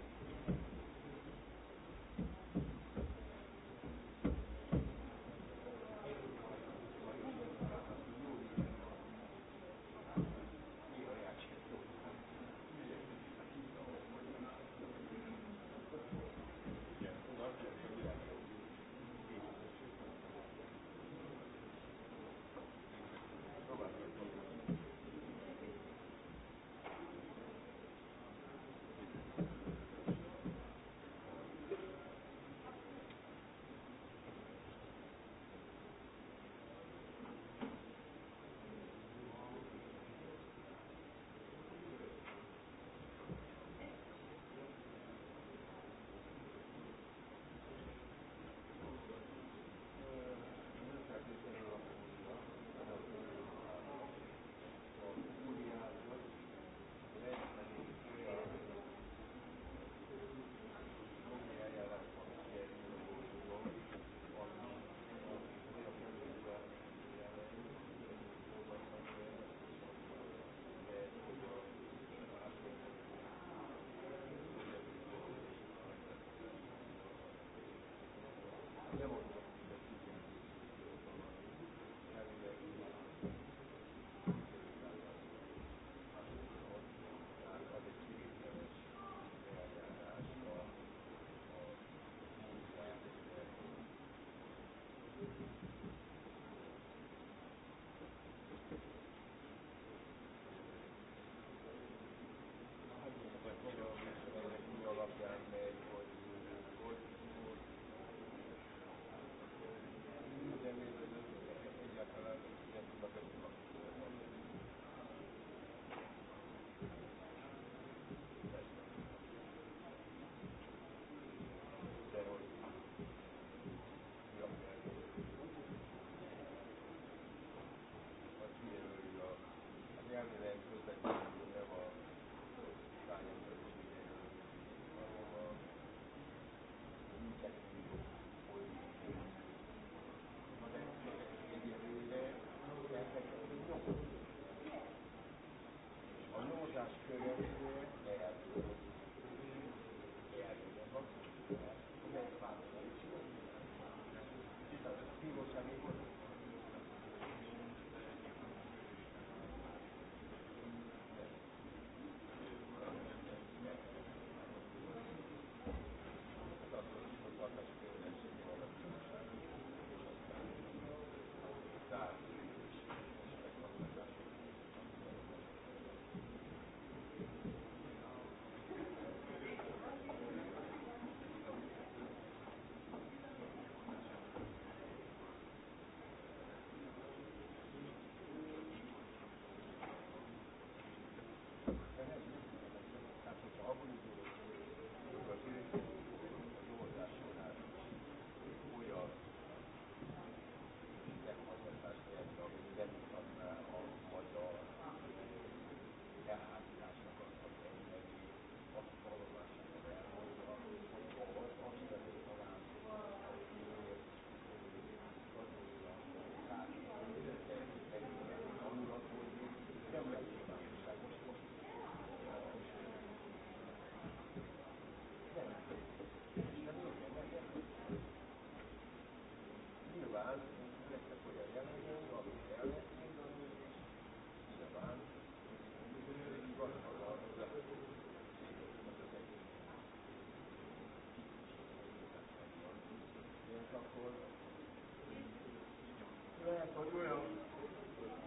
Yeah, but we are.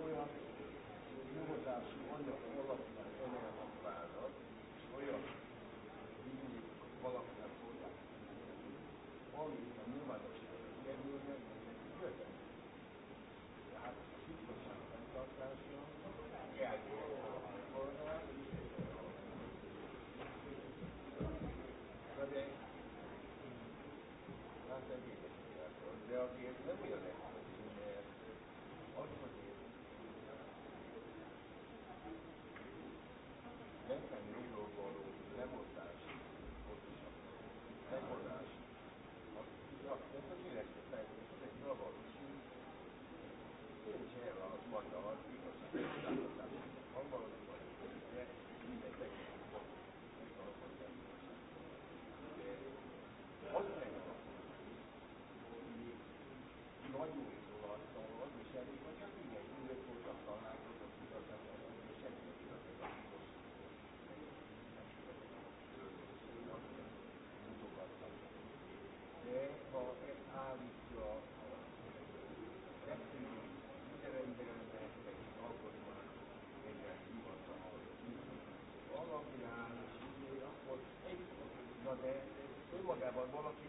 We are. δεν μόνο εγώ,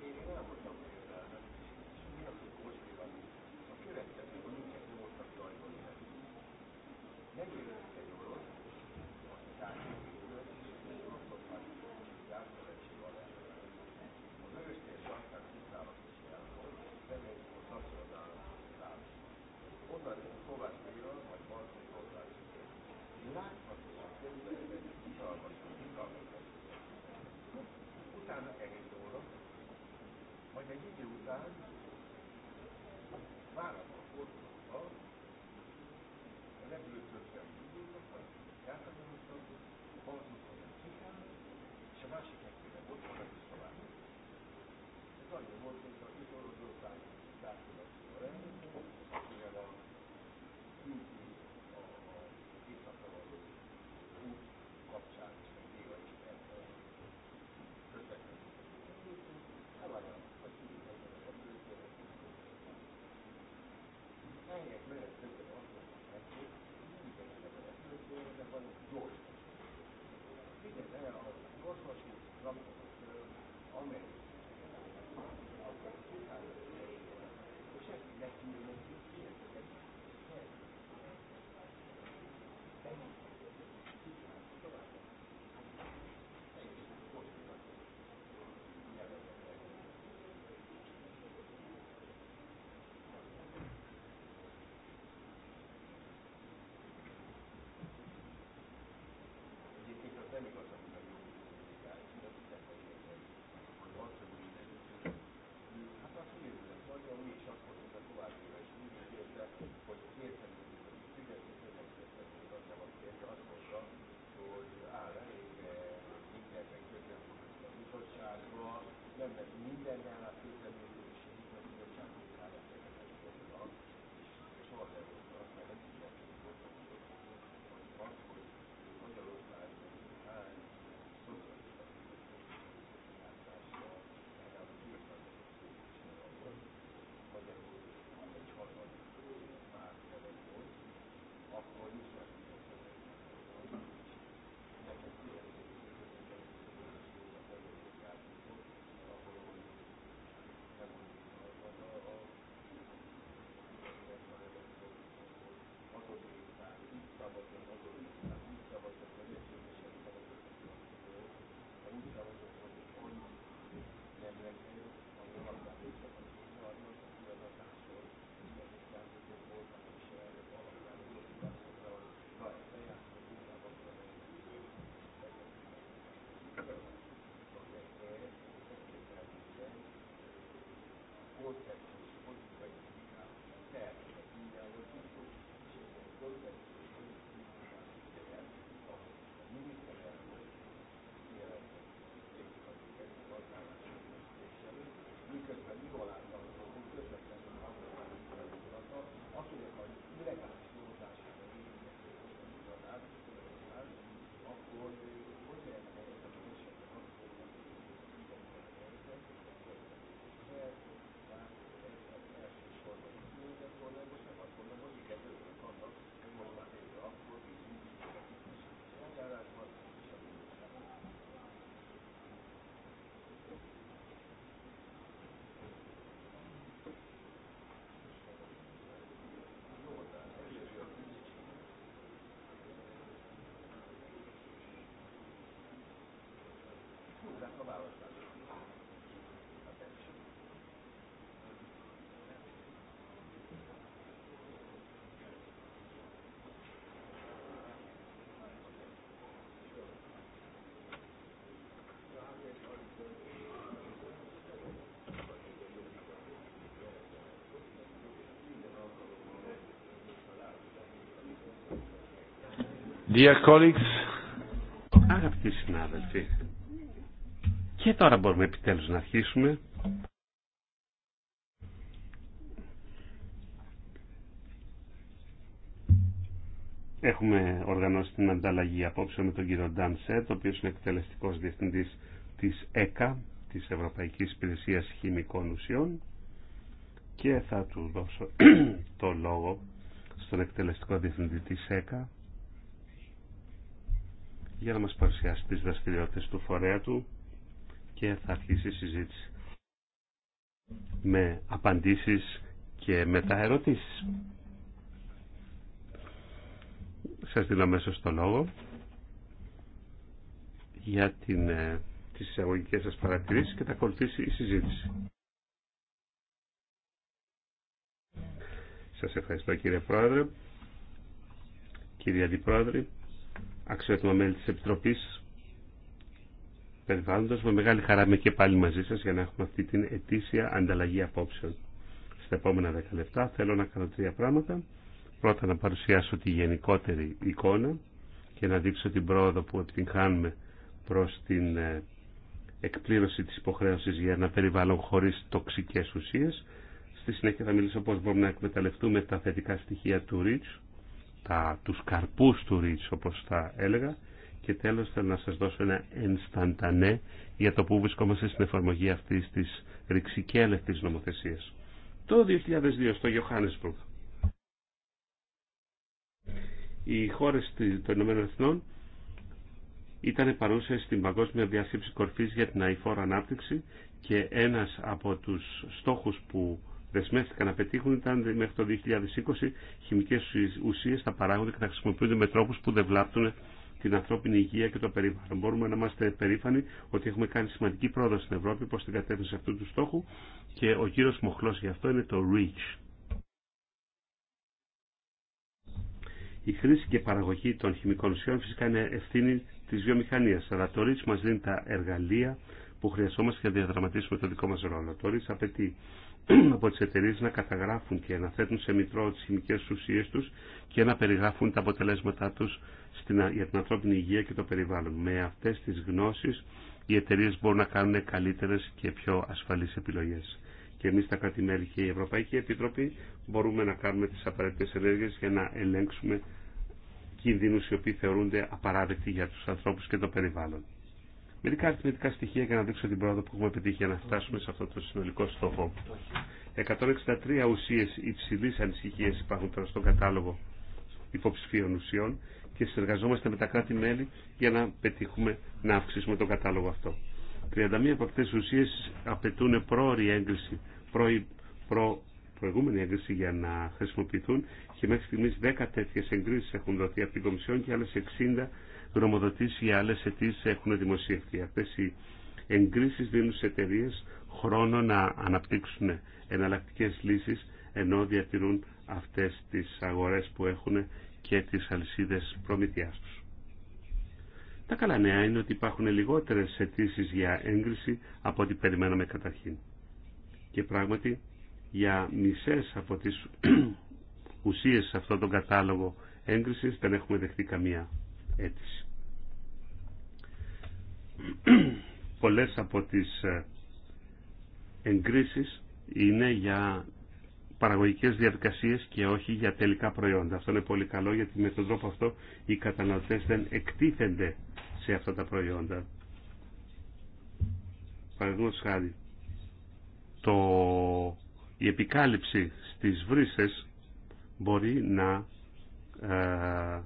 Υπότιτλοι Μελίδη Ουδάρη, πάρα πολύ φορτωτό, το σιωπηλό, κάθαμε με τον κόσμο που είχαμε, σε βάση Υπότιτλοι Dear colleagues. Αγαπητοί συνάδελφοι, και τώρα μπορούμε επιτέλους να αρχίσουμε. Έχουμε οργανώσει την ανταλλαγή απόψε με τον κύριο Νταν Σέτ, ο οποίος είναι εκτελεστικός διευθυντή της ΕΚΑ, της Ευρωπαϊκής Υπηρεσία Χημικών Ουσιών και θα του δώσω το λόγο στον εκτελεστικό διευθυντή της ΕΚΑ για να μας παρουσιάσει τις δραστηριότητες του φορέα του και θα αρχίσει η συζήτηση με απαντήσεις και μετά ερωτήσεις. Σας δίνω μέσα στο λόγο για την, ε, τις εισαγωγικές σας παρατηρήσεις και θα ακολουθήσει η συζήτηση. Σας ευχαριστώ κύριε Πρόεδρε, κύριε Αντιπρόεδρε, αξιότιμα μέλη της Επιτροπής Περιβάλλοντος. Με μεγάλη χαρά είμαι και πάλι μαζί σας για να έχουμε αυτή την ετήσια ανταλλαγή απόψεων. Στα επόμενα 10 λεπτά θέλω να κάνω τρία πράγματα. Πρώτα να παρουσιάσω τη γενικότερη εικόνα και να δείξω την πρόοδο που επιτυγχάνουμε προς την ε, εκπλήρωση της υποχρέωσης για ένα περιβάλλον χωρίς τοξικές ουσίες. Στη συνέχεια θα μιλήσω πώς μπορούμε να εκμεταλλευτούμε τα θετικά στοιχεία του REACH τα, τους καρπούς του ρίτς όπως τα έλεγα και τέλος θέλω να σας δώσω ένα ενσταντανέ για το που βρισκόμαστε στην εφαρμογή αυτής της ρηξικέλευτης νομοθεσίας. Το 2002 στο Johannesburg οι χώρες των Ηνωμένων Εθνών ήταν παρούσες στην Παγκόσμια Διάσκεψη Κορφής για την αϊφόρα ανάπτυξη και ένας από τους στόχους που δεσμεύτηκαν να πετύχουν ήταν μέχρι το 2020 χημικές ουσίες θα παράγονται και θα χρησιμοποιούνται με τρόπους που δεν βλάπτουν την ανθρώπινη υγεία και το περιβάλλον. Μπορούμε να είμαστε περήφανοι ότι έχουμε κάνει σημαντική πρόοδο στην Ευρώπη προς την κατεύθυνση αυτού του στόχου και ο κύριος μοχλός για αυτό είναι το REACH. Η χρήση και παραγωγή των χημικών ουσιών φυσικά είναι ευθύνη της βιομηχανίας, αλλά το REACH μας δίνει τα εργαλεία που χρειαζόμαστε για να διαδραματίσουμε το δικό μας ρόλο. Το REACH από τι εταιρείε να καταγράφουν και να θέτουν σε μητρό τι χημικέ ουσίε του και να περιγράφουν τα αποτελέσματά του για την ανθρώπινη υγεία και το περιβάλλον. Με αυτέ τι γνώσει, οι εταιρείε μπορούν να κάνουν καλύτερε και πιο ασφαλεί επιλογέ. Και εμεί τα κρατη και η Ευρωπαϊκή Επιτροπή μπορούμε να κάνουμε τι απαραίτητε ενέργειε για να ελέγξουμε κινδύνους οι οποίοι θεωρούνται απαράδεκτοι για τους ανθρώπους και το περιβάλλον μερικά αριθμητικά στοιχεία για να δείξω την πρόοδο που έχουμε πετύχει για να φτάσουμε σε αυτό το συνολικό στόχο. 163 ουσίε υψηλή ανησυχία υπάρχουν τώρα στον κατάλογο υποψηφίων ουσιών και συνεργαζόμαστε με τα κράτη-μέλη για να πετύχουμε να αυξήσουμε τον κατάλογο αυτό. 31 από αυτέ τι ουσίε απαιτούν πρόορη έγκριση, προ, προ, προηγούμενη έγκριση για να χρησιμοποιηθούν και μέχρι στιγμή 10 τέτοιε εγκρίσει έχουν δοθεί από την Κομισιόν και άλλε 60 γνωμοδοτήσει για άλλε αιτήσει έχουν δημοσιευτεί. Αυτές οι εγκρίσει δίνουν σε εταιρείε χρόνο να αναπτύξουν εναλλακτικές λύσεις ενώ διατηρούν αυτές τις αγορές που έχουν και τις αλυσίδες προμηθειάς τους. Τα καλά νέα είναι ότι υπάρχουν λιγότερες αιτήσει για έγκριση από ό,τι περιμέναμε καταρχήν. Και πράγματι για μισές από τις ουσίες σε αυτόν τον κατάλογο έγκρισης δεν έχουμε δεχτεί καμία αίτηση. Πολλές από τις ε, εγκρίσεις είναι για παραγωγικές διαδικασίες και όχι για τελικά προϊόντα. Αυτό είναι πολύ καλό γιατί με τον τρόπο αυτό οι καταναλωτές δεν εκτίθενται σε αυτά τα προϊόντα. Παραδείγματο χάρη, το... η επικάλυψη στις βρύσες μπορεί να ε,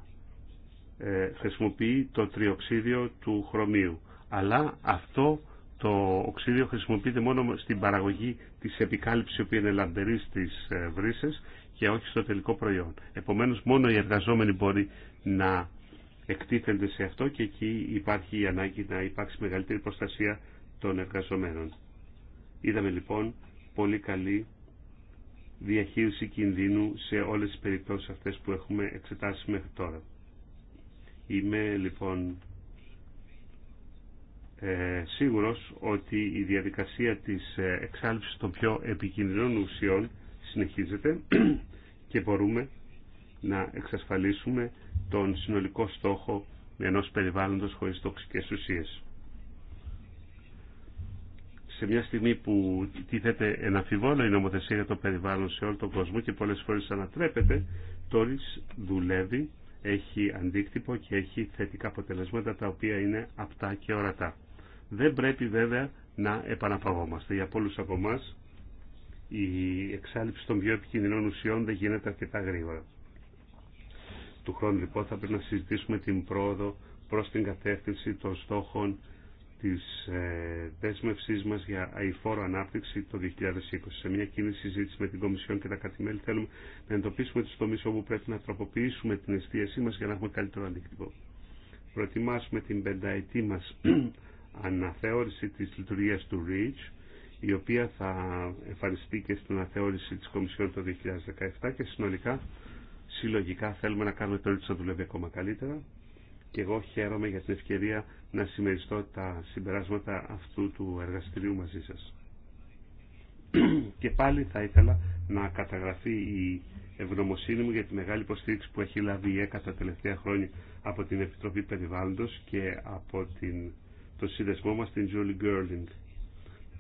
ε, χρησιμοποιεί το τριοξίδιο του χρωμίου. Αλλά αυτό το οξίδιο χρησιμοποιείται μόνο στην παραγωγή της επικάλυψης που οποία είναι λαμπερή στις ε, βρύσες και όχι στο τελικό προϊόν. Επομένως μόνο οι εργαζόμενοι μπορεί να εκτίθενται σε αυτό και εκεί υπάρχει η ανάγκη να υπάρξει μεγαλύτερη προστασία των εργαζομένων. Είδαμε λοιπόν πολύ καλή διαχείριση κινδύνου σε όλες τις περιπτώσεις αυτές που έχουμε εξετάσει μέχρι τώρα. Είμαι λοιπόν ε, σίγουρος ότι η διαδικασία της ε, εξάλληψης των πιο επικίνδυνων ουσιών συνεχίζεται και μπορούμε να εξασφαλίσουμε τον συνολικό στόχο ενός περιβάλλοντος χωρίς τοξικές ουσίες. Σε μια στιγμή που τίθεται αμφιβόλο η νομοθεσία για το περιβάλλον σε όλο τον κόσμο και πολλές φορές ανατρέπεται, τώρα δουλεύει έχει αντίκτυπο και έχει θετικά αποτελέσματα τα οποία είναι απτά και ορατά. Δεν πρέπει βέβαια να επαναπαυόμαστε. Για πολλούς από εμά η εξάλληψη των πιο επικίνδυνων ουσιών δεν γίνεται αρκετά γρήγορα. Του χρόνου λοιπόν θα πρέπει να συζητήσουμε την πρόοδο προς την κατεύθυνση των στόχων της ε, δέσμευσής μας για αηφόρο ανάπτυξη το 2020. Σε μια κίνηση συζήτηση με την Κομισιόν και τα κατημέλη θέλουμε να εντοπίσουμε τους τομείς όπου πρέπει να τροποποιήσουμε την εστίασή μας για να έχουμε καλύτερο αντίκτυπο. Προετοιμάσουμε την πενταετή μας αναθεώρηση της λειτουργίας του REACH, η οποία θα εμφανιστεί και στην αναθεώρηση της Κομισιόν το 2017 και συνολικά συλλογικά θέλουμε να κάνουμε το REACH να δουλεύει ακόμα καλύτερα και εγώ χαίρομαι για την ευκαιρία να συμμεριστώ τα συμπεράσματα αυτού του εργαστηρίου μαζί σας. και πάλι θα ήθελα να καταγραφεί η ευγνωμοσύνη μου για τη μεγάλη υποστήριξη που έχει λάβει η ΕΚΑ τα τελευταία χρόνια από την Επιτροπή Περιβάλλοντος και από την, το σύνδεσμό μας την Julie Gerling.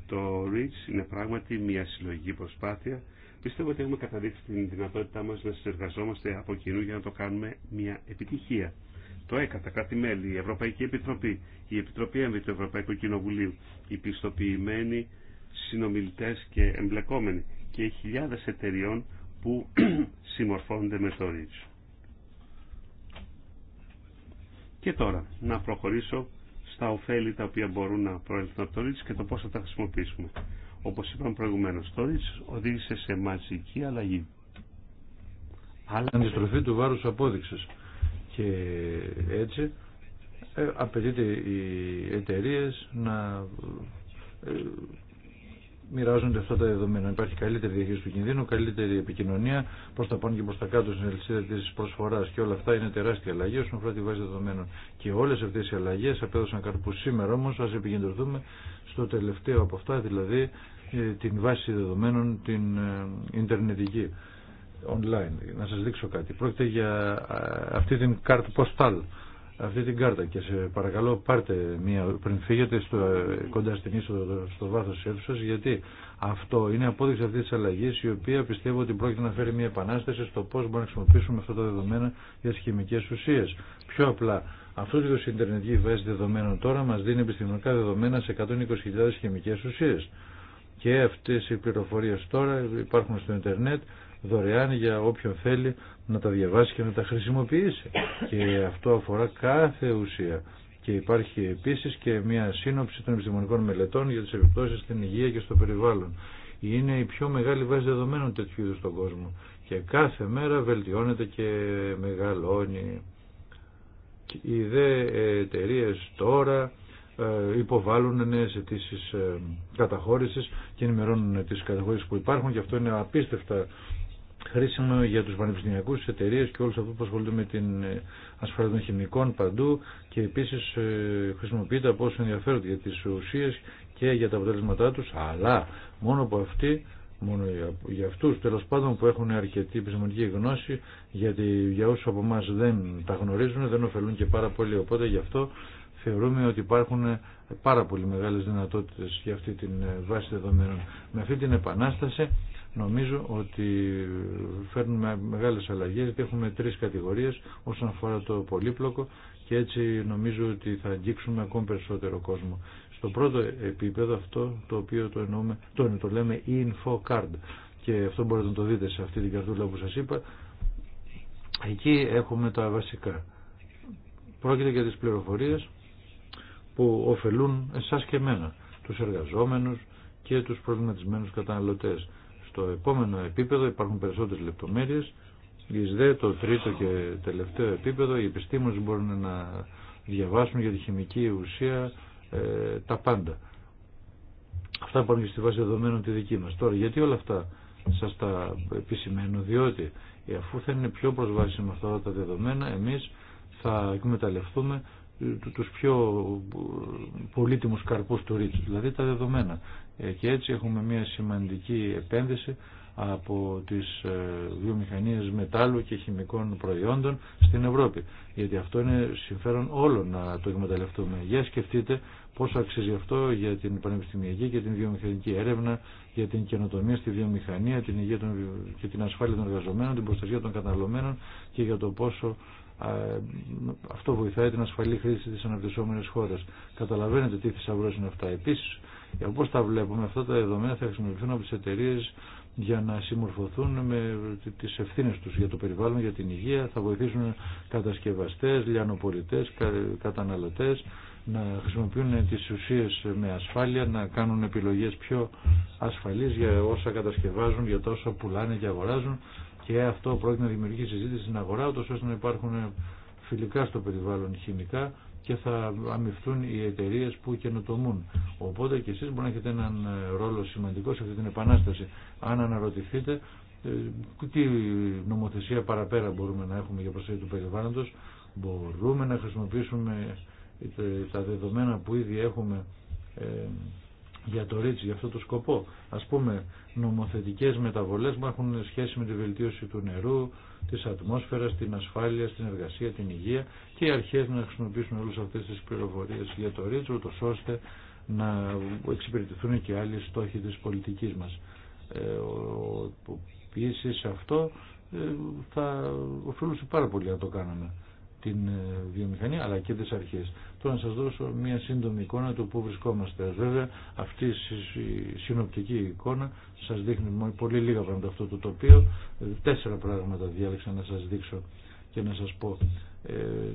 Το REACH είναι πράγματι μια συλλογική προσπάθεια. Πιστεύω ότι έχουμε καταδείξει την δυνατότητά μας να συνεργαζόμαστε από κοινού για να το κάνουμε μια επιτυχία το ΕΚΑ, τα κράτη-μέλη, η Ευρωπαϊκή Επιτροπή, η Επιτροπή Έμβη του Ευρωπαϊκού Κοινοβουλίου, οι πιστοποιημένοι συνομιλητέ και εμπλεκόμενοι και οι χιλιάδες εταιριών που συμμορφώνονται με το ΡΙΤΣ. Και τώρα, να προχωρήσω στα ωφέλη τα οποία μπορούν να προέλθουν από το ΡΙΤΣ και το πώ θα τα χρησιμοποιήσουμε. Όπω είπαμε προηγουμένω. το ΡΙΤΣ οδήγησε σε μαζική αλλαγή. Αλλά... Αντιστροφή του βάρου απόδειξη και έτσι ε, απαιτείται οι εταιρείε να ε, μοιράζονται αυτά τα δεδομένα. Υπάρχει καλύτερη διαχείριση του κινδύνου, καλύτερη επικοινωνία προ τα πάνω και προ τα κάτω στην αλυσίδα τη προσφορά και όλα αυτά είναι τεράστια αλλαγή όσον αφορά τη βάση δεδομένων. Και όλε αυτέ οι αλλαγέ απέδωσαν καρπού. Σήμερα όμω α επικεντρωθούμε στο τελευταίο από αυτά, δηλαδή ε, την βάση δεδομένων την Ιντερνετική online. Να σας δείξω κάτι. Πρόκειται για αυτή την κάρτα postal. Αυτή την κάρτα και σε παρακαλώ πάρτε μία πριν φύγετε στο, κοντά στην είσοδο στο βάθος της αίθουσας γιατί αυτό είναι απόδειξη αυτής της αλλαγής η οποία πιστεύω ότι πρόκειται να φέρει μία επανάσταση στο πώς μπορούμε να χρησιμοποιήσουμε αυτά τα δεδομένα για τις χημικές ουσίες. Πιο απλά αυτό το Ιντερνετική βάση δεδομένων τώρα μας δίνει επιστημονικά δεδομένα σε 120.000 χημικές ουσίες. Και αυτές οι πληροφορίες τώρα υπάρχουν στο Ιντερνετ δωρεάν για όποιον θέλει να τα διαβάσει και να τα χρησιμοποιήσει. Και αυτό αφορά κάθε ουσία. Και υπάρχει επίσης και μια σύνοψη των επιστημονικών μελετών για τις επιπτώσεις στην υγεία και στο περιβάλλον. Είναι η πιο μεγάλη βάση δεδομένων τέτοιου είδους στον κόσμο. Και κάθε μέρα βελτιώνεται και μεγαλώνει. Οι δε εταιρείε τώρα ε, υποβάλλουν νέε αιτήσει ε, καταχώρηση και ενημερώνουν τι καταχώρησει που υπάρχουν και αυτό είναι απίστευτα χρήσιμο για τους πανεπιστημιακούς, τις εταιρείες και όλους αυτούς που ασχολούνται με την ε, ασφάλεια των χημικών παντού και επίσης ε, χρησιμοποιείται από όσους ενδιαφέρονται για τις ουσίες και για τα αποτελέσματά τους, αλλά μόνο από αυτή, μόνο για αυτούς τέλος πάντων που έχουν αρκετή επιστημονική γνώση γιατί για όσους από εμά δεν τα γνωρίζουν δεν ωφελούν και πάρα πολύ οπότε γι' αυτό θεωρούμε ότι υπάρχουν πάρα πολύ μεγάλες δυνατότητες για αυτή την ε, βάση δεδομένων με αυτή την επανάσταση Νομίζω ότι φέρνουμε μεγάλες αλλαγές και έχουμε τρεις κατηγορίες όσον αφορά το πολύπλοκο και έτσι νομίζω ότι θα αγγίξουμε ακόμη περισσότερο κόσμο. Στο πρώτο επίπεδο αυτό το οποίο το, εννοούμε, το, λέμε info card και αυτό μπορείτε να το δείτε σε αυτή την καρτούλα που σας είπα. Εκεί έχουμε τα βασικά. Πρόκειται για τις πληροφορίες που ωφελούν εσάς και εμένα, τους εργαζόμενους και τους προβληματισμένους καταναλωτές στο επόμενο επίπεδο υπάρχουν περισσότερες λεπτομέρειες Ει δε το τρίτο και τελευταίο επίπεδο οι επιστήμονες μπορούν να διαβάσουν για τη χημική ουσία ε, τα πάντα αυτά πάνε και στη βάση δεδομένων τη δική μα. τώρα γιατί όλα αυτά σας τα επισημαίνω διότι ε, αφού θα είναι πιο προσβάσιμα αυτά τα δεδομένα εμεί θα εκμεταλλευτούμε ε, τους πιο πολύτιμους καρπούς του ρίτσου, δηλαδή τα δεδομένα. Ε, και έτσι έχουμε μια σημαντική επένδυση από τις ε, βιομηχανίες μετάλλου και χημικών προϊόντων στην Ευρώπη. Γιατί αυτό είναι συμφέρον όλων να το εκμεταλλευτούμε. Για σκεφτείτε πόσο αξίζει αυτό για την πανεπιστημιακή και την βιομηχανική έρευνα, για την καινοτομία στη βιομηχανία, την υγεία και την ασφάλεια των εργαζομένων, την προστασία των καταναλωμένων και για το πόσο αυτό βοηθάει την ασφαλή χρήση της αναπτυσσόμενης χώρας. Καταλαβαίνετε τι θησαυρό είναι αυτά. Επίσης, ε, όπως τα βλέπουμε, αυτά τα δεδομένα θα χρησιμοποιηθούν από τις εταιρείε για να συμμορφωθούν με τις ευθύνες τους για το περιβάλλον, για την υγεία, θα βοηθήσουν κατασκευαστές, λιανοπολιτές, καταναλωτές, να χρησιμοποιούν τις ουσίες με ασφάλεια, να κάνουν επιλογές πιο ασφαλείς για όσα κατασκευάζουν, για όσα πουλάνε και αγοράζουν και αυτό πρόκειται να δημιουργήσει συζήτηση στην αγορά, ώστε να υπάρχουν φιλικά στο περιβάλλον χημικά και θα αμυφθούν οι εταιρείε που καινοτομούν. Οπότε και εσείς μπορεί να έχετε έναν ε, ρόλο σημαντικό σε αυτή την επανάσταση. Αν αναρωτηθείτε ε, τι νομοθεσία παραπέρα μπορούμε να έχουμε για προσέγγιση του περιβάλλοντο, μπορούμε να χρησιμοποιήσουμε ε, τα δεδομένα που ήδη έχουμε για το ρίτσι, για αυτό το σκοπό. Ας πούμε νομοθετικές μεταβολές που έχουν σχέση με τη βελτίωση του νερού, της ατμόσφαιρας, την ασφάλεια, στην εργασία, την υγεία και οι αρχές να χρησιμοποιήσουν όλες αυτές τις πληροφορίες για το ρίτσο, ούτως ώστε να εξυπηρετηθούν και άλλοι στόχοι της πολιτικής μας. Ε, αυτό ε, θα οφείλουσε πάρα πολύ να το κάναμε την ε, βιομηχανία αλλά και τις αρχές. Τώρα να σας δώσω μια σύντομη εικόνα του που βρισκόμαστε. Βέβαια αυτή η συνοπτική εικόνα σας δείχνει πολύ λίγα πράγματα αυτό το τοπίο. Ε, τέσσερα πράγματα διάλεξα να σας δείξω και να σας πω ε,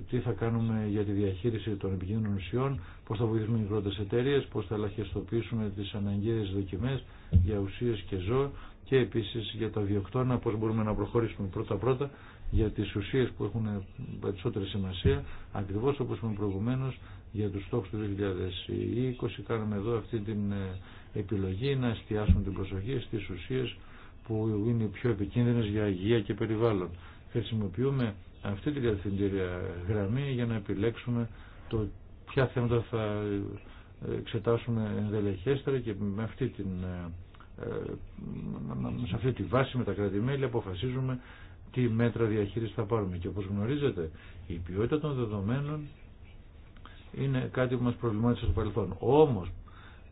τι θα κάνουμε για τη διαχείριση των επικίνδυνων ουσιών, πώς θα βοηθήσουμε μικρότερες εταιρείες, πώς θα ελαχιστοποιήσουμε τις αναγκαίες δοκιμές για ουσίες και ζώα και επίσης για τα βιοκτώνα, πώς μπορούμε να προχωρήσουμε πρώτα-πρώτα για τις ουσίες που έχουν περισσότερη σημασία, ακριβώς όπως είπαμε προηγουμένως για τους στόχους του 2020. Κάναμε εδώ αυτή την ε, επιλογή να εστιάσουμε την προσοχή στις ουσίες που είναι πιο επικίνδυνες για υγεία και περιβάλλον. Χρησιμοποιούμε αυτή την κατευθυντήρια γραμμή για να επιλέξουμε το ποια θέματα θα ε, εξετάσουμε ενδελεχέστερα και με αυτή την, ε, σε αυτή τη βάση με τα κρατημέλη αποφασίζουμε τι μέτρα διαχείριση θα πάρουμε. Και όπως γνωρίζετε, η ποιότητα των δεδομένων είναι κάτι που μας προβλημάτισε στο παρελθόν. Όμως,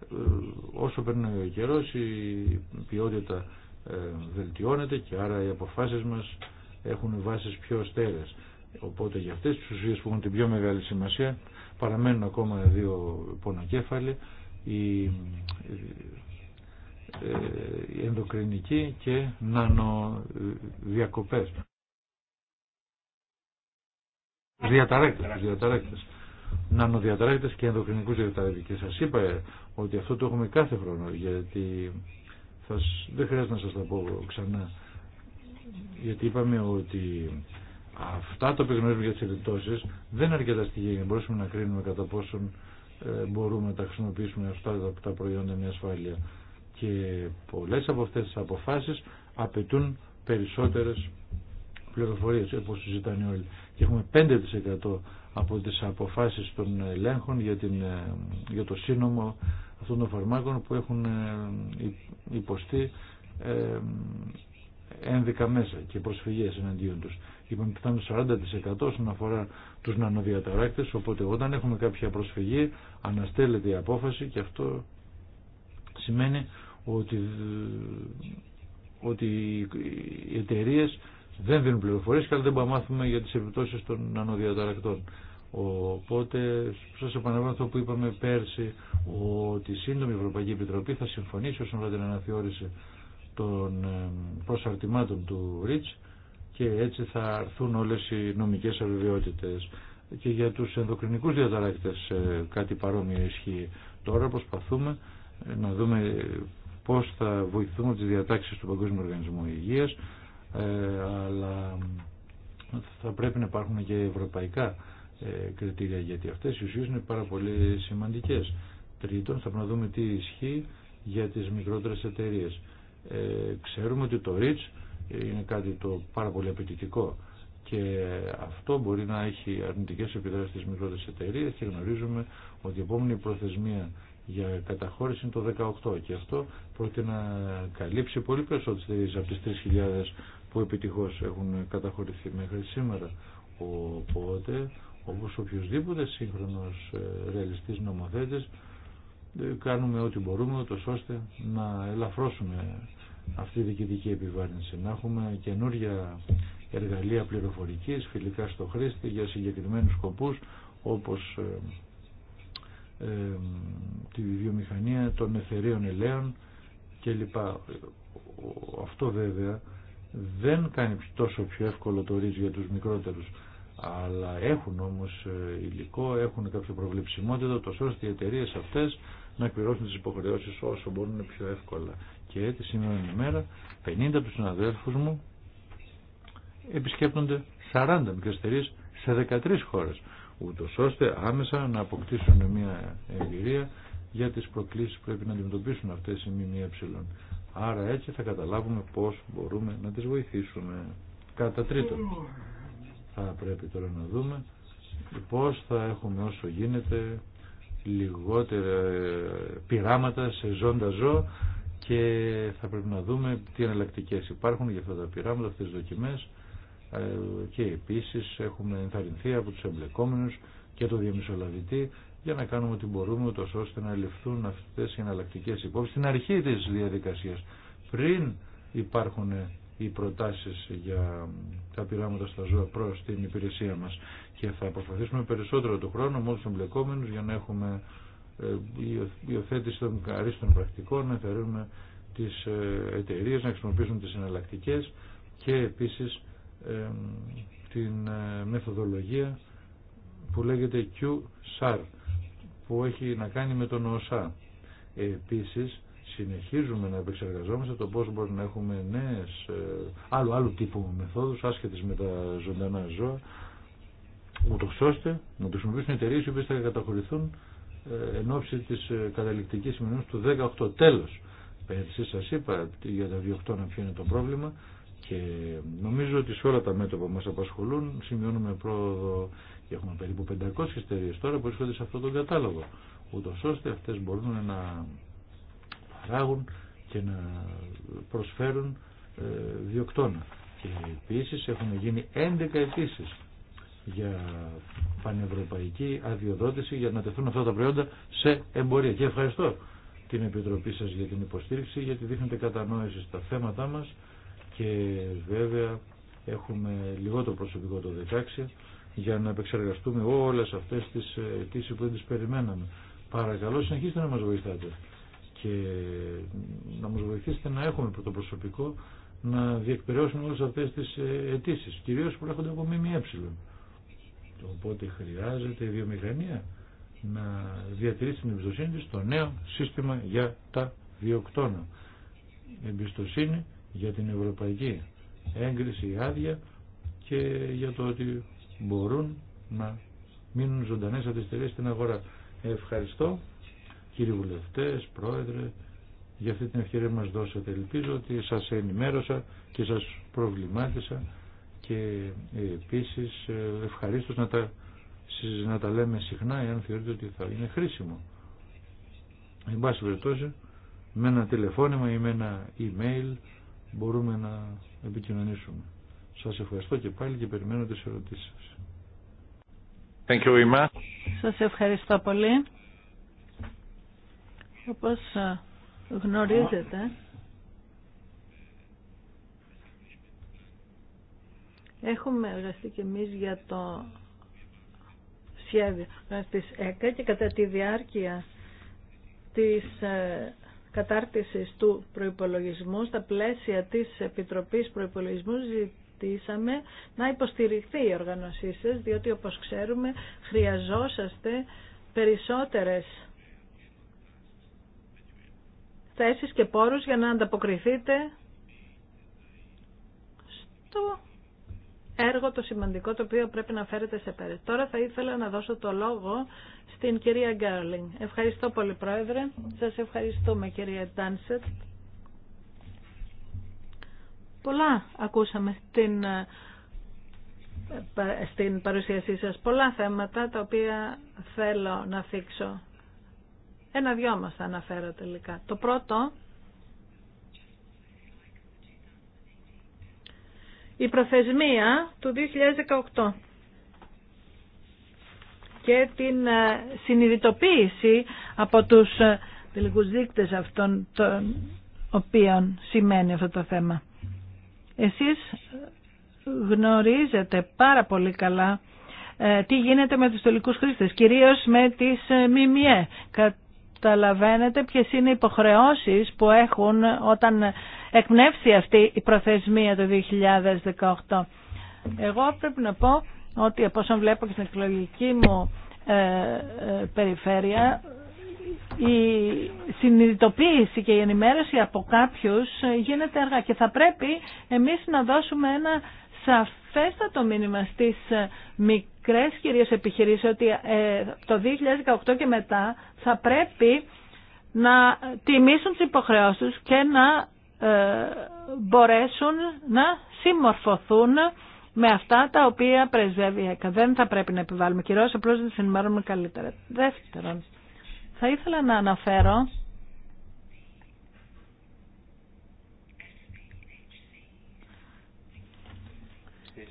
ε, όσο περνάει ο καιρό, η ποιότητα ε, βελτιώνεται και άρα οι αποφάσεις μας έχουν βάσεις πιο στέρεες. Οπότε για αυτές τις ουσίες που έχουν την πιο μεγάλη σημασία παραμένουν ακόμα δύο πονοκέφαλοι. Η ε, ενδοκρινική και νανοδιακοπές. Διαταράκτες, διαταράκτες. Νανοδιαταράκτες και ενδοκρινικούς διαταράκτες. Και σας είπα ε, ότι αυτό το έχουμε κάθε χρόνο, γιατί θα, δεν χρειάζεται να σας τα πω ξανά. Γιατί είπαμε ότι αυτά τα οποία γνωρίζουμε για τις επιπτώσεις δεν είναι αρκετά στοιχεία για να να κρίνουμε κατά πόσον ε, μπορούμε να τα χρησιμοποιήσουμε αυτά τα προϊόντα με ασφάλεια και πολλές από αυτές τις αποφάσεις απαιτούν περισσότερες πληροφορίες όπως συζητάνε όλοι και έχουμε 5% από τις αποφάσεις των ελέγχων για, την, ε, για το σύνομο αυτών των φαρμάκων που έχουν ε, υποστεί ε, ένδικα μέσα και προσφυγές εναντίον τους. Είπαμε ότι ήταν 40% όσον αφορά τους νανοδιαταράκτες, οπότε όταν έχουμε κάποια προσφυγή αναστέλλεται η απόφαση και αυτό σημαίνει ότι, ότι οι εταιρείε δεν δίνουν πληροφορίες και δεν μπορούμε να μάθουμε για τις επιπτώσεις των ανωδιαταρακτών. Οπότε σας επαναλαμβάνω αυτό που είπαμε πέρσι ότι η σύντομη Ευρωπαϊκή Επιτροπή θα συμφωνήσει όσον αφορά την αναθεώρηση των ε, προσαρτημάτων του ΡΙΤΣ και έτσι θα αρθούν όλες οι νομικές αβεβαιότητες. Και για τους ενδοκρινικούς διαταράκτες ε, κάτι παρόμοιο ισχύει. Τώρα προσπαθούμε ε, να δούμε πώς θα βοηθούμε τις διατάξεις του Παγκόσμιου Οργανισμού Υγείας ε, αλλά ε, θα πρέπει να υπάρχουν και ευρωπαϊκά ε, κριτήρια γιατί αυτές οι ουσίες είναι πάρα πολύ σημαντικές. Τρίτον, θα πρέπει να δούμε τι ισχύει για τις μικρότερες εταιρείε. ξέρουμε ότι το REACH είναι κάτι το πάρα πολύ απαιτητικό και αυτό μπορεί να έχει αρνητικές επιδράσεις στις μικρότερες εταιρείε και γνωρίζουμε ότι η επόμενη προθεσμία για καταχώρηση το 18 και αυτό πρόκειται να καλύψει πολύ περισσότερες από τις 3.000 που επιτυχώς έχουν καταχωρηθεί μέχρι σήμερα. Οπότε, όπως οποιοδήποτε σύγχρονος ε, ρεαλιστής νομοθέτης, ε, κάνουμε ό,τι μπορούμε, ούτως ώστε να ελαφρώσουμε αυτή τη διοικητική επιβάρυνση. Να έχουμε καινούργια εργαλεία πληροφορικής, φιλικά στο χρήστη, για συγκεκριμένους σκοπούς, όπως ε, τη βιομηχανία των εθερίων ελαίων κλπ. Αυτό βέβαια δεν κάνει τόσο πιο εύκολο το ρίζ για τους μικρότερους αλλά έχουν όμως ε, υλικό, έχουν κάποια προβλεψιμότητα τόσο ώστε οι εταιρείε αυτές να εκπληρώσουν τις υποχρεώσεις όσο μπορούν πιο εύκολα. Και έτσι σήμερα μέρα, 50 από τους συναδέλφους μου επισκέπτονται 40 μικρές εταιρείε σε 13 χώρες ούτως ώστε άμεσα να αποκτήσουν μια εμπειρία για τις προκλήσεις που πρέπει να αντιμετωπίσουν αυτές οι ΜΜΕ. Άρα έτσι θα καταλάβουμε πώς μπορούμε να τις βοηθήσουμε. Κατά τρίτον, θα πρέπει τώρα να δούμε πώς θα έχουμε όσο γίνεται λιγότερα πειράματα σε ζώντα ζώα και θα πρέπει να δούμε τι εναλλακτικέ υπάρχουν για αυτά τα πειράματα, αυτές τις δοκιμές ε, και επίσης έχουμε ενθαρρυνθεί από τους εμπλεκόμενους και το διαμεσολαβητή για να κάνουμε ό,τι μπορούμε τόσο ώστε να ληφθούν αυτές οι εναλλακτικέ υπόψεις στην αρχή της διαδικασίας πριν υπάρχουν οι προτάσεις για τα πειράματα στα ζώα προς την υπηρεσία μας και θα προσπαθήσουμε περισσότερο το χρόνο με όλους τους εμπλεκόμενους για να έχουμε ε, υιοθέτηση των αρίστων πρακτικών, να θεωρούμε τις ε, εταιρείες να χρησιμοποιήσουν τις εναλλακτικέ και επίσης την ε, μεθοδολογία που λέγεται QSAR που έχει να κάνει με τον ΟΣΑ. Επίσης συνεχίζουμε να επεξεργαζόμαστε το πώς μπορούμε να έχουμε νέες ε, άλλου, άλλου τύπου μεθόδους άσχετες με τα ζωντανά ζώα ούτω ώστε να το χρησιμοποιήσουν εταιρείε οι οποίες θα καταχωρηθούν ε, εν ώψη της καταληκτικής του 18. Τέλος, πέρσι σας είπα για τα βιοκτώνα ποιο είναι το πρόβλημα και νομίζω ότι σε όλα τα μέτωπα που μας απασχολούν σημειώνουμε πρόοδο και έχουμε περίπου 500 εταιρείε τώρα που βρίσκονται σε αυτόν τον κατάλογο. Ούτω ώστε αυτές μπορούν να παράγουν και να προσφέρουν ε, διοκτώνα. Και επίσης έχουν γίνει 11 αιτήσει για πανευρωπαϊκή αδειοδότηση για να τεθούν αυτά τα προϊόντα σε εμπορία. Και ευχαριστώ την Επιτροπή σας για την υποστήριξη γιατί δείχνετε κατανόηση στα θέματά μας και βέβαια έχουμε λιγότερο προσωπικό το 16 για να επεξεργαστούμε όλες αυτές τις αιτήσει που δεν τις περιμέναμε. Παρακαλώ συνεχίστε να μας βοηθάτε και να μας βοηθήσετε να έχουμε το προσωπικό να διεκπαιρεώσουμε όλες αυτές τις αιτήσει, κυρίως που έρχονται από ΜΜΕ. Οπότε χρειάζεται η βιομηχανία να διατηρήσει την εμπιστοσύνη της στο νέο σύστημα για τα βιοκτώνα. Εμπιστοσύνη για την ευρωπαϊκή έγκριση, άδεια και για το ότι μπορούν να μείνουν ζωντανές αυτές τις στην αγορά. Ευχαριστώ κύριοι βουλευτές, πρόεδρε, για αυτή την ευκαιρία μας δώσατε. Ελπίζω ότι σας ενημέρωσα και σας προβλημάτισα και επίσης ε, ευχαρίστω να τα, να τα λέμε συχνά εάν θεωρείτε ότι θα είναι χρήσιμο. Εν πάση περιπτώσει, με ένα τηλεφώνημα ή με ένα email μπορούμε να επικοινωνήσουμε. Σας ευχαριστώ και πάλι και περιμένω τις ερωτήσεις σας. Thank ευχαριστώ πολύ. Όπως ε, γνωρίζετε, έχουμε εργαστεί και εμείς για το σχέδιο της ΕΚΑ και κατά τη διάρκεια της ε, κατάρτισης του προϋπολογισμού στα πλαίσια της Επιτροπής Προϋπολογισμού ζητήσαμε να υποστηριχθεί η οργανωσή σας, διότι όπως ξέρουμε χρειαζόσαστε περισσότερες θέσεις και πόρους για να ανταποκριθείτε στο έργο το σημαντικό το οποίο πρέπει να φέρετε σε πέρα. Τώρα θα ήθελα να δώσω το λόγο στην κυρία Γκέρλινγκ. Ευχαριστώ πολύ Πρόεδρε. Σας ευχαριστούμε κυρία Τάνσετ. Πολλά ακούσαμε στην, στην παρουσίασή σας. Πολλά θέματα τα οποία θέλω να θίξω. Ένα-δυο μας θα αναφέρω τελικά. Το πρώτο η προθεσμία του 2018 και την ε, συνειδητοποίηση από τους ε, τελικούς δείκτες αυτών των οποίων σημαίνει αυτό το θέμα. Εσείς ε, γνωρίζετε πάρα πολύ καλά τι γίνεται με τους τελικούς χρήστες, κυρίως με τις ΜΜΕ. Καταλαβαίνετε ποιες είναι οι υποχρεώσεις που έχουν όταν εκπνεύσει αυτή η προθεσμία το 2018. Εγώ πρέπει να πω ότι από όσον βλέπω και στην εκλογική μου ε, ε, περιφέρεια η συνειδητοποίηση και η ενημέρωση από κάποιους ε, γίνεται αργά και θα πρέπει εμείς να δώσουμε ένα σαφέστατο μήνυμα στις μικρές κυρίες επιχειρήσεις ότι το 2018 και μετά θα πρέπει να τιμήσουν τις υποχρεώσεις και να ε, μπορέσουν να συμμορφωθούν με αυτά τα οποία πρεσβεύει η ΕΚΑ. Δεν θα πρέπει να επιβάλλουμε κυρίως, απλώς να τις καλύτερα. Δεύτερον, θα ήθελα να αναφέρω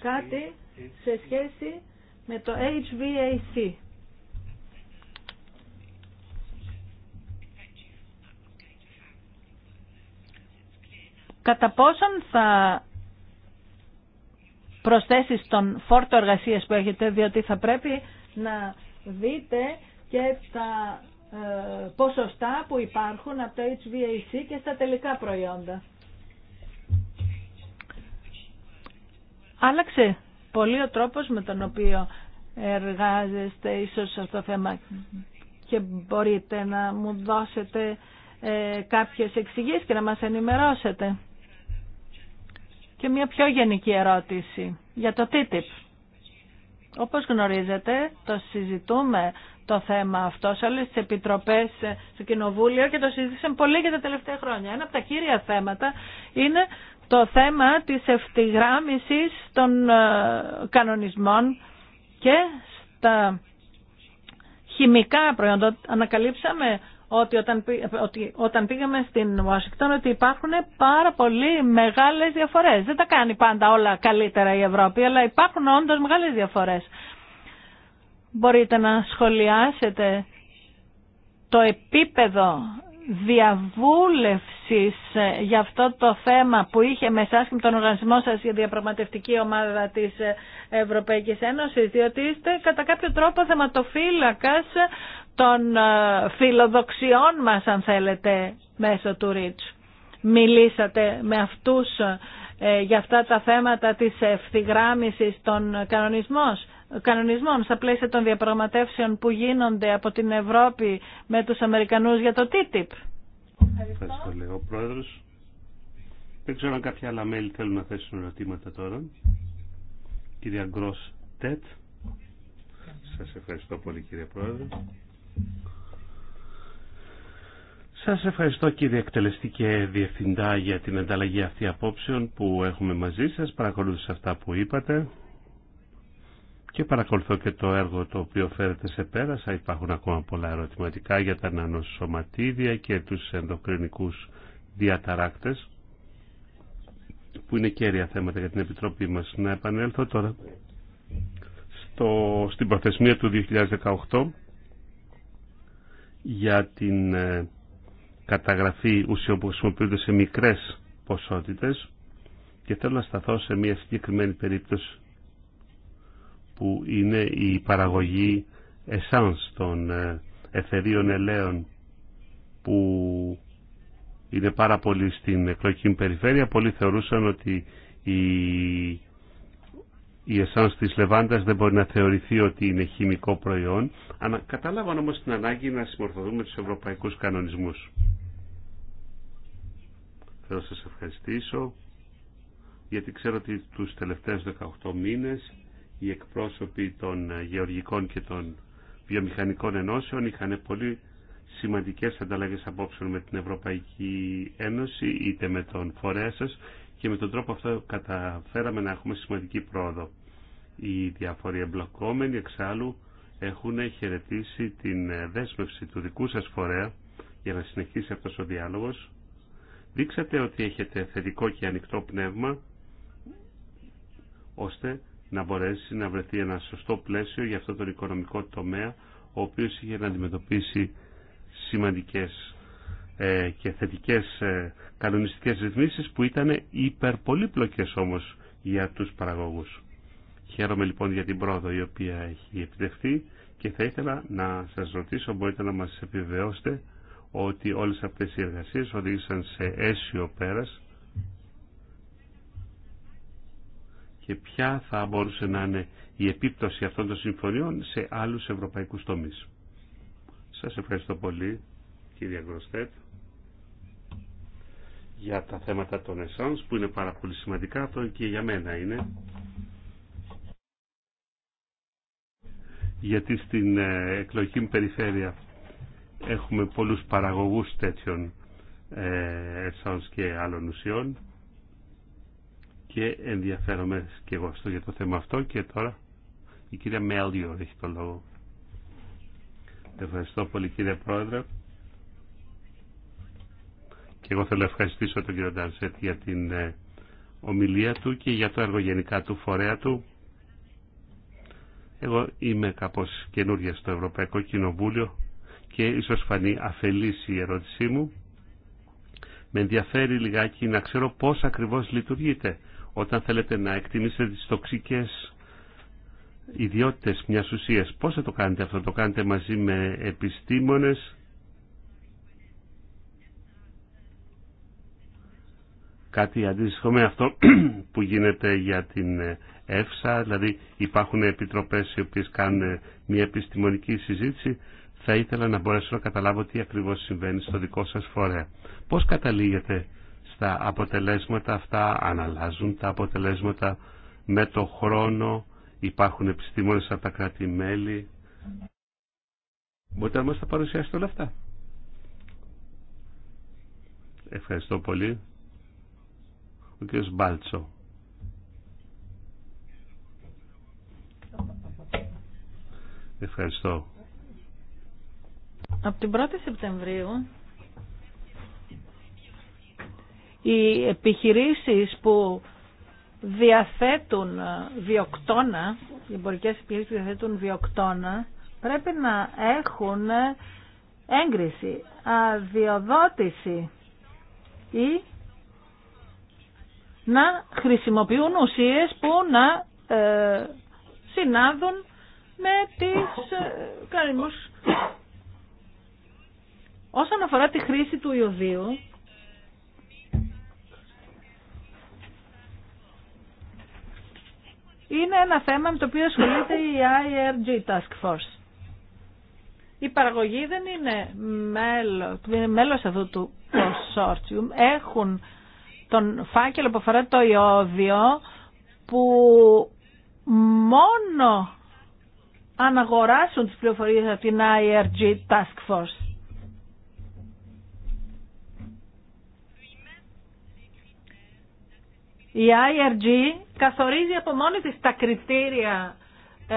κάτι σε σχέση με το HVAC. κατά πόσον θα προσθέσει τον φόρτο εργασίας που έχετε, διότι θα πρέπει να δείτε και τα ε, ποσοστά που υπάρχουν από το HVAC και στα τελικά προϊόντα. Άλλαξε πολύ ο τρόπος με τον οποίο εργάζεστε ίσως σε αυτό το θέμα και μπορείτε να μου δώσετε ε, κάποιες εξηγήσεις και να μας ενημερώσετε. Και μια πιο γενική ερώτηση για το TTIP. Όπως γνωρίζετε, το συζητούμε το θέμα αυτό σε όλες τις επιτροπές στο Κοινοβούλιο και το συζήτησαμε πολύ και τα τελευταία χρόνια. Ένα από τα κύρια θέματα είναι το θέμα της ευθυγράμμισης των ε, κανονισμών και στα χημικά προϊόντα. Ανακαλύψαμε ότι όταν, ότι όταν πήγαμε στην Ουάσιγκτον ότι υπάρχουν πάρα πολύ μεγάλες διαφορές. Δεν τα κάνει πάντα όλα καλύτερα η Ευρώπη, αλλά υπάρχουν όντως μεγάλες διαφορές. Μπορείτε να σχολιάσετε το επίπεδο διαβούλευσης ε, για αυτό το θέμα που είχε με και με τον οργανισμό σας για διαπραγματευτική ομάδα της ε, Ευρωπαϊκής Ένωσης διότι είστε κατά κάποιο τρόπο θεματοφύλακας των ε, φιλοδοξιών μας αν θέλετε μέσω του Ρίτς. Μιλήσατε με αυτούς ε, για αυτά τα θέματα της ευθυγράμμισης των κανονισμών, κανονισμών στα πλαίσια των διαπραγματεύσεων που γίνονται από την Ευρώπη με τους Αμερικανούς για το TTIP. Ευχαριστώ, ο πρόεδρος. Δεν ξέρω αν κάποια άλλα μέλη θέλουν να θέσουν ερωτήματα τώρα. Κυρία Γκρός Τέτ. Σας ευχαριστώ πολύ κύριε Πρόεδρε. Σας ευχαριστώ κύριε και διευθυντά για την ανταλλαγή αυτή απόψεων που έχουμε μαζί σας. Παρακολούθησα αυτά που είπατε και παρακολουθώ και το έργο το οποίο φέρετε σε πέρασα. Υπάρχουν ακόμα πολλά ερωτηματικά για τα νανοσωματίδια και τους ενδοκρινικούς διαταράκτες που είναι κέρια θέματα για την Επιτροπή μας. Να επανέλθω τώρα στο, στην προθεσμία του 2018 για την ε, καταγραφή ουσιών που χρησιμοποιούνται σε μικρές ποσότητες και θέλω να σταθώ σε μια συγκεκριμένη περίπτωση που είναι η παραγωγή εσάνς των ε, εθερίων ελαίων που είναι πάρα πολύ στην εκλογική περιφέρεια. Πολλοί θεωρούσαν ότι η η εσάν τη λεβάντας δεν μπορεί να θεωρηθεί ότι είναι χημικό προϊόν. Ανα... Κατάλαβαν όμως την ανάγκη να συμμορφωθούμε του ευρωπαϊκούς κανονισμούς. Θέλω να σας ευχαριστήσω γιατί ξέρω ότι τους τελευταίους 18 μήνες οι εκπρόσωποι των ε, γεωργικών και των βιομηχανικών ενώσεων είχαν πολύ σημαντικές ανταλλαγές απόψεων με την Ευρωπαϊκή Ένωση είτε με τον φορέα σας και με τον τρόπο αυτό καταφέραμε να έχουμε σημαντική πρόοδο. Οι διάφοροι εμπλοκόμενοι εξάλλου έχουν χαιρετήσει την δέσμευση του δικού σας φορέα για να συνεχίσει αυτός ο διάλογος. Δείξατε ότι έχετε θετικό και ανοιχτό πνεύμα ώστε να μπορέσει να βρεθεί ένα σωστό πλαίσιο για αυτό τον οικονομικό τομέα ο οποίος είχε να αντιμετωπίσει σημαντικές ε, και θετικές ε, κανονιστικές ρυθμίσεις που ήταν υπερπολύπλοκες όμως για τους παραγωγούς. Χαίρομαι λοιπόν για την πρόοδο η οποία έχει επιτευχθεί και θα ήθελα να σας ρωτήσω, μπορείτε να μας επιβεβαιώσετε ότι όλες αυτές οι εργασίες οδήγησαν σε αίσιο πέρας και ποια θα μπορούσε να είναι η επίπτωση αυτών των συμφωνιών σε άλλους ευρωπαϊκούς τομείς. Σας ευχαριστώ πολύ κύριε Γκροστέτ για τα θέματα των εσάνς που είναι πάρα πολύ σημαντικά. Αυτό και για μένα είναι. Γιατί στην ε, εκλογική μου περιφέρεια έχουμε πολλούς παραγωγούς τέτοιων ε, εσάνς και άλλων ουσιών και ενδιαφέρομαι και εγώ στο για το θέμα αυτό και τώρα η κυρία Μέλιο έχει το λόγο. Ευχαριστώ πολύ κύριε Πρόεδρε. Και εγώ θέλω να ευχαριστήσω τον κύριο Ντανσέτ για την ε, ομιλία του και για το γενικά του φορέα του. Εγώ είμαι κάπως καινούργια στο Ευρωπαϊκό Κοινοβούλιο και ίσως φανεί αφελής η ερώτησή μου. Με ενδιαφέρει λιγάκι να ξέρω πώς ακριβώς λειτουργείτε όταν θέλετε να εκτιμήσετε τις τοξικές ιδιότητες μιας ουσίας. Πώς θα το κάνετε αυτό, το κάνετε μαζί με επιστήμονες κάτι αντίστοιχο με αυτό που γίνεται για την ΕΦΣΑ, δηλαδή υπάρχουν επιτροπές οι οποίες κάνουν ε, μια επιστημονική συζήτηση, θα ήθελα να μπορέσω να καταλάβω τι ακριβώς συμβαίνει στο δικό σας φορέα. Πώς καταλήγετε στα αποτελέσματα αυτά, αναλάζουν τα αποτελέσματα με το χρόνο, υπάρχουν επιστήμονες από τα κράτη-μέλη. Μπορείτε να μας τα παρουσιάσετε όλα αυτά. Ευχαριστώ πολύ. Ο κ. Μπάλτσο. Ευχαριστώ. Από την 1η Σεπτεμβρίου οι επιχειρήσεις που διαθέτουν βιοκτώνα, οι εμπορικές επιχειρήσεις που διαθέτουν βιοκτώνα, πρέπει να έχουν έγκριση, αδειοδότηση ή να χρησιμοποιούν ουσίες που να ε, συνάδουν με τις ε, Όσον αφορά τη χρήση του ιωδίου, είναι ένα θέμα με το οποίο ασχολείται η IRG Task Force. Η παραγωγή δεν είναι μέλος, είναι αυτού του consortium. Έχουν τον φάκελο που αφορά το ιόδιο που μόνο αν αγοράσουν τις πληροφορίες από την IRG Task Force. Η IRG καθορίζει από μόνη της τα κριτήρια ε,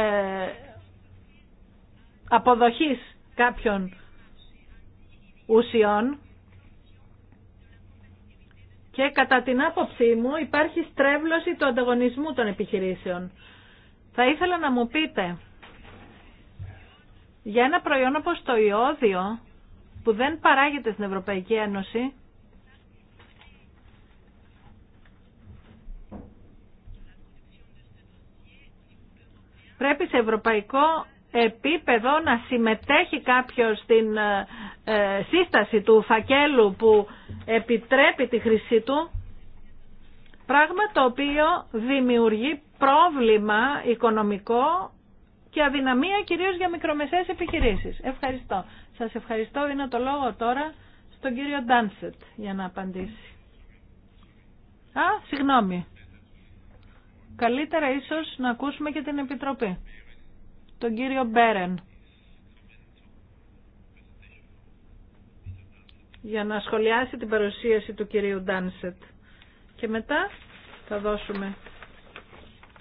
αποδοχής κάποιων ουσιών και κατά την άποψή μου υπάρχει στρέβλωση του ανταγωνισμού των επιχειρήσεων. Θα ήθελα να μου πείτε, για ένα προϊόν όπως το ιόδιο, που δεν παράγεται στην Ευρωπαϊκή Ένωση, πρέπει σε ευρωπαϊκό επίπεδο να συμμετέχει κάποιος στην ε, ε, σύσταση του φακέλου που επιτρέπει τη χρήση του, πράγμα το οποίο δημιουργεί πρόβλημα οικονομικό και αδυναμία κυρίως για μικρομεσαίες επιχειρήσεις. Ευχαριστώ. Σας ευχαριστώ. Δίνω το λόγο τώρα στον κύριο Ντάνσετ για να απαντήσει. Α, συγγνώμη. Καλύτερα ίσως να ακούσουμε και την Επιτροπή τον κύριο Μπέρεν για να σχολιάσει την παρουσίαση του κυρίου Ντάνσετ. Και μετά θα δώσουμε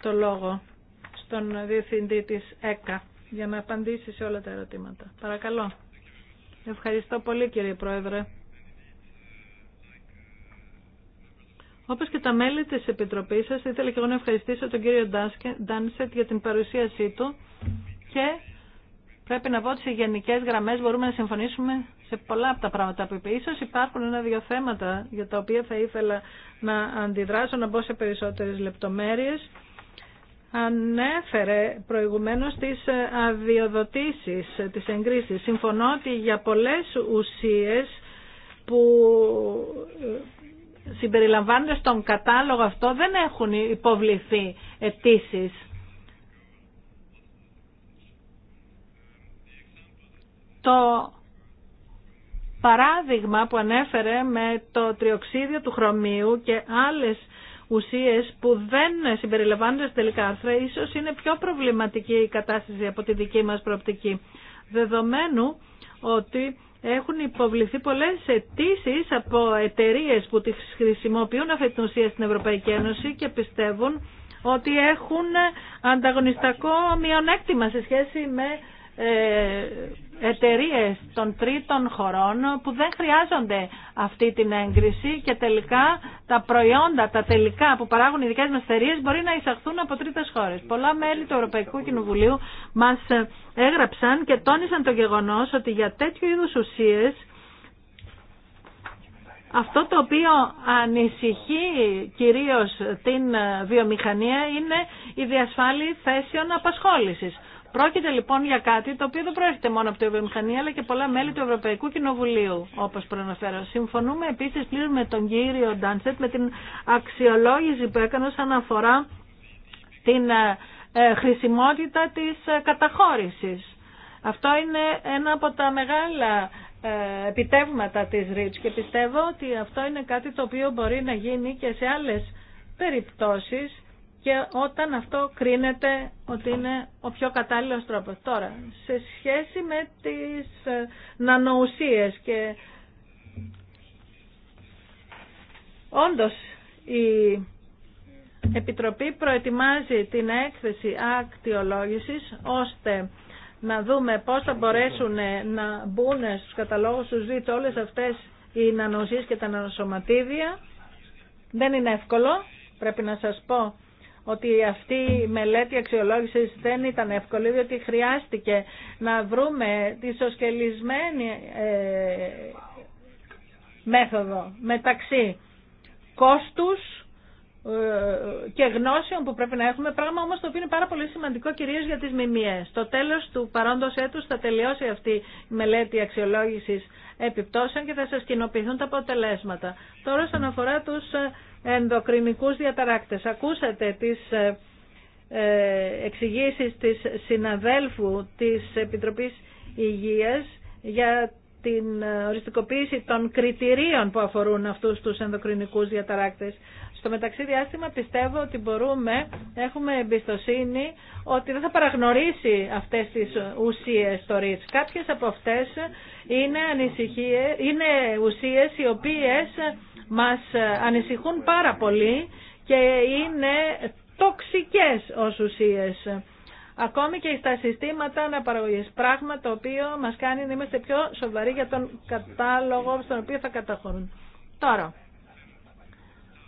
το λόγο στον διευθυντή της ΕΚΑ για να απαντήσει σε όλα τα ερωτήματα. Παρακαλώ. Ευχαριστώ πολύ κύριε Πρόεδρε. Όπω και τα μέλη τη επιτροπή σα, ήθελα και εγώ να ευχαριστήσω τον κύριο Ντάνσετ για την παρουσίασή του και πρέπει να πω ότι σε γενικέ γραμμέ μπορούμε να συμφωνήσουμε σε πολλά από τα πράγματα που ειπε σω Ίσως υπάρχουν ένα-δύο θέματα για τα οποία θα ήθελα να αντιδράσω, να μπω σε περισσότερε λεπτομέρειε Ανέφερε προηγουμένως τις αδειοδοτήσεις, τις εγκρίσεις. Συμφωνώ ότι για πολλές ουσίες που συμπεριλαμβάνονται στον κατάλογο αυτό δεν έχουν υποβληθεί αιτήσει. Το παράδειγμα που ανέφερε με το τριοξίδιο του χρωμίου και άλλες ουσίες που δεν συμπεριλαμβάνονται στα τελικά άρθρα ίσως είναι πιο προβληματική η κατάσταση από τη δική μας προοπτική. Δεδομένου ότι έχουν υποβληθεί πολλές αιτήσει από εταιρείε που τις χρησιμοποιούν αυτή την ουσία στην Ευρωπαϊκή Ένωση και πιστεύουν ότι έχουν ανταγωνιστικό μειονέκτημα σε σχέση με ε, εταιρείε των τρίτων χωρών που δεν χρειάζονται αυτή την έγκριση και τελικά τα προϊόντα, τα τελικά που παράγουν οι δικές μας εταιρείε μπορεί να εισαχθούν από τρίτες χώρες. Πολλά μέλη του Ευρωπαϊκού Κοινοβουλίου μας έγραψαν και τόνισαν το γεγονός ότι για τέτοιου είδους ουσίες αυτό το οποίο ανησυχεί κυρίως την βιομηχανία είναι η διασφάλιση θέσεων απασχόλησης. Πρόκειται λοιπόν για κάτι το οποίο δεν προέρχεται μόνο από την βιομηχανία αλλά και πολλά μέλη του Ευρωπαϊκού Κοινοβουλίου, όπω προαναφέρω. Συμφωνούμε επίση πλήρω με τον κύριο Ντάνσετ με την αξιολόγηση που έκανε όσον αφορά την ε, ε, χρησιμότητα της ε, καταχώρηση. Αυτό είναι ένα από τα μεγάλα επιτεύγματα της ΡΙΤΣ και πιστεύω ότι αυτό είναι κάτι το οποίο μπορεί να γίνει και σε άλλες περιπτώσεις και όταν αυτό κρίνεται ότι είναι ο πιο κατάλληλος τρόπος. Τώρα, σε σχέση με τις ε, νανοουσίες και όντως η Επιτροπή προετοιμάζει την έκθεση ακτιολόγησης ώστε να δούμε πώς θα μπορέσουν να μπουν στους καταλόγους τους ζήτη όλες αυτές οι νανοουσίες και τα νανοσωματίδια. Δεν είναι εύκολο, πρέπει να σας πω ότι αυτή η μελέτη αξιολόγηση δεν ήταν εύκολη, διότι χρειάστηκε να βρούμε τη σοσκελισμένη ε, μέθοδο μεταξύ κόστους ε, και γνώσεων που πρέπει να έχουμε, πράγμα όμως το οποίο είναι πάρα πολύ σημαντικό κυρίως για τις μιμίες. Στο τέλος του παρόντος έτους θα τελειώσει αυτή η μελέτη αξιολόγησης επιπτώσεων και θα σας κοινοποιηθούν τα αποτελέσματα. Τώρα, όσον αφορά τους ε, ενδοκρινικούς διαταράκτες. Ακούσατε τις ε, ε, εξηγήσεις της συναδέλφου της Επιτροπής Υγείας για την ε, οριστικοποίηση των κριτηρίων που αφορούν αυτούς τους ενδοκρινικούς διαταράκτες. Στο μεταξύ διάστημα πιστεύω ότι μπορούμε, έχουμε εμπιστοσύνη ότι δεν θα παραγνωρίσει αυτές τις ουσίες το ΡΙΤΣ. Κάποιες από αυτές είναι, είναι ουσίες οι οποίες μας ε, ανησυχούν πάρα πολύ και είναι τοξικές ως ουσίες. Ακόμη και στα συστήματα αναπαραγωγής, πράγμα το οποίο μας κάνει να είμαστε πιο σοβαροί για τον κατάλογο στον οποίο θα καταχωρούν. Τώρα,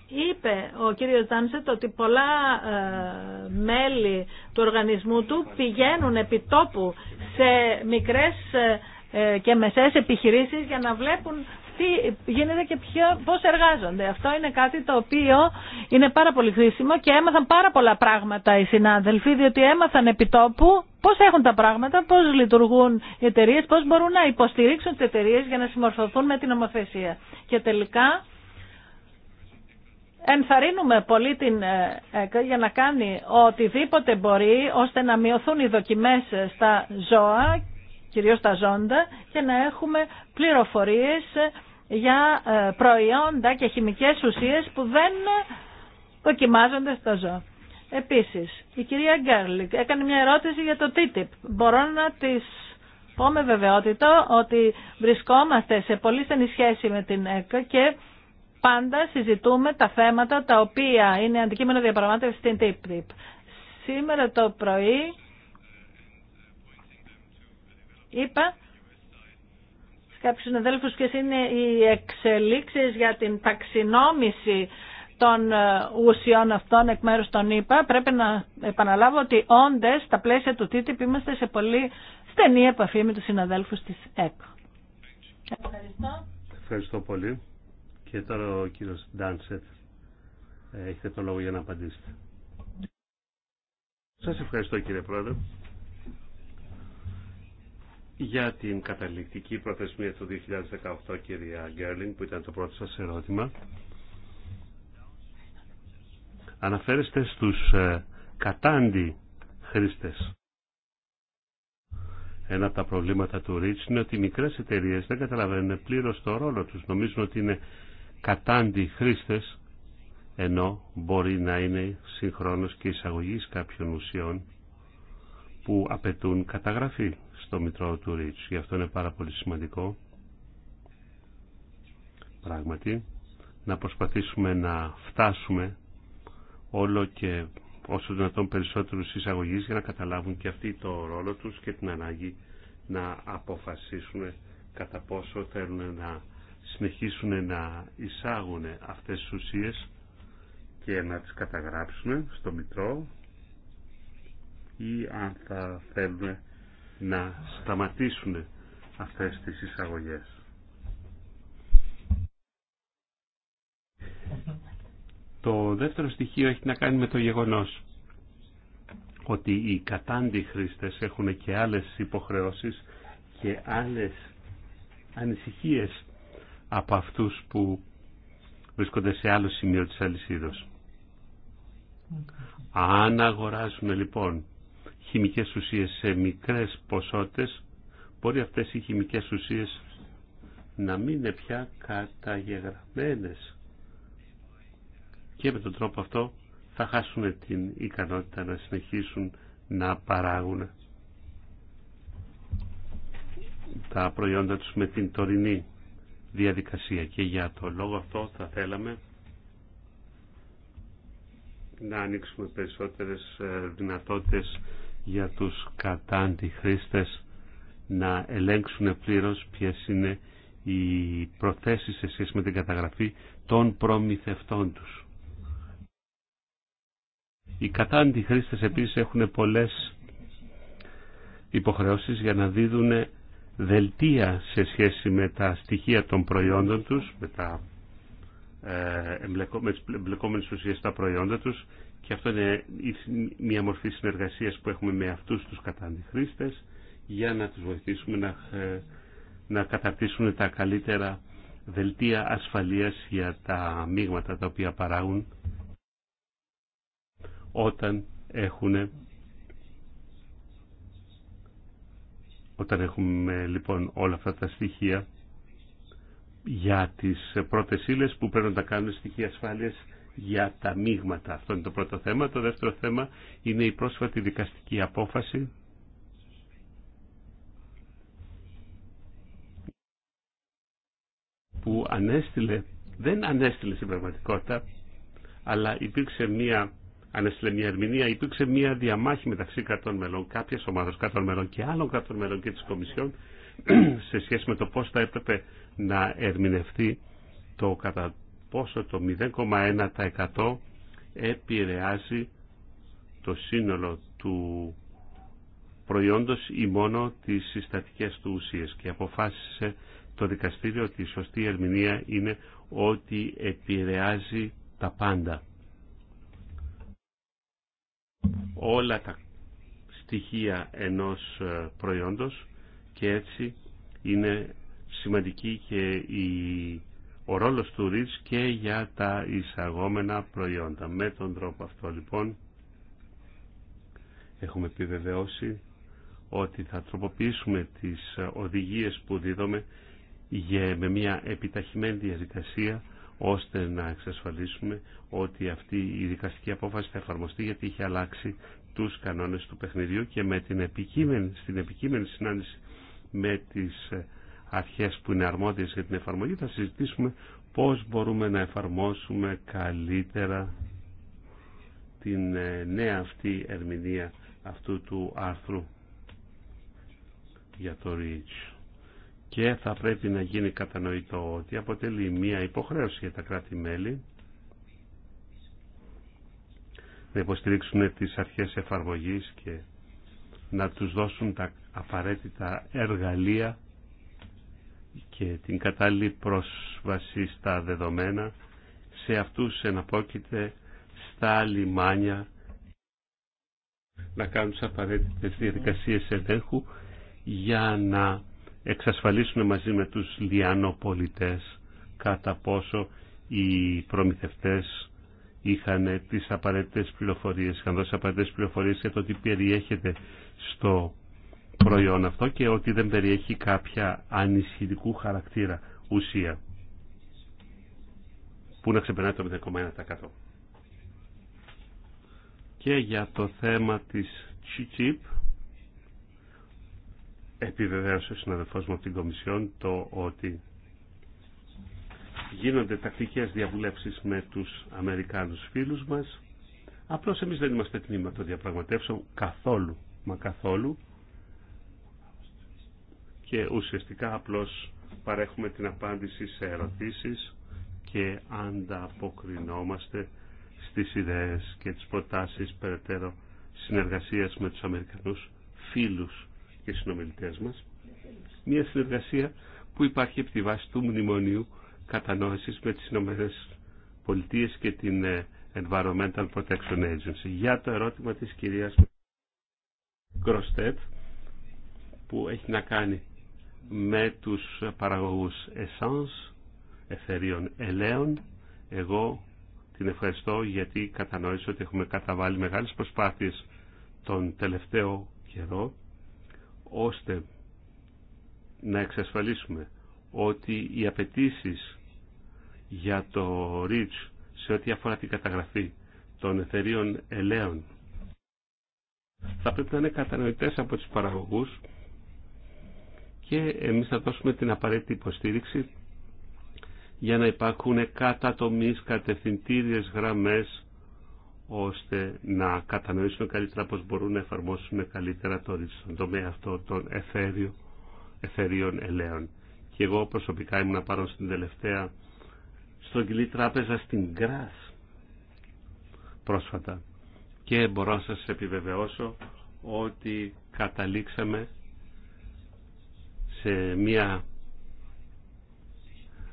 είπε ο κύριος Ντάνσετ ότι πολλά ε, μέλη του οργανισμού του πηγαίνουν επί τόπου σε μικρές ε, και μεσές επιχειρήσεις για να βλέπουν τι γίνεται και ποιο, πώς εργάζονται. Αυτό είναι κάτι το οποίο είναι πάρα πολύ χρήσιμο και έμαθαν πάρα πολλά πράγματα οι συνάδελφοι, διότι έμαθαν επί τόπου πώς έχουν τα πράγματα, πώς λειτουργούν οι εταιρείε, πώς μπορούν να υποστηρίξουν τις εταιρείε για να συμμορφωθούν με την νομοθεσία. Και τελικά ενθαρρύνουμε πολύ την ε, για να κάνει οτιδήποτε μπορεί ώστε να μειωθούν οι δοκιμές στα ζώα, κυρίως τα ζώντα, και να έχουμε πληροφορίες για ε, προϊόντα και χημικές ουσίες που δεν ε, δοκιμάζονται στο ζώο. Επίσης, η κυρία Γκέρλικ έκανε μια ερώτηση για το TTIP. Μπορώ να της πω με βεβαιότητα ότι βρισκόμαστε σε πολύ στενή σχέση με την ΕΚΑ και πάντα συζητούμε τα θέματα τα οποία είναι αντικείμενο διαπραγμάτευση στην TTIP. Σήμερα το πρωί είπα κάποιους συναδέλφους ποιες είναι οι εξελίξεις για την ταξινόμηση των ε, ουσιών αυτών εκ μέρους των ΗΠΑ. Πρέπει να επαναλάβω ότι όντες στα πλαίσια του TTIP είμαστε σε πολύ στενή επαφή με τους συναδέλφους της ΕΚΟ. Ευχαριστώ. Ευχαριστώ πολύ. Και τώρα ο κύριος Ντάνσετ. Ε, έχετε το λόγο για να απαντήσετε. Σας ευχαριστώ κύριε Πρόεδρε για την καταληκτική προθεσμία του 2018, κυρία Γκέρλινγκ, που ήταν το πρώτο σας ερώτημα. Αναφέρεστε στους ε, κατάντι χρήστες. Ένα από τα προβλήματα του Ρίτς είναι ότι οι μικρές εταιρείες δεν καταλαβαίνουν πλήρως το ρόλο τους. Νομίζουν ότι είναι κατάντι χρήστες, ενώ μπορεί να είναι συγχρόνως και εισαγωγής κάποιων ουσιών που απαιτούν καταγραφή στο Μητρό του Ρίτς. Γι' αυτό είναι πάρα πολύ σημαντικό πράγματι να προσπαθήσουμε να φτάσουμε όλο και όσο δυνατόν περισσότερους εισαγωγείς για να καταλάβουν και αυτοί το ρόλο τους και την ανάγκη να αποφασίσουν κατά πόσο θέλουν να συνεχίσουν να εισάγουν αυτές τις ουσίες και να τις καταγράψουν στο Μητρό ή αν θα θέλουν να σταματήσουν αυτές τις εισαγωγές. Το δεύτερο στοιχείο έχει να κάνει με το γεγονός ότι οι κατάντι χρήστες έχουν και άλλες υποχρεώσεις και άλλες ανησυχίες από αυτούς που βρίσκονται σε άλλο σημείο της αλυσίδος. Αν αγοράζουμε λοιπόν χημικές ουσίες σε μικρές ποσότητες, μπορεί αυτές οι χημικές ουσίες να μην είναι πια καταγεγραμμένες. Και με τον τρόπο αυτό θα χάσουν την ικανότητα να συνεχίσουν να παράγουν τα προϊόντα τους με την τωρινή διαδικασία. Και για το λόγο αυτό θα θέλαμε να ανοίξουμε περισσότερες ε, δυνατότητες για τους κατάντι χρήστε να ελέγξουν πλήρως ποιες είναι οι προθέσεις σε σχέση με την καταγραφή των προμηθευτών τους. Οι κατάντι χρήστε επίσης έχουν πολλές υποχρεώσεις για να δίδουν δελτία σε σχέση με τα στοιχεία των προϊόντων τους, με τα ε, εμπλεκόμενες ουσίες στα προϊόντα τους και αυτό είναι μια μορφή συνεργασίας που έχουμε με αυτούς τους καταντιχρήστες για να τους βοηθήσουμε να, ε, να καταρτήσουν τα καλύτερα δελτία ασφαλείας για τα μείγματα τα οποία παράγουν όταν έχουν όταν έχουμε λοιπόν όλα αυτά τα στοιχεία για τις πρώτες ύλες που πρέπει να τα κάνουν στοιχεία ασφάλειας για τα μείγματα. Αυτό είναι το πρώτο θέμα. Το δεύτερο θέμα είναι η πρόσφατη δικαστική απόφαση που ανέστηλε, δεν ανέστηλε στην πραγματικότητα, αλλά υπήρξε μια ανέστηλε μια ερμηνεία, υπήρξε μια διαμάχη μεταξύ κρατών μελών, κάποιες ομάδες κρατών μελών και άλλων κρατών μελών και της Κομισιόν σε σχέση με το πώς θα έπρεπε να ερμηνευτεί το κατά πόσο το 0,1% επηρεάζει το σύνολο του προϊόντος ή μόνο τις συστατικές του ουσίες και αποφάσισε το δικαστήριο ότι η σωστή ερμηνεία είναι ότι επηρεάζει τα πάντα. Όλα τα στοιχεία ενός ε, προϊόντος και έτσι είναι σημαντική και η ο ρόλος του ρίτς και για τα εισαγόμενα προϊόντα. Με τον τρόπο αυτό λοιπόν έχουμε επιβεβαιώσει ότι θα τροποποιήσουμε τις οδηγίες που δίδουμε για, με μια επιταχυμένη διαδικασία ώστε να εξασφαλίσουμε ότι αυτή η δικαστική απόφαση θα εφαρμοστεί γιατί είχε αλλάξει τους κανόνες του παιχνιδιού και με την επικείμενη, στην επικείμενη συνάντηση με τις αρχές που είναι αρμόδιες για την εφαρμογή θα συζητήσουμε πώς μπορούμε να εφαρμόσουμε καλύτερα την ε, νέα αυτή ερμηνεία αυτού του άρθρου για το REACH. Και θα πρέπει να γίνει κατανοητό ότι αποτελεί μία υποχρέωση για τα κράτη-μέλη να υποστηρίξουν τις αρχές εφαρμογής και να τους δώσουν τα απαραίτητα εργαλεία και την κατάλληλη πρόσβαση στα δεδομένα σε αυτούς εναπόκειται στα λιμάνια να κάνουν τις απαραίτητες διαδικασίες ελέγχου για να εξασφαλίσουν μαζί με τους λιανοπολιτές κατά πόσο οι προμηθευτές είχαν τις απαραίτητες πληροφορίες, είχαν δώσει απαραίτητες πληροφορίες για το τι περιέχεται στο προϊόν αυτό και ότι δεν περιέχει κάποια ανισχυτικού χαρακτήρα ουσία που να ξεπερνάει το 0,1%. Και για το θέμα της CHIP επιβεβαίωσε ο συναδελφός μου από την Κομισιόν το ότι γίνονται τακτικές διαβουλεύσεις με τους Αμερικάνους φίλους μας. Απλώς εμείς δεν είμαστε τμήμα των διαπραγματεύσεων καθόλου, μα καθόλου και ουσιαστικά απλώς παρέχουμε την απάντηση σε ερωτήσεις και ανταποκρινόμαστε στις ιδέες και τις προτάσεις περαιτέρω συνεργασίας με τους Αμερικανούς φίλους και συνομιλητές μας. Μια συνεργασία που υπάρχει επί τη βάση του μνημονίου κατανόησης με τις Ηνωμένες Πολιτείες και την ε, Environmental Protection Agency. Για το ερώτημα της κυρίας Γκροστέτ που έχει να κάνει με τους παραγωγούς Essence, εθερίων ΕΛΕΩΝ Εγώ την ευχαριστώ γιατί κατανοήσω ότι έχουμε καταβάλει μεγάλες προσπάθειες τον τελευταίο καιρό ώστε να εξασφαλίσουμε ότι οι απαιτήσει για το REACH σε ό,τι αφορά την καταγραφή των εθερίων ελέων θα πρέπει να είναι κατανοητές από τους παραγωγούς και εμείς θα δώσουμε την απαραίτητη υποστήριξη για να υπάρχουν κατατομής κατευθυντήριες γραμμές ώστε να κατανοήσουν καλύτερα πώς μπορούν να εφαρμόσουμε καλύτερα το στον τομέα αυτό των εθέριων, εθέριων ελαίων. Και εγώ προσωπικά ήμουν παρόν στην τελευταία στρογγυλή τράπεζα στην Γκράς πρόσφατα και μπορώ να σας επιβεβαιώσω ότι καταλήξαμε σε μια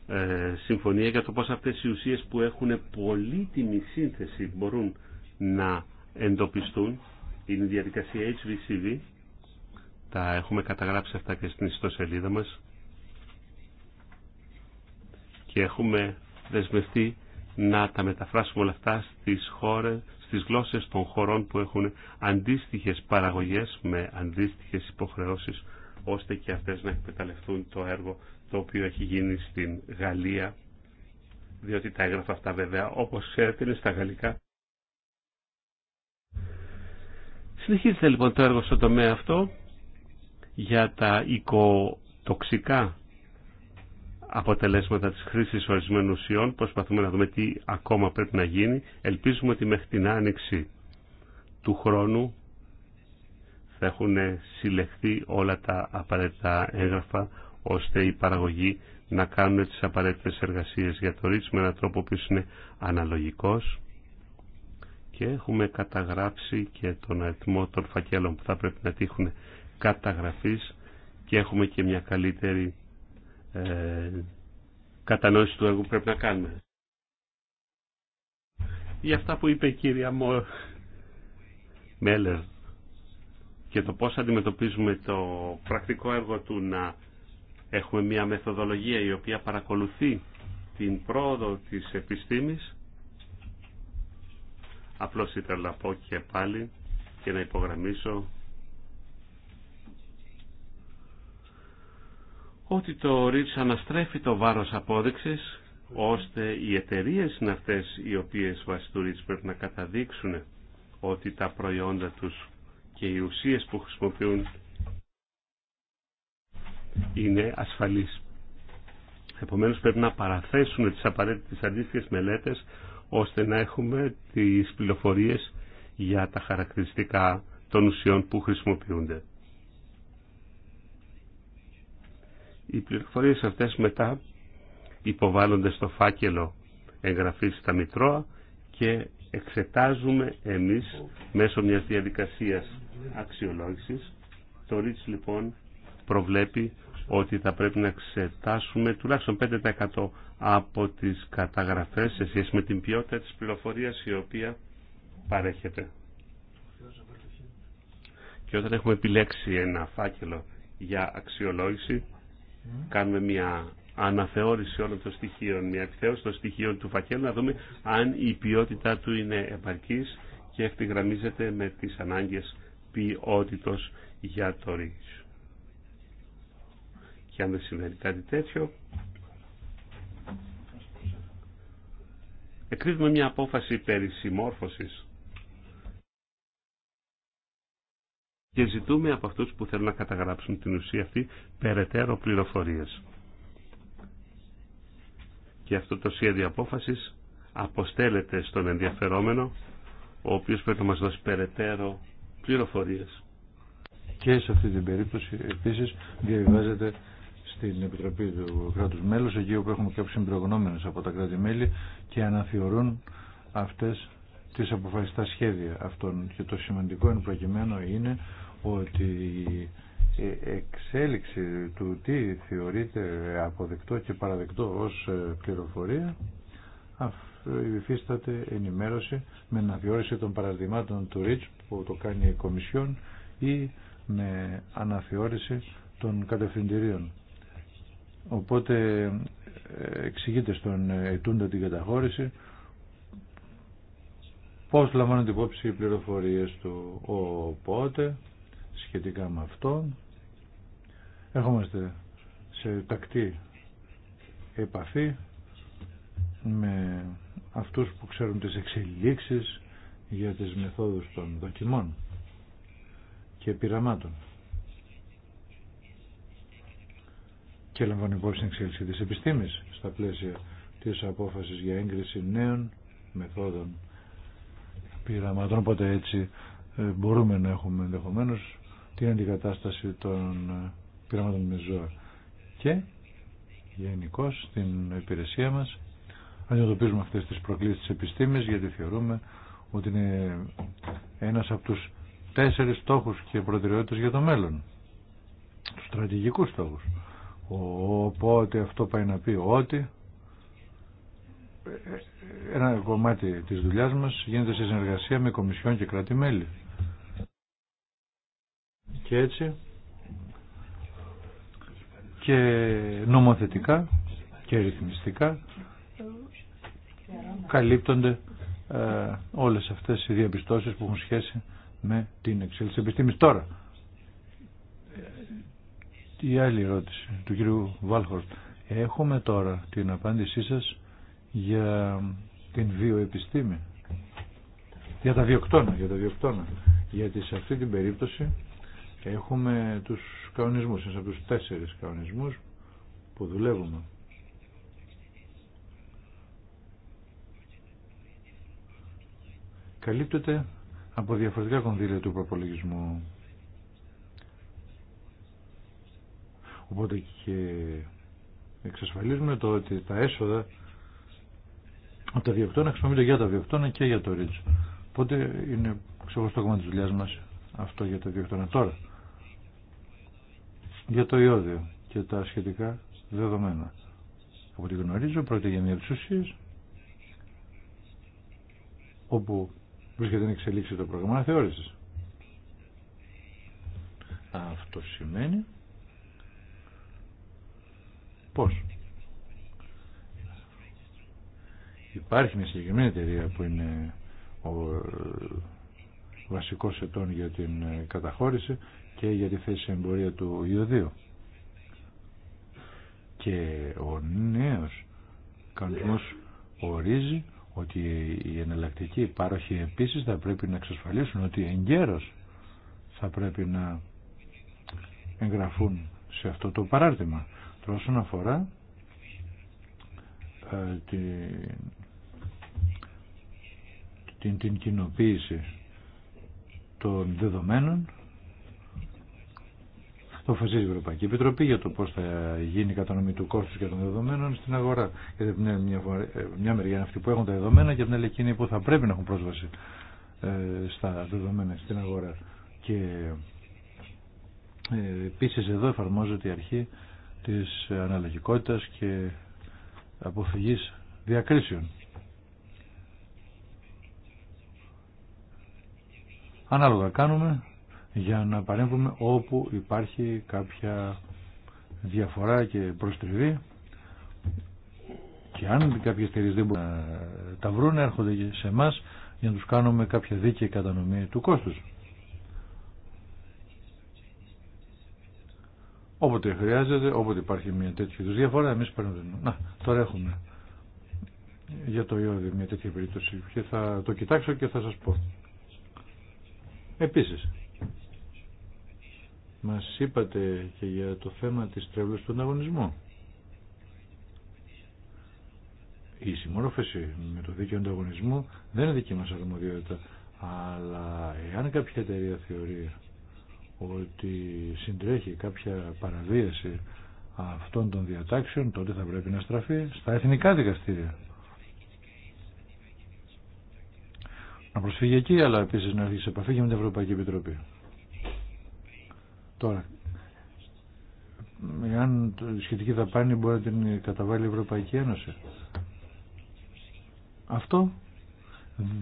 ε, συμφωνία για το πώς αυτές οι ουσίες που έχουν πολύτιμη σύνθεση μπορούν να εντοπιστούν. Είναι η διαδικασία HVCV. Τα έχουμε καταγράψει αυτά και στην ιστοσελίδα μας. Και έχουμε δεσμευτεί να τα μεταφράσουμε όλα αυτά στις, χώρες, στις γλώσσες των χωρών που έχουν αντίστοιχες παραγωγές με αντίστοιχες υποχρεώσεις ώστε και αυτές να εκμεταλλευτούν το έργο το οποίο έχει γίνει στην Γαλλία, διότι τα έγραφα αυτά βέβαια, όπως ξέρετε, είναι στα γαλλικά. Συνεχίζεται λοιπόν το έργο στο τομέα αυτό για τα οικοτοξικά αποτελέσματα της χρήσης ορισμένων ουσιών. Προσπαθούμε να δούμε τι ακόμα πρέπει να γίνει. Ελπίζουμε ότι μέχρι την άνοιξη του χρόνου θα έχουν συλλεχθεί όλα τα απαραίτητα έγγραφα ώστε οι παραγωγοί να κάνουν τις απαραίτητες εργασίες για το ρίτς με έναν τρόπο που είναι αναλογικός και έχουμε καταγράψει και τον αριθμό των φακέλων που θα πρέπει να τύχουν καταγραφής και έχουμε και μια καλύτερη ε, κατανόηση του έργου που πρέπει να κάνουμε. Για αυτά που είπε η κυρία Μέλερ και το πώς αντιμετωπίζουμε το πρακτικό έργο του να έχουμε μια μεθοδολογία η οποία παρακολουθεί την πρόοδο της επιστήμης απλώς ήθελα να πω και πάλι και να υπογραμμίσω ότι το ρίτς αναστρέφει το βάρος απόδειξης ώστε οι εταιρείε είναι αυτές οι οποίες βάσει του πρέπει να καταδείξουν ότι τα προϊόντα τους και οι ουσίες που χρησιμοποιούν είναι ασφαλείς. Επομένως πρέπει να παραθέσουμε τις απαραίτητες αντίστοιχες μελέτες ώστε να έχουμε τις πληροφορίες για τα χαρακτηριστικά των ουσιών που χρησιμοποιούνται. Οι πληροφορίες αυτές μετά υποβάλλονται στο φάκελο εγγραφής στα Μητρώα και εξετάζουμε εμείς μέσω μιας διαδικασίας αξιολόγησης. Το ΡΙΤΣ λοιπόν προβλέπει ότι θα πρέπει να εξετάσουμε τουλάχιστον 5% από τις καταγραφές σε σχέση με την ποιότητα της πληροφορίας η οποία παρέχεται. Και όταν έχουμε επιλέξει ένα φάκελο για αξιολόγηση, κάνουμε μια αναθεώρηση όλων των στοιχείων, μια επιθέωση των στοιχείων του φακέλου, να δούμε αν η ποιότητά του είναι επαρκής και ευθυγραμμίζεται με τις ανάγκες ποιότητος για το ρίξ. Και αν δεν συμβαίνει κάτι τέτοιο, εκρίνουμε μια απόφαση περί συμμόρφωσης και ζητούμε από αυτούς που θέλουν να καταγράψουν την ουσία αυτή περαιτέρω πληροφορίες και αυτό το σχέδιο απόφασης αποστέλλεται στον ενδιαφερόμενο ο οποίος πρέπει να μας δώσει περαιτέρω πληροφορίες. Και σε αυτή την περίπτωση επίσης διαβιβάζεται στην Επιτροπή του κράτους μέλους εκεί όπου έχουμε κάποιους συμπρογνώμενους από τα κράτη-μέλη και αναθεωρούν αυτές τις αποφασιστά σχέδια αυτών. Και το σημαντικό εν προκειμένου είναι ότι εξέλιξη του τι θεωρείται αποδεκτό και παραδεκτό ως ε, πληροφορία υφίσταται ενημέρωση με αναθεώρηση των παραδειγμάτων του ΡΙΤΣ που το κάνει η Κομισιόν ή με αναθεώρηση των κατευθυντηρίων. Οπότε ε, εξηγείται στον ετούντα την καταχώρηση πώς λαμβάνονται υπόψη οι πληροφορίες του. Οπότε σχετικά με αυτό. έχουμε σε τακτή επαφή με αυτούς που ξέρουν τις εξελίξεις για τις μεθόδους των δοκιμών και πειραμάτων. Και λαμβάνουν υπόψη την εξέλιξη της επιστήμης στα πλαίσια της απόφασης για έγκριση νέων μεθόδων πειραμάτων. Οπότε έτσι ε, μπορούμε να έχουμε ενδεχομένω την αντικατάσταση των ε, πειραμάτων με ζώα. Και γενικώ στην υπηρεσία μας αντιμετωπίζουμε αυτές τις προκλήσεις της επιστήμης γιατί θεωρούμε ότι είναι ένας από τους τέσσερις στόχους και προτεραιότητες για το μέλλον. Τους στρατηγικούς στόχους. Οπότε αυτό πάει να πει ότι ε, ε, ένα κομμάτι της δουλειάς μας γίνεται σε συνεργασία με κομισιόν και κράτη-μέλη και έτσι και νομοθετικά και ρυθμιστικά καλύπτονται ε, όλες αυτές οι διαπιστώσεις που έχουν σχέση με την εξέλιξη επιστήμης. Τώρα, η άλλη ερώτηση του κύριου Βάλχορτ. Έχουμε τώρα την απάντησή σας για την βιοεπιστήμη. Για τα βιοκτώνα, για τα βιοκτώνα. Γιατί σε αυτή την περίπτωση έχουμε τους κανονισμούς, ένας από τους τέσσερις κανονισμούς που δουλεύουμε. Καλύπτεται από διαφορετικά κονδύλια του προπολογισμού. Οπότε και εξασφαλίζουμε το ότι τα έσοδα από τα διοκτώνα χρησιμοποιούνται για τα διοκτώνα και για το ρίτσο. Οπότε είναι ξεχωριστό κομμάτι τη δουλειά μα αυτό για τα διοκτώνα Τώρα, για το ιόδιο και τα σχετικά δεδομένα. Από ό,τι γνωρίζω, πρόκειται για μια ουσίες όπου βρίσκεται να εξελίξει το πρόγραμμα θεώρηση. Αυτό σημαίνει πώς. Υπάρχει μια συγκεκριμένη εταιρεία που είναι ο βασικός ετών για την καταχώρηση και για τη θέση εμπορία του ιωδίου. Και ο νέος κανονισμός ορίζει ότι οι εναλλακτικοί πάροχοι επίσης θα πρέπει να εξασφαλίσουν ότι εγκαίρως θα πρέπει να εγγραφούν σε αυτό το παράρτημα. Τώρα όσον αφορά ε, την, την, την κοινοποίηση των δεδομένων το αποφασίζει η Ευρωπαϊκή Επιτροπή για το πώ θα γίνει η κατανομή του κόστου και των δεδομένων στην αγορά. Γιατί μια, μια, ε, μια μεριά είναι αυτοί που έχουν τα δεδομένα και την άλλη εκείνοι που θα πρέπει να έχουν πρόσβαση ε, στα δεδομένα στην αγορά. Και ε, επίση εδώ εφαρμόζεται η αρχή τη αναλογικότητα και αποφυγή διακρίσεων. Ανάλογα κάνουμε για να παρέμβουμε όπου υπάρχει κάποια διαφορά και προστριβή και αν κάποιες εταιρείε δεν μπορούν να τα βρουν έρχονται σε εμά για να τους κάνουμε κάποια δίκαιη κατανομή του κόστους. Όποτε χρειάζεται, όποτε υπάρχει μια τέτοια διαφορά, εμείς παρέμβουμε Να, τώρα έχουμε για το ιόδιο μια τέτοια περίπτωση και θα το κοιτάξω και θα σας πω. Επίσης, μας είπατε και για το θέμα της τρέβλης του ανταγωνισμού. Η συμμόρφωση με το δίκαιο ανταγωνισμού δεν είναι δική μας αρμοδιότητα. Αλλά εάν κάποια εταιρεία θεωρεί ότι συντρέχει κάποια παραβίαση αυτών των διατάξεων, τότε θα πρέπει να στραφεί στα εθνικά δικαστήρια. Να προσφύγει εκεί, αλλά επίσης να έρθει σε επαφή και με την Ευρωπαϊκή Επιτροπή. Τώρα, εάν σχετική δαπάνη μπορεί να την καταβάλει η Ευρωπαϊκή Ένωση. Αυτό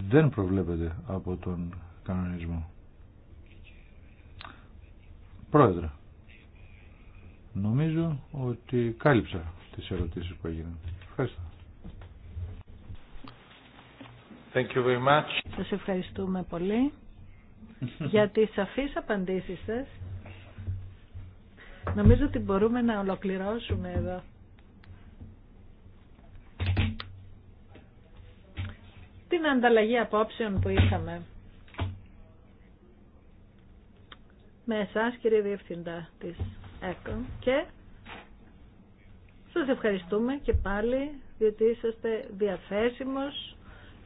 δεν προβλέπεται από τον κανονισμό. Πρόεδρε, νομίζω ότι κάλυψα τις ερωτήσεις που έγιναν. Ευχαριστώ. Thank you very much. Σας ευχαριστούμε πολύ για τις σαφείς απαντήσεις σας. Νομίζω ότι μπορούμε να ολοκληρώσουμε εδώ. Την ανταλλαγή απόψεων που είχαμε με εσάς κύριε Διευθυντά της ΕΚΟ και σας ευχαριστούμε και πάλι διότι είσαστε διαθέσιμος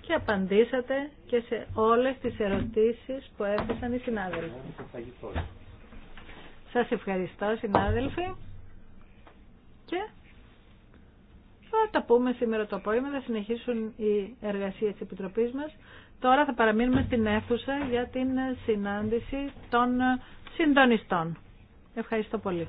και απαντήσατε και σε όλες τις ερωτήσεις που έθεσαν οι συνάδελφοι. Σας ευχαριστώ συνάδελφοι και θα τα πούμε σήμερα το απόγευμα, θα συνεχίσουν οι εργασίες της Επιτροπής μας. Τώρα θα παραμείνουμε στην αίθουσα για την συνάντηση των συντονιστών. Ευχαριστώ πολύ.